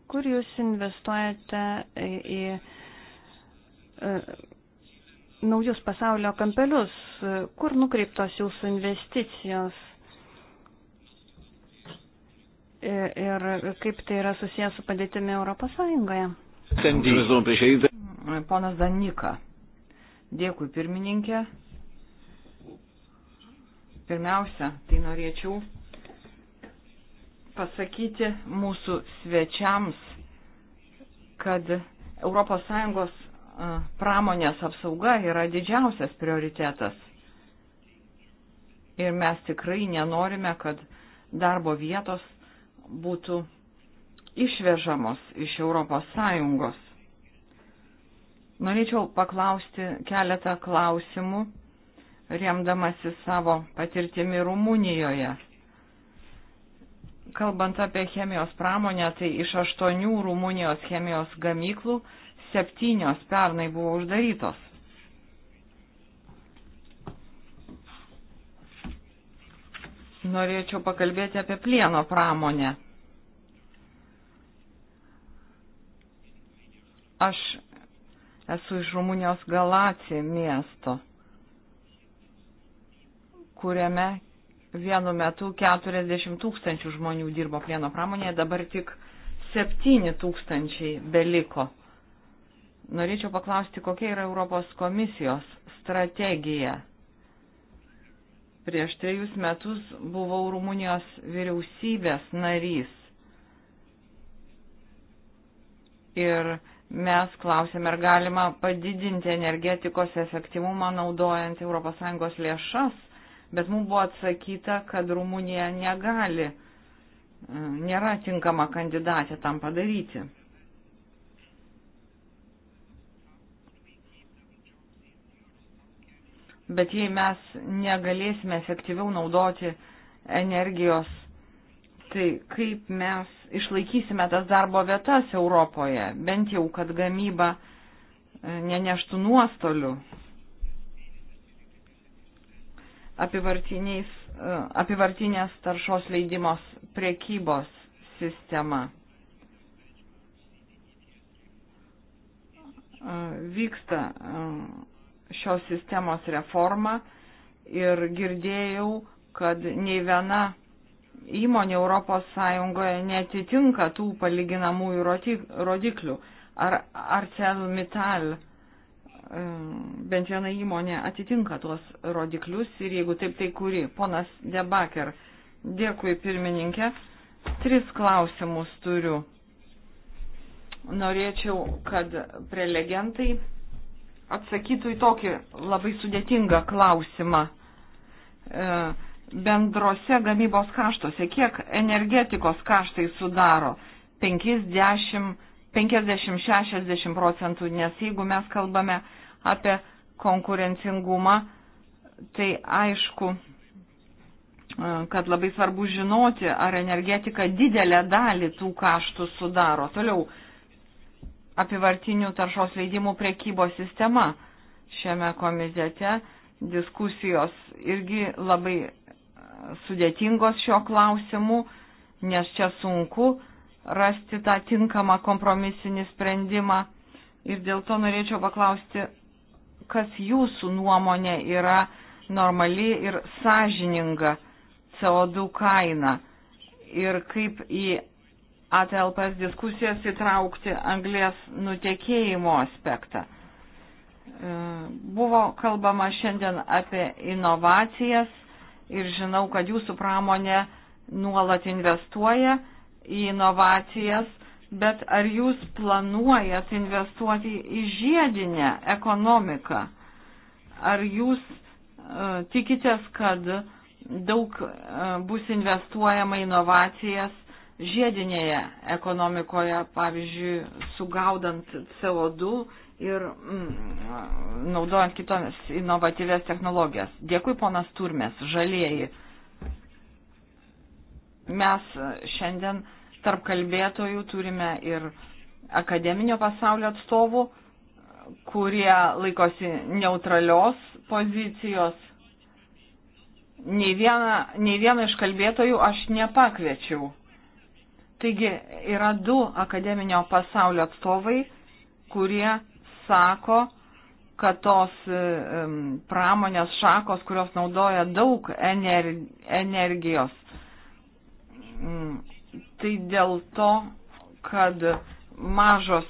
Kur jūs investuojate į, į e, naujus pasaulio kampelius? Kur nukreiptos jūsų investicijos? Ir, e, ir kaip tai yra susijęs su padėtimi Europos Sąjungoje? Mm, ponas Danika. Dėkui pirmininkė. Pirmiausia, tai norėčiau pasakyti mūsų svečiams, kad ES pramonės apsauga yra didžiausias prioritetas. Ir mes tikrai nenorime, kad darbo vietos būtų išvežamos iš ES. Norėčiau paklausti keletą klausimų, remdamasi savo patirtimi Rumunijoje. Kalbant apie chemijos pramonę, tai iš aštuonių Rumunijos chemijos gamyklų septynios pernai buvo uždarytos. Norėčiau pakalbėti apie plieno pramonę. Aš esu iš Rumunijos Galaci miesto, kuriame vienu metu 40 tūkstančių žmonių dirbo plieno pramonėje, dabar tik 7 tūkstančiai beliko. Norėčiau paklausti, kokia yra Europos komisijos strategija. Prieš trejus metus buvau Rumunijos vyriausybės narys. Ir mes klausėme, ar galima padidinti energetikos efektyvumą naudojant ES lėšas bet mums buvo atsakyta, kad Rumunija negali, e, nėra tinkama kandidatė tam padaryti. Bet jei mes negalėsime efektyviau naudoti energijos, tai kaip mes išlaikysime tas darbo vietas Europoje, bent jau, kad gamyba e, neneštų nuostolių E, apivartinės taršos leidimos priekybos sistema. E, vyksta e, šios sistemos reforma ir girdėjau, kad nei viena įmonė Europos Sąjungoje netitinka tų palyginamųjų rodiklių. Ar Arcel Mital uh, bent viena įmonė atitinka tuos rodiklius ir jeigu taip, tai kuri? Ponas Debaker, dėkui pirmininkė. Tris klausimus turiu. Norėčiau, kad prelegentai atsakytų į tokį labai sudėtingą klausimą. E, bendrose gamybos kaštuose, kiek energetikos kaštai sudaro? 50 50-60 procentų, nes jeigu mes kalbame apie konkurencingumą, tai aišku, e, kad labai svarbu žinoti, ar energetika didelę dalį tų kaštų sudaro. Toliau, apivartinių taršos leidimų prekybos sistema šiame komitete diskusijos irgi labai sudėtingos šio klausimu, nes čia sunku rasti tą tinkamą kompromisinį sprendimą. Ir dėl to norėčiau paklausti, kas jūsų nuomonė yra normali ir sąžininga CO2 kaina ir kaip į ATLPS diskusijas įtraukti anglės nutekėjimo aspektą. E, buvo kalbama šiandien apie inovacijas ir žinau, kad jūsų pramonė nuolat investuoja į inovacijas, bet ar jūs planuojat investuoti į žiedinę ekonomiką? Ar jūs uh, tikitės, kad daug uh, bus investuojama inovacijas žiedinėje ekonomikoje, pavyzdžiui, sugaudant CO2 ir mm, naudojant kitomis inovatyvės technologijas? Dėkui, ponas Turmės, žalieji mes e, šiandien tarp kalbėtojų turime ir akademinio pasaulio atstovų, kurie laikosi neutralios pozicijos. Nei vieną, nei vieną iš kalbėtojų aš nepakviečiau. Taigi yra du akademinio pasaulio atstovai, kurie sako, kad tos e, pramonės šakos, kurios naudoja daug energijos, Mm, tai dėl to, kad mažos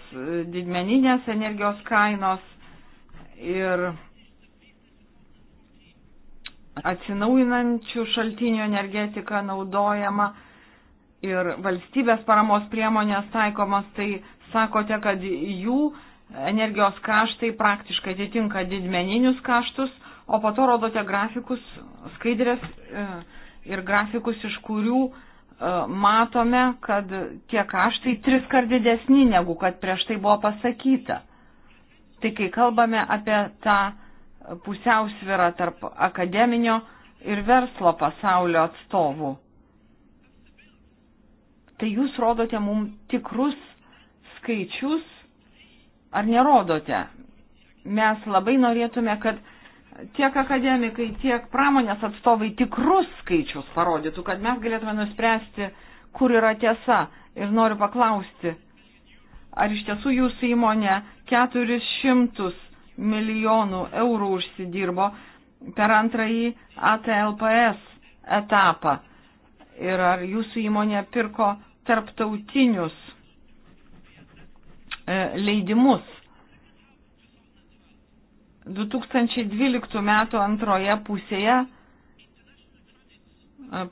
didmeninės energijos kainos ir atsinaujinančių šaltinių energetika naudojama ir valstybės paramos priemonės taikomas, tai sakote, kad jų energijos kaštai praktiškai atitinka didmeninius kaštus, o po to rodote grafikus, skaidrės e, ir grafikus, iš kurių uh, E, matome, kad tie kaštai tris kart didesni negu kad prieš tai buvo pasakyta. Tai kai kalbame apie tą pusiausvyrą tarp akademinio ir verslo pasaulio atstovų, tai jūs rodote mums tikrus skaičius ar nerodote? Mes labai norėtume, kad tiek akademikai, tiek pramonės atstovai tikrus skaičius parodytų, kad mes galėtume nuspręsti, kur yra tiesa. Ir noriu paklausti, ar iš tiesų jūsų įmonė 400 milijonų eurų užsidirbo per antrąjį ATLPS etapą? Ir ar jūsų įmonė pirko tarptautinius e, leidimus 2012 metų antroje pusėje e,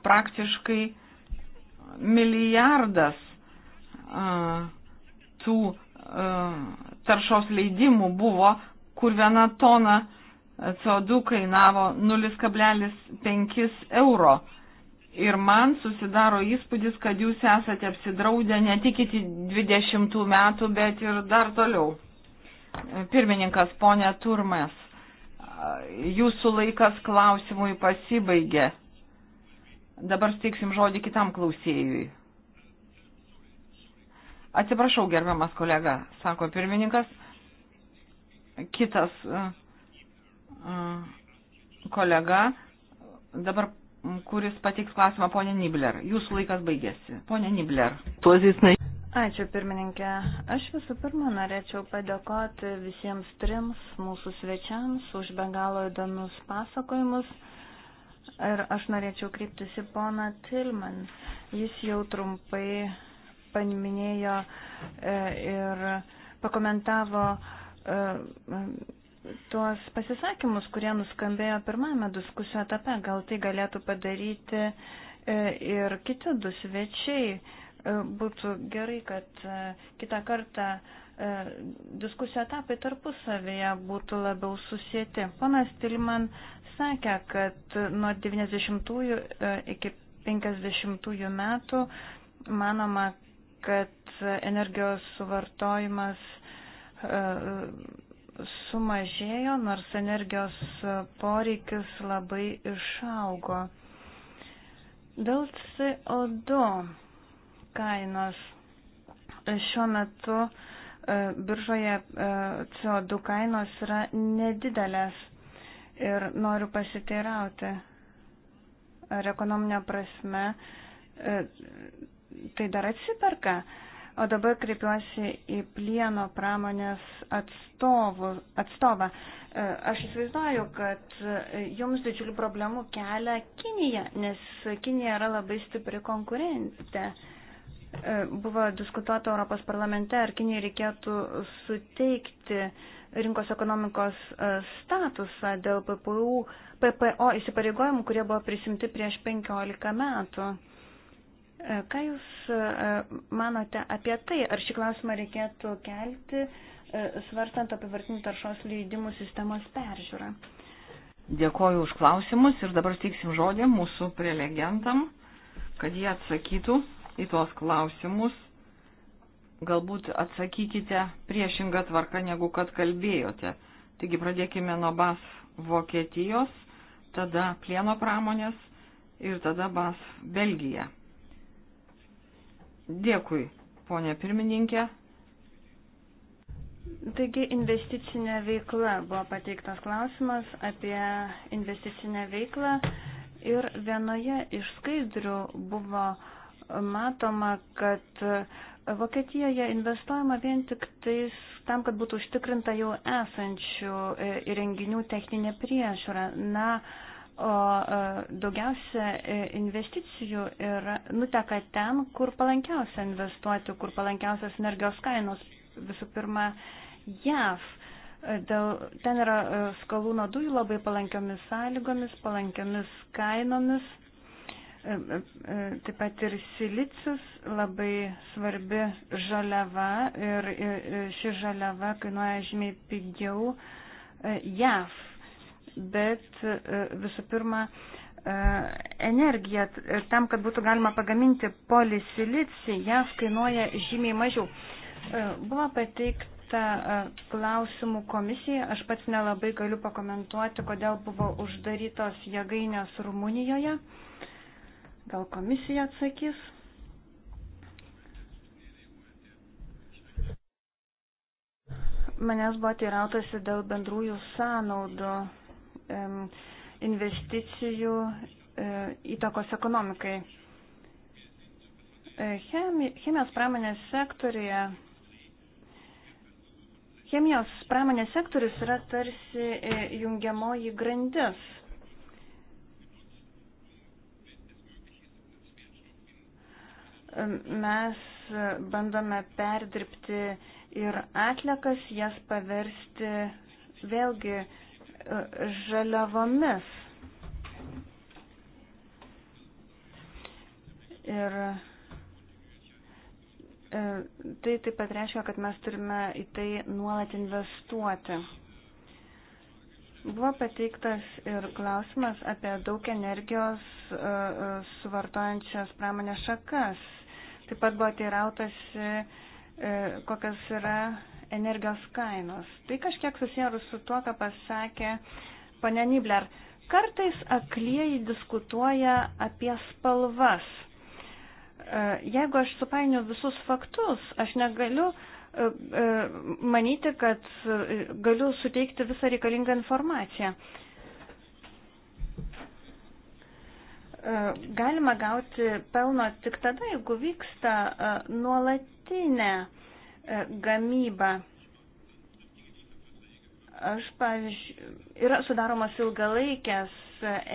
praktiškai milijardas e, tų e, taršos leidimų buvo, kur viena tona CO2 kainavo 0,5 euro. Ir man susidaro įspūdis, kad jūs esate apsidraudę ne tik iki 20 metų, bet ir dar toliau. Pirmininkas, ponė Turmes, jūsų laikas klausimui pasibaigė. Dabar steiksim žodį kitam klausėjui. Atsiprašau, gerbiamas kolega, sako pirmininkas. Kitas e, e, kolega, dabar kuris patiks klausimą, ponė Nibler. Jūsų laikas baigėsi. Ponė Nibler. Pozicinai. Ačiū pirmininkė. Aš visų pirma norėčiau padėkoti visiems trims mūsų svečiams už be galo įdomius pasakojimus. Ir aš norėčiau kryptis į poną Tilman. Jis jau trumpai paminėjo e, ir pakomentavo e, tuos pasisakymus, kurie nuskambėjo pirmame diskusijų etape. Gal tai galėtų padaryti e, ir kiti du svečiai E, būtų gerai, kad e, kitą kartą e, diskusijų etapai tarpusavėje būtų labiau susijęti. Panas Tilman sakė, kad nuo 90-ųjų iki 50-ųjų metų manoma, kad energijos suvartojimas sumažėjo, nors energijos poreikis labai išaugo. Dėl CO2 kainos. Šiuo metu e, biržoje e, CO2 kainos yra nedidelės ir noriu pasiteirauti, ar ekonominė prasme e, tai dar atsiperka. O dabar kreipiuosi į plieno pramonės atstovų, atstovą. Aš įsivaizduoju, kad jums didžiulių problemų kelia Kinija, nes Kinija yra labai stipri konkurentė. E, buvo diskutuota Europos parlamente, ar Kinijai reikėtų suteikti rinkos ekonomikos e, statusą dėl PPU, PPO įsipareigojimų, kurie buvo prisimti prieš 15 metų. E, ką Jūs manote apie tai, ar šį klausimą reikėtų kelti, svarstant apie vartinių taršos leidimų sistemos peržiūrą? Dėkoju už klausimus ir dabar teiksim žodį mūsų prelegentam, kad jie atsakytų į tuos klausimus. Galbūt atsakykite priešingą tvarką, negu kad kalbėjote. Taigi pradėkime nuo BAS Vokietijos, tada plieno pramonės ir tada BAS Belgija. Dėkui, ponė pirmininkė. Taigi investicinė veikla buvo pateiktas klausimas apie investicinę veiklą ir vienoje iš skaidrių buvo uh, matoma, kad Vokietijoje investuojama vien tik tais tam, kad būtų užtikrinta jau esančių e, įrenginių techninė priežiūra. Na, o e, daugiausia e, investicijų yra, nuteka ten, kur palankiausia investuoti, kur palankiausias energijos kainos. Visų pirma, JAV. Dėl, ten yra skalūno dujų labai palankiomis sąlygomis, palankiomis kainomis E, e, e, taip pat ir silicis labai svarbi žaliava ir ši žaliava kainuoja žymiai pigiau JAV. Bet visų pirma, energija tam, kad būtų galima pagaminti polisilicį, JAV kainuoja žymiai mažiau. Buvo pateikta klausimų komisija, aš pats nelabai galiu pakomentuoti, kodėl buvo uždarytos jėgainės Rumunijoje. Uh, Gal komisija atsakys? Manęs buvo teirautasi dėl bendrųjų sąnaudų investicijų e, įtakos ekonomikai. E, chemijos pramonės sektorija. Chemijos pramonės sektorius yra tarsi e, jungiamoji grandis mes bandome perdirbti ir atlikas, jas paversti vėlgi e, žaliavomis. Ir e, tai taip pat reiškia, kad mes turime į tai nuolat investuoti. Buvo pateiktas ir klausimas apie daug energijos e, suvartojančias pramonės šakas. Taip pat buvo teirautasi, e, kokios yra energijos kainos. Tai kažkiek susijęs su tuo, ką pasakė ponė Nibler. Kartais aklieji diskutuoja apie spalvas. E, jeigu aš supainiu visus faktus, aš negaliu e, manyti, kad galiu suteikti visą reikalingą informaciją. E, galima gauti pelno tik tada, jeigu vyksta e, nuolatinė e, gamyba. Aš, pavyzdžiui, yra sudaromas ilgalaikės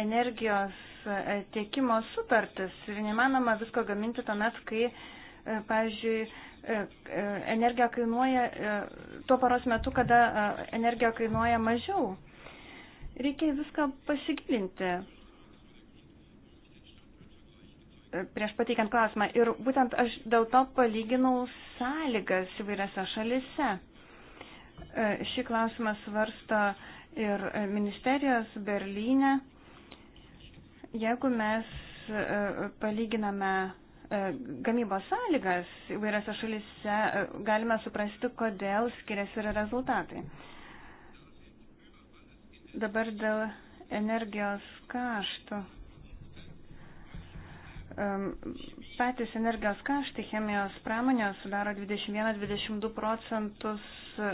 energijos tiekimo sutartis ir nemanoma visko gaminti tuomet, kai, pavyzdžiui, energija kainuoja tuo paros metu, kada energija kainuoja mažiau. Reikia viską pasigilinti prieš pateikiant klausimą. Ir būtent aš dėl to palyginau sąlygas įvairiose šalise. E, šį klausimą svarsto ir ministerijos Berlyne. Jeigu mes e, palyginame e, gamybos sąlygas įvairiose šalise, galime suprasti, kodėl skiriasi ir rezultatai. Dabar dėl energijos kaštų. Patys energijos kaštai chemijos pramonėje sudaro 21-22 procentus e,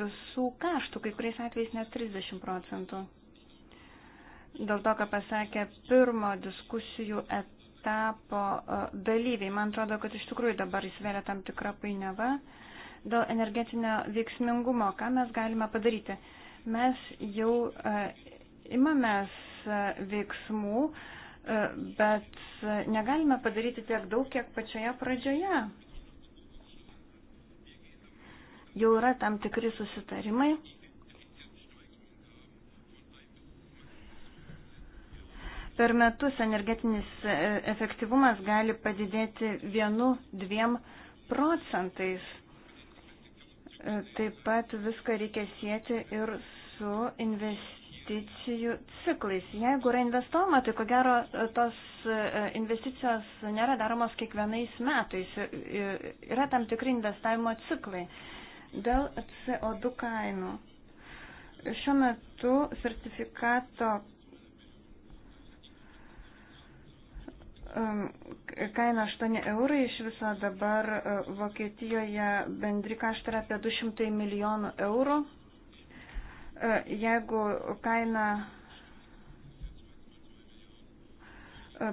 visų kaštų, kai kuriais atvejais net 30 procentų. Dėl to, ką pasakė pirmo diskusijų etapo e, dalyviai, man atrodo, kad iš tikrųjų dabar įsivėlė tam tikra painiava dėl energetinio veiksmingumo, ką mes galime padaryti. Mes jau e, imamės veiksmų, uh, bet negalime padaryti tiek daug, kiek pačioje pradžioje. Jau yra tam tikri susitarimai. Per metus energetinis efektyvumas gali padidėti vienu, dviem procentais. Taip pat viską reikia sieti ir su investicijomis investicijų ciklais. Jeigu yra investuojama, tai ko gero e, tos e, investicijos nėra daromos kiekvienais metais. E, yra tam tikri investavimo ciklai dėl CO2 kainų. Šiuo metu sertifikato kaina 8 eurai, iš viso dabar Vokietijoje bendri kaštai yra apie 200 milijonų eurų. E, jeigu kaina e,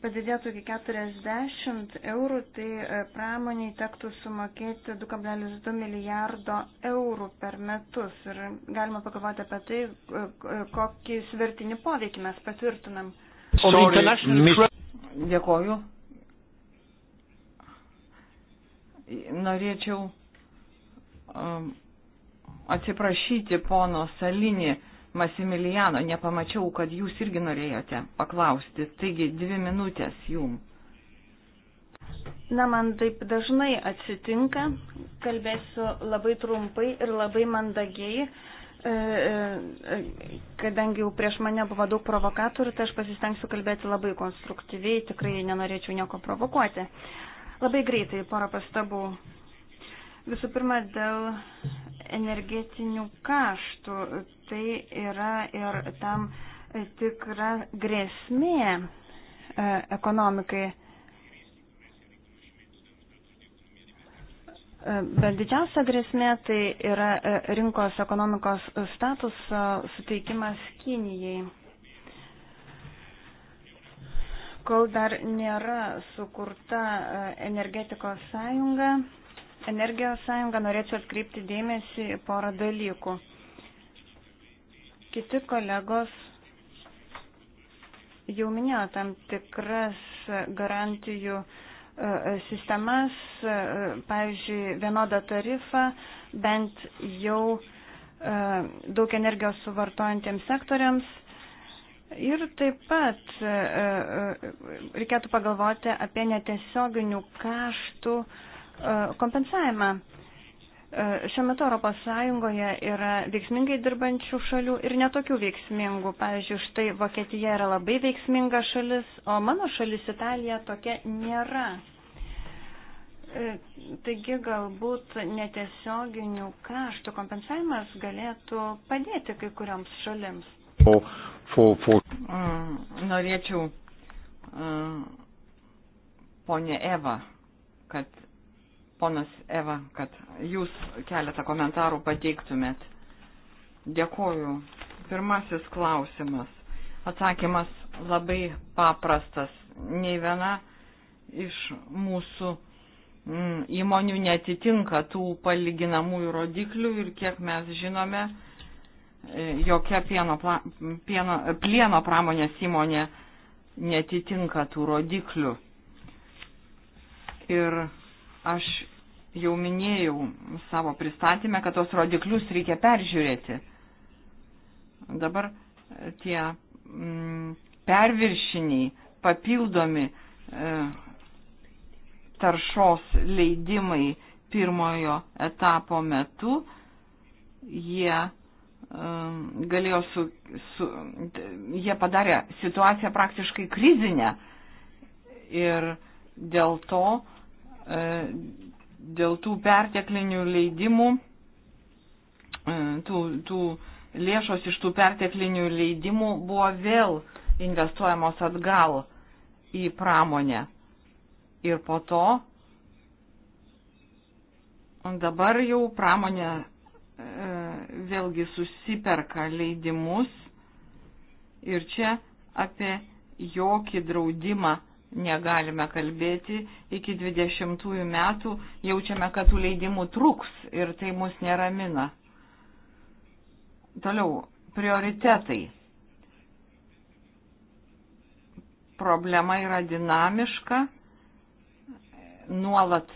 padidėtų iki 40 eurų, tai e, pramoniai tektų sumokėti 2,2 milijardo eurų per metus. Ir galima pagalvoti apie tai, kokį svertinį poveikį mes patvirtinam. Sorry. Dėkoju. Norėčiau. Um, atsiprašyti pono Salinį Masimilijano, nepamačiau, kad jūs irgi norėjote paklausti. Taigi, dvi minutės jum. Na, man taip dažnai atsitinka, kalbėsiu labai trumpai ir labai mandagiai, e, e, kadangi jau prieš mane buvo daug provokatorių, tai aš pasistengsiu kalbėti labai konstruktyviai, tikrai nenorėčiau nieko provokuoti. Labai greitai porą pastabų Visų pirma, dėl energetinių kaštų. Tai yra ir tam tikra grėsmė e, ekonomikai. E, bet didžiausia grėsmė tai yra e, rinkos ekonomikos statuso suteikimas Kinijai. Kol dar nėra sukurta energetikos sąjunga, energijos sąjungą norėčiau atkreipti dėmesį į porą dalykų. Kiti kolegos jau minėjo tam tikras garantijų e, sistemas, e, pavyzdžiui, vienodą tarifą, bent jau e, daug energijos suvartojantiems sektoriams. Ir taip pat reikėtų pagalvoti apie netiesioginių kaštų uh, E, kompensavimą. E, šiuo metu Europos Sąjungoje yra veiksmingai dirbančių šalių ir netokių veiksmingų. Pavyzdžiui, štai Vokietija yra labai veiksminga šalis, o mano šalis Italija tokia nėra. E, taigi galbūt netiesioginių kaštų kompensavimas galėtų padėti kai kurioms šalims. For, for, for. Mm, norėčiau, mm, ponė Eva, kad ponas Eva, kad jūs keletą komentarų pateiktumėt. Dėkoju. Pirmasis klausimas. Atsakymas labai paprastas. Nei viena iš mūsų mm, įmonių netitinka tų palyginamųjų rodiklių ir kiek mes žinome, e, jokia pieno, pieno, plieno pramonės įmonė netitinka tų rodiklių. Ir Aš jau minėjau savo pristatymę, kad tos rodiklius reikia peržiūrėti. Dabar tie mm, perviršiniai, papildomi e, taršos leidimai pirmojo etapo metu, jie e, galėjo su, su, jie padarė situaciją praktiškai krizinę ir dėl to E, dėl tų perteklinių leidimų, e, tų, tų lėšos iš tų perteklinių leidimų buvo vėl investuojamos atgal į pramonę. Ir po to dabar jau pramonė e, vėlgi susiperka leidimus ir čia apie jokį draudimą negalime kalbėti iki 20 metų, jaučiame, kad tų leidimų truks ir tai mus neramina. Toliau, prioritetai. Problema yra dinamiška, nuolat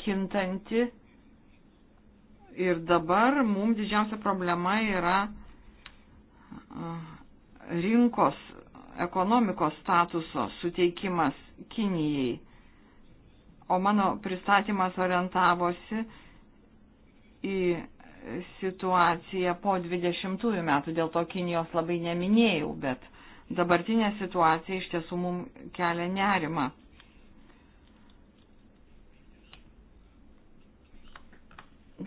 kintanti ir dabar mums didžiausia problema yra rinkos ekonomikos statuso suteikimas Kinijai, o mano pristatymas orientavosi į situaciją po 20 metų, dėl to Kinijos labai neminėjau, bet dabartinė situacija iš tiesų mums kelia nerimą.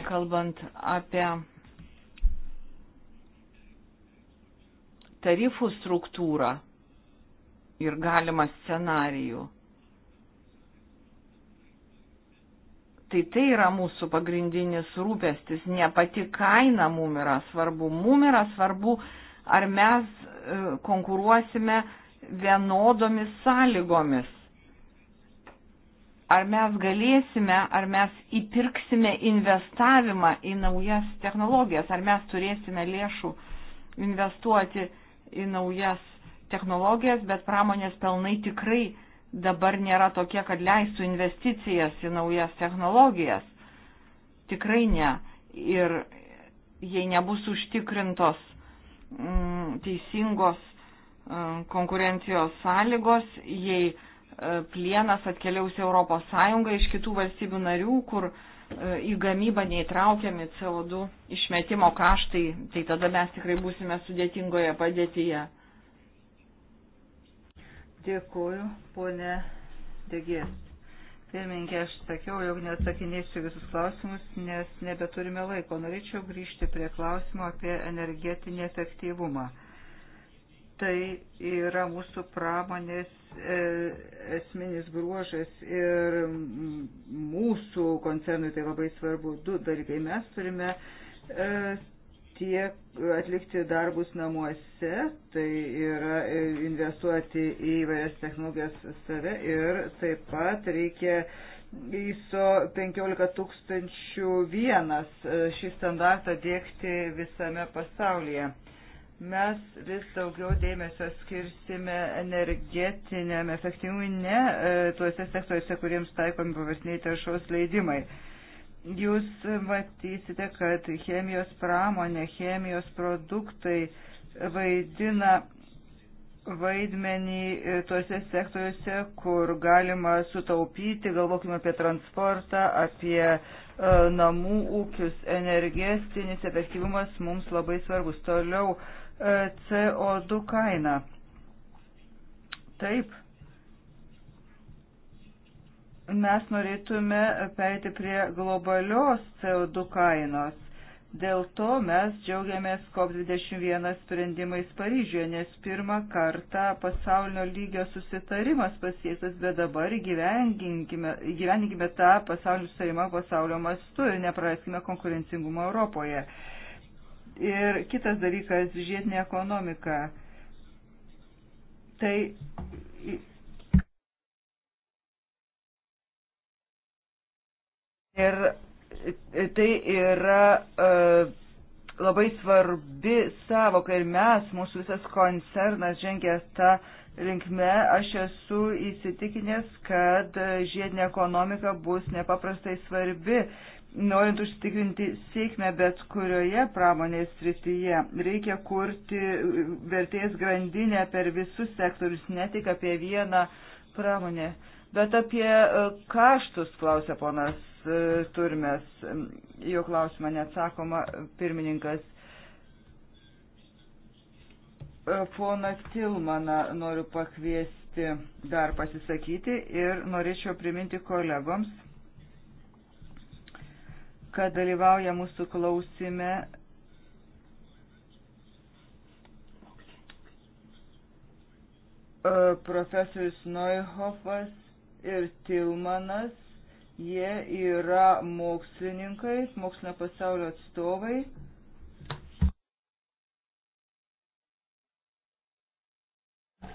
Kalbant apie tarifų struktūrą, ir galimą scenarijų. Tai tai yra mūsų pagrindinis rūpestis, ne pati kaina mum yra svarbu, mum yra svarbu, ar mes e, konkuruosime vienodomis sąlygomis. Ar mes galėsime, ar mes įpirksime investavimą į naujas technologijas, ar mes turėsime lėšų investuoti į naujas technologijas, bet pramonės pelnai tikrai dabar nėra tokie, kad leistų investicijas į naujas technologijas. Tikrai ne. Ir jei nebus užtikrintos m, mm, teisingos m, mm, konkurencijos sąlygos, jei e, plienas atkeliaus Europos Sąjungą iš kitų valstybių narių, kur e, į gamybą neįtraukiami CO2 išmetimo kaštai, tai tada mes tikrai būsime sudėtingoje padėtyje. Dėkuoju, ponė Degės. Pirmininkė, aš sakiau, jog neatsakinėsiu visus klausimus, nes nebeturime laiko. Norėčiau grįžti prie klausimo apie energetinį efektyvumą. Tai yra mūsų pramonės e, esminis bruožas ir mūsų koncernui tai labai svarbu du dalykai. Mes turime e, tiek e, atlikti darbus namuose, tai yra e, investuoti į įvairias technologijas save ir taip pat reikia ISO 15001 e, šį standartą dėkti visame pasaulyje. Mes vis daugiau dėmesio skirsime energetiniam efektyvumui ne tuose sektoriuose, kuriems taikomi pavarsiniai taršos leidimai jūs matysite, kad chemijos pramonė, chemijos produktai vaidina vaidmenį tuose sektoriuose, kur galima sutaupyti, galvokime apie transportą, apie e, namų ūkius, energetinis efektyvumas mums labai svarbus. Toliau e, CO2 kaina. Taip, mes norėtume perėti prie globalios CO2 kainos. Dėl to mes džiaugiamės COP21 sprendimais Paryžiuje, nes pirmą kartą pasaulinio lygio susitarimas pasiektas, bet dabar gyveninkime tą pasaulinį susitarimą pasaulio mastu ir nepraraskime konkurencingumo Europoje. Ir kitas dalykas - žiedinė ekonomika. Tai Ir e, tai yra uh, labai svarbi savoka ir mes, mūsų visas koncernas žengia tą linkme. Aš esu įsitikinęs, kad žiedinė ekonomika bus nepaprastai svarbi, norint užtikrinti sėkmę bet kurioje pramonės srityje. Reikia kurti vertės grandinę per visus sektorius, ne tik apie vieną pramonę. Bet apie e, kaštus, klausia ponas E, turmes. Jo klausimą neatsakoma pirmininkas. E, Pona Tilmaną noriu pakviesti dar pasisakyti ir norėčiau priminti kolegoms, kad dalyvauja mūsų klausime e, profesorius Neuhofas ir Tilmanas Jie yra mokslininkai, mokslinio pasaulio atstovai.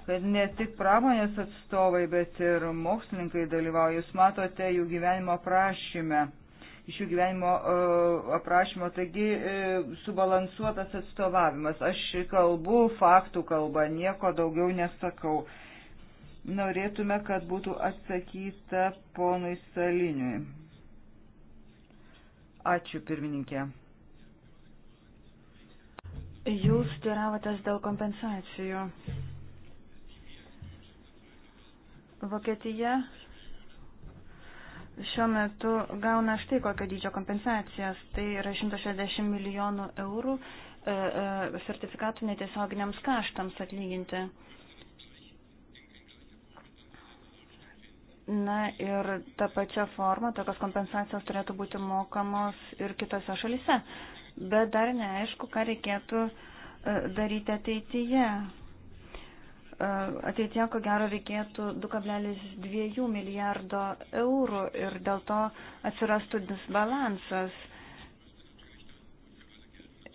kad ne tik pramonės atstovai, bet ir mokslininkai dalyvauja. Jūs matote jų gyvenimo aprašymę. Iš jų gyvenimo uh, aprašymo, taigi uh, subalansuotas atstovavimas. Aš kalbu faktų kalbą, nieko daugiau nesakau. Uh, norėtume, kad būtų atsakyta ponui Saliniui. Ačiū, pirmininkė. Jūs teravotės dėl kompensacijų. Vokietija šiuo metu gauna štai kokio dydžio kompensacijas. Tai yra 160 milijonų eurų e, e, sertifikatų netiesioginiams kaštams atlyginti. Na ir ta pačia forma tokios kompensacijos turėtų būti mokamos ir kitose šalise. Bet dar neaišku, ką reikėtų e, daryti ateityje. E, ateityje, ko gero, reikėtų 2,2 milijardo eurų ir dėl to atsirastų disbalansas.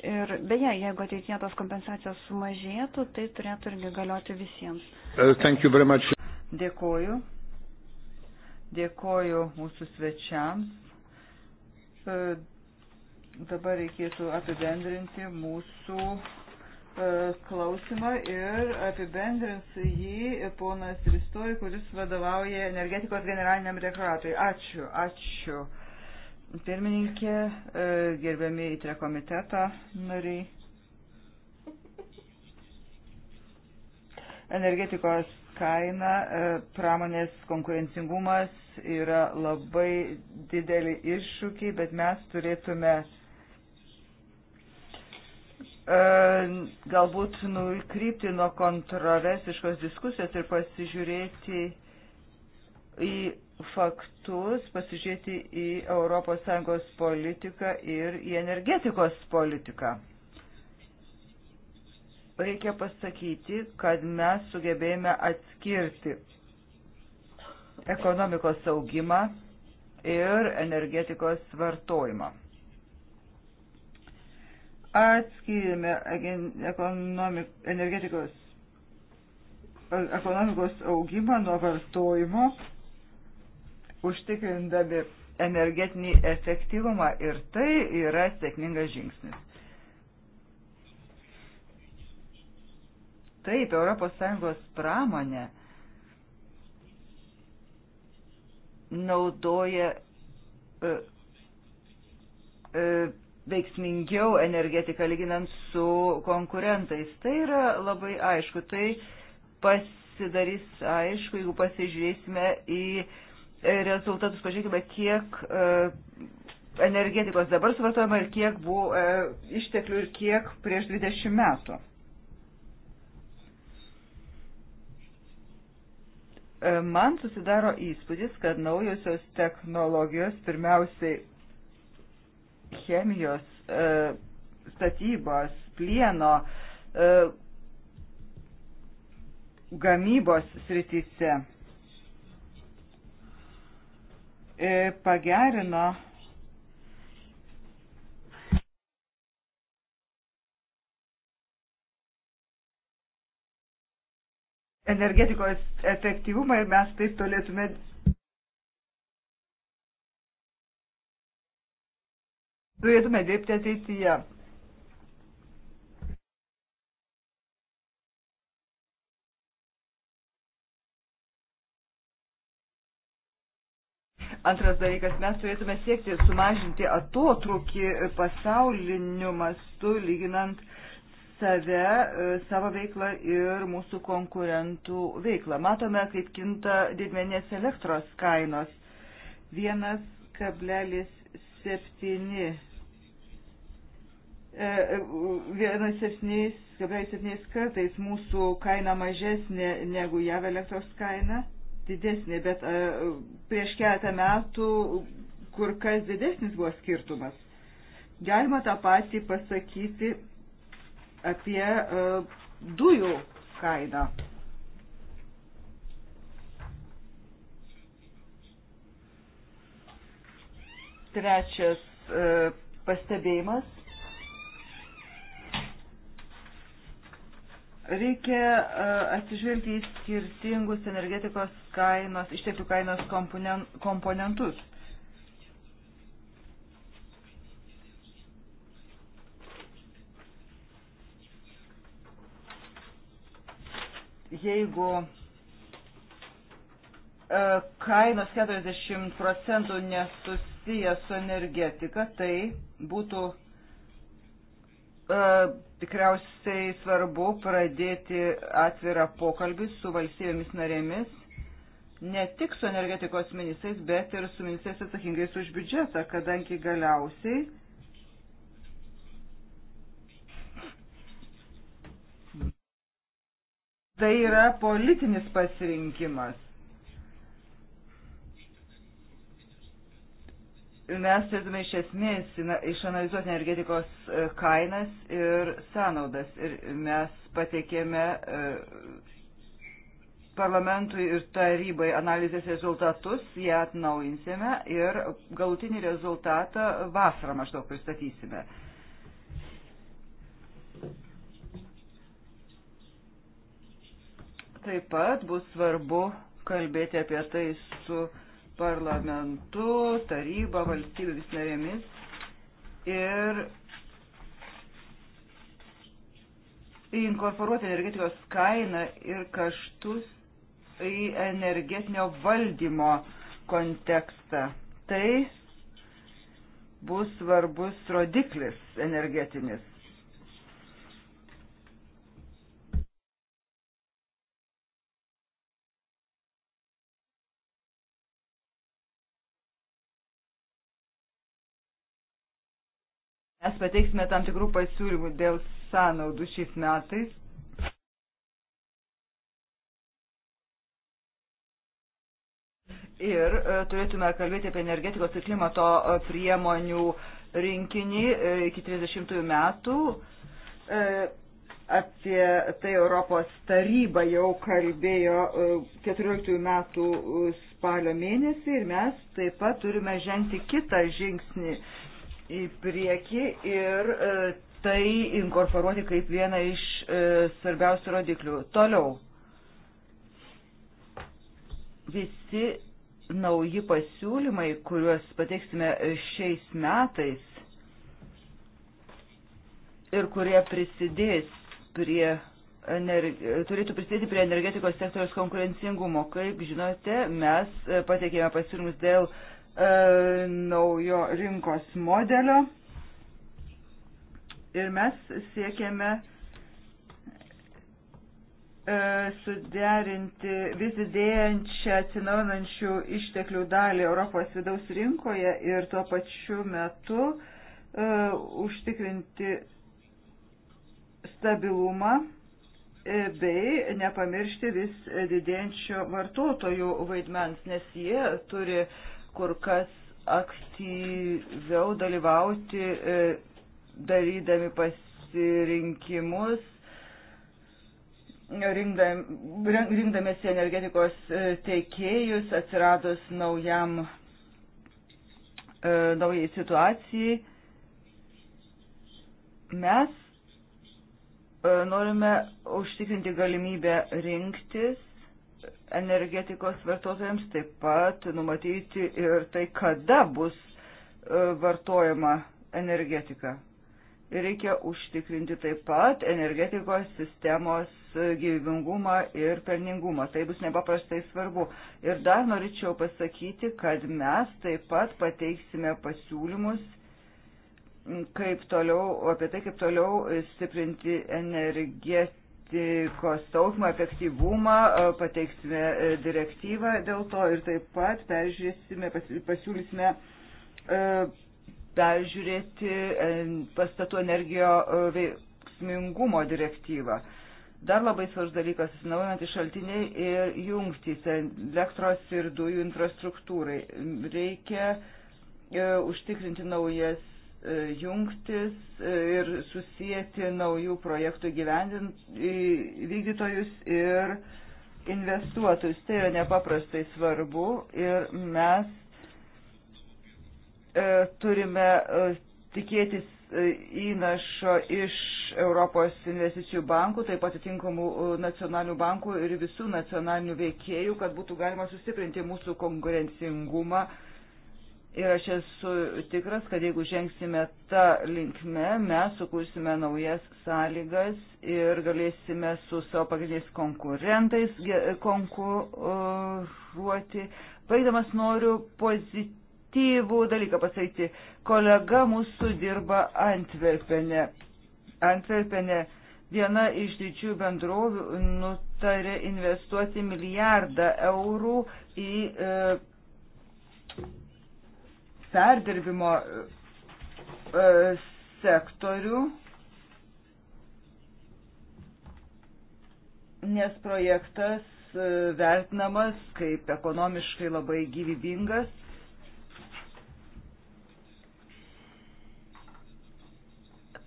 Ir beje, jeigu ateityje tos kompensacijos sumažėtų, tai turėtų irgi galioti visiems. Uh, Dėkuoju. Dėkoju mūsų svečiams. E, dabar reikėtų apibendrinti mūsų e, klausimą ir apibendrins jį ponas Ristoj, kuris vadovauja energetikos generaliniam rekratui. Ačiū, ačiū. Pirmininkė, e, gerbiami įtre komiteto nariai. Energetikos kaina, e, pramonės konkurencingumas yra labai dideli iššūkiai, bet mes turėtume e, galbūt nukrypti nuo kontroversiškos diskusijos ir pasižiūrėti į faktus, pasižiūrėti į ES politiką ir į energetikos politiką reikia pasakyti, kad mes sugebėjome atskirti ekonomikos augimą ir energetikos vartojimą. Atskirime ekonomik, energetikos ekonomikos augimą nuo vartojimo, užtikrindami energetinį efektyvumą ir tai yra sėkmingas žingsnis. Taip, ES pramonė naudoja e, e, veiksmingiau energetiką lyginant su konkurentais. Tai yra labai aišku. Tai pasidarys aišku, jeigu pasižiūrėsime į e, rezultatus, pažiūrėkime, kiek e, energetikos dabar suvartojama ir kiek buvo e, išteklių ir kiek prieš 20 metų. E, man susidaro įspūdis, kad naujosios technologijos, pirmiausiai chemijos, e, statybos, plieno, e, gamybos srityse pagerino energetikos efektyvumą ir mes taip tolėtume. Turėtume dirbti ateityje. Antras dalykas, mes turėtume siekti sumažinti atotrukį pasauliniu mastu, lyginant uh, save, e, savo veiklą ir mūsų konkurentų veiklą. Matome, kaip kinta didmenės elektros kainos. 1,7 1,7 e, e, kartais mūsų kaina mažesnė negu jav elektros kaina, didesnė, bet prieš keletą metų kur kas didesnis buvo skirtumas. Galima tą patį pasakyti apie e, dujų kainą. Trečias e, pastebėjimas. Reikia e, atsižvelgti į skirtingus energetikos kainos, išteklių kainos komponentus Jeigu e, kainos 40 procentų nesusiję su energetika, tai būtų e, tikriausiai svarbu pradėti atvirą pokalbį su valstybėmis narėmis, ne tik su energetikos ministrais, bet ir su ministrais atsakingais už biudžetą, kadangi galiausiai Tai yra politinis pasirinkimas. Mes turėtume iš esmės išanalizuoti energetikos e, kainas ir sąnaudas. Ir mes pateikėme e, parlamentui ir tarybai analizės rezultatus, ją atnaujinsime ir galutinį rezultatą vasarą maždaug pristatysime. Taip pat bus svarbu kalbėti apie tai su parlamentu, taryba, valstybėmis narėmis ir inkorporuoti energetikos kainą ir kaštus į energetinio valdymo kontekstą. Tai bus svarbus rodiklis energetinis. Mes pateiksime tam tikrų pasiūlymų dėl sąnaudų šiais metais. Ir e, turėtume kalbėti apie energetikos ir klimato e, priemonių rinkinį e, iki 30 metų. Apie tai Europos taryba jau kalbėjo 14 metų spalio mėnesį ir mes taip pat turime žengti kitą žingsnį į priekį ir e, tai inkorporuoti kaip vieną iš e, svarbiausių rodiklių. Toliau. Visi nauji pasiūlymai, kuriuos pateiksime šiais metais ir kurie prisidės prie energi... turėtų prisidėti prie energetikos sektoriaus konkurencingumo. Kaip žinote, mes pateikėme pasiūlymus dėl E, naujo rinkos modelio. Ir mes siekiame e, suderinti vis didėjančią atsinaujinančių išteklių dalį Europos vidaus rinkoje ir tuo pačiu metu uh, užtikrinti stabilumą bei nepamiršti vis didėjančio vartotojų vaidmens, nes jie turi uh, kur kas aktyviau dalyvauti, e, darydami pasirinkimus, rinkdamėsi energetikos e, teikėjus, atsiradus naujam, e, naujai situacijai. Mes norime užtikrinti galimybę rinktis energetikos vartotojams, taip pat numatyti ir tai, kada bus e, vartojama energetika. Ir reikia užtikrinti taip pat energetikos sistemos e, gyvybingumą ir pelningumą. Tai bus nepaprastai svarbu. Ir dar norėčiau pasakyti, kad mes taip pat pateiksime pasiūlymus kaip toliau, apie tai, kaip toliau stiprinti energetiką energetikos taupimą, efektyvumą, e, pateiksime e, direktyvą dėl to ir taip pat peržiūrėsime, pasiūlysime e, peržiūrėti pastatų energijo veiksmingumo direktyvą. Dar labai svarbus dalykas - atsinaujinantys šaltiniai ir jungtys elektros ir dujų infrastruktūrai. Reikia e, užtikrinti naujas E, jungtis e, ir susijęti naujų projektų vykdytojus ir investuotojus. Tai yra nepaprastai svarbu ir mes e, turime tikėtis įnašo iš Europos investicijų bankų, taip pat atitinkamų nacionalinių bankų ir visų nacionalinių veikėjų, kad būtų galima sustiprinti mūsų konkurencingumą Ir aš esu tikras, kad jeigu žengsime tą linkme, mes sukursime naujas sąlygas ir galėsime su savo pagrindiniais konkurentais konkuruoti. Baigdamas noriu pozityvų dalyką pasakyti. Kolega mūsų dirba Antverpene. Antverpene viena iš didžių bendrovių nutarė investuoti milijardą eurų į. E, perdirbimo e, sektorių, nes projektas e, vertinamas kaip ekonomiškai labai gyvybingas.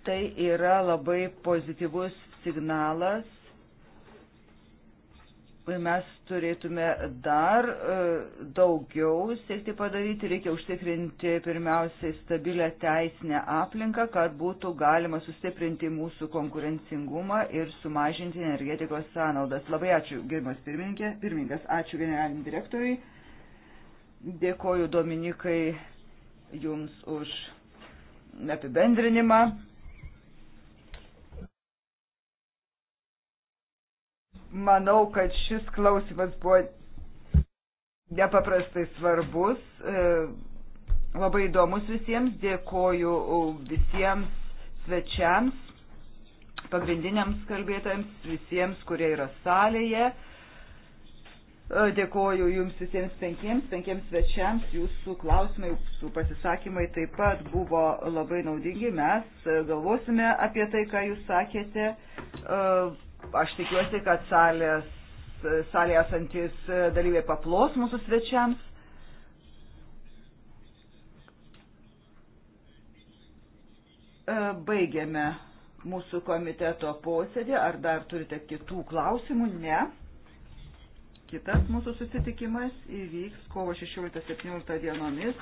Tai yra labai pozityvus signalas mes turėtume dar e, daugiau siekti padaryti, reikia užtikrinti pirmiausiai stabilę teisinę aplinką, kad būtų galima sustiprinti mūsų konkurencingumą ir sumažinti energetikos sąnaudas. Labai ačiū, gerbimas pirmininkė, pirmininkas, ačiū generaliniam direktoriui, dėkoju Dominikai Jums už apibendrinimą. Manau, kad šis klausimas buvo nepaprastai svarbus, e, labai įdomus visiems, dėkoju visiems svečiams, pagrindiniams kalbėtojams, visiems, kurie yra salėje. E, dėkoju Jums visiems penkiems, penkiems svečiams, Jūsų klausimai, Jūsų pasisakymai taip pat buvo labai naudingi. Mes galvosime apie tai, ką Jūs sakėte. E, Aš tikiuosi, kad salės, salėje esantis dalyviai paplos mūsų svečiams. E, baigiame mūsų komiteto posėdį. Ar dar turite kitų klausimų? Ne. Kitas mūsų susitikimas įvyks kovo 16-17 dienomis.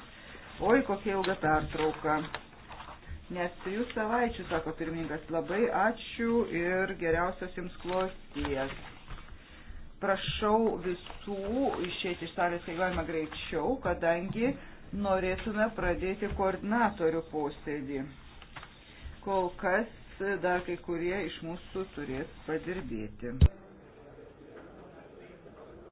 Oi, kokia ilga pertrauka. Nes trijų savaičių, sako pirmininkas, labai ačiū ir geriausios jums klosties. Prašau visų išėti iš salės, kai galima greičiau, kadangi norėtume pradėti koordinatorių posėdį. Kol kas dar kai kurie iš mūsų turės padirbėti.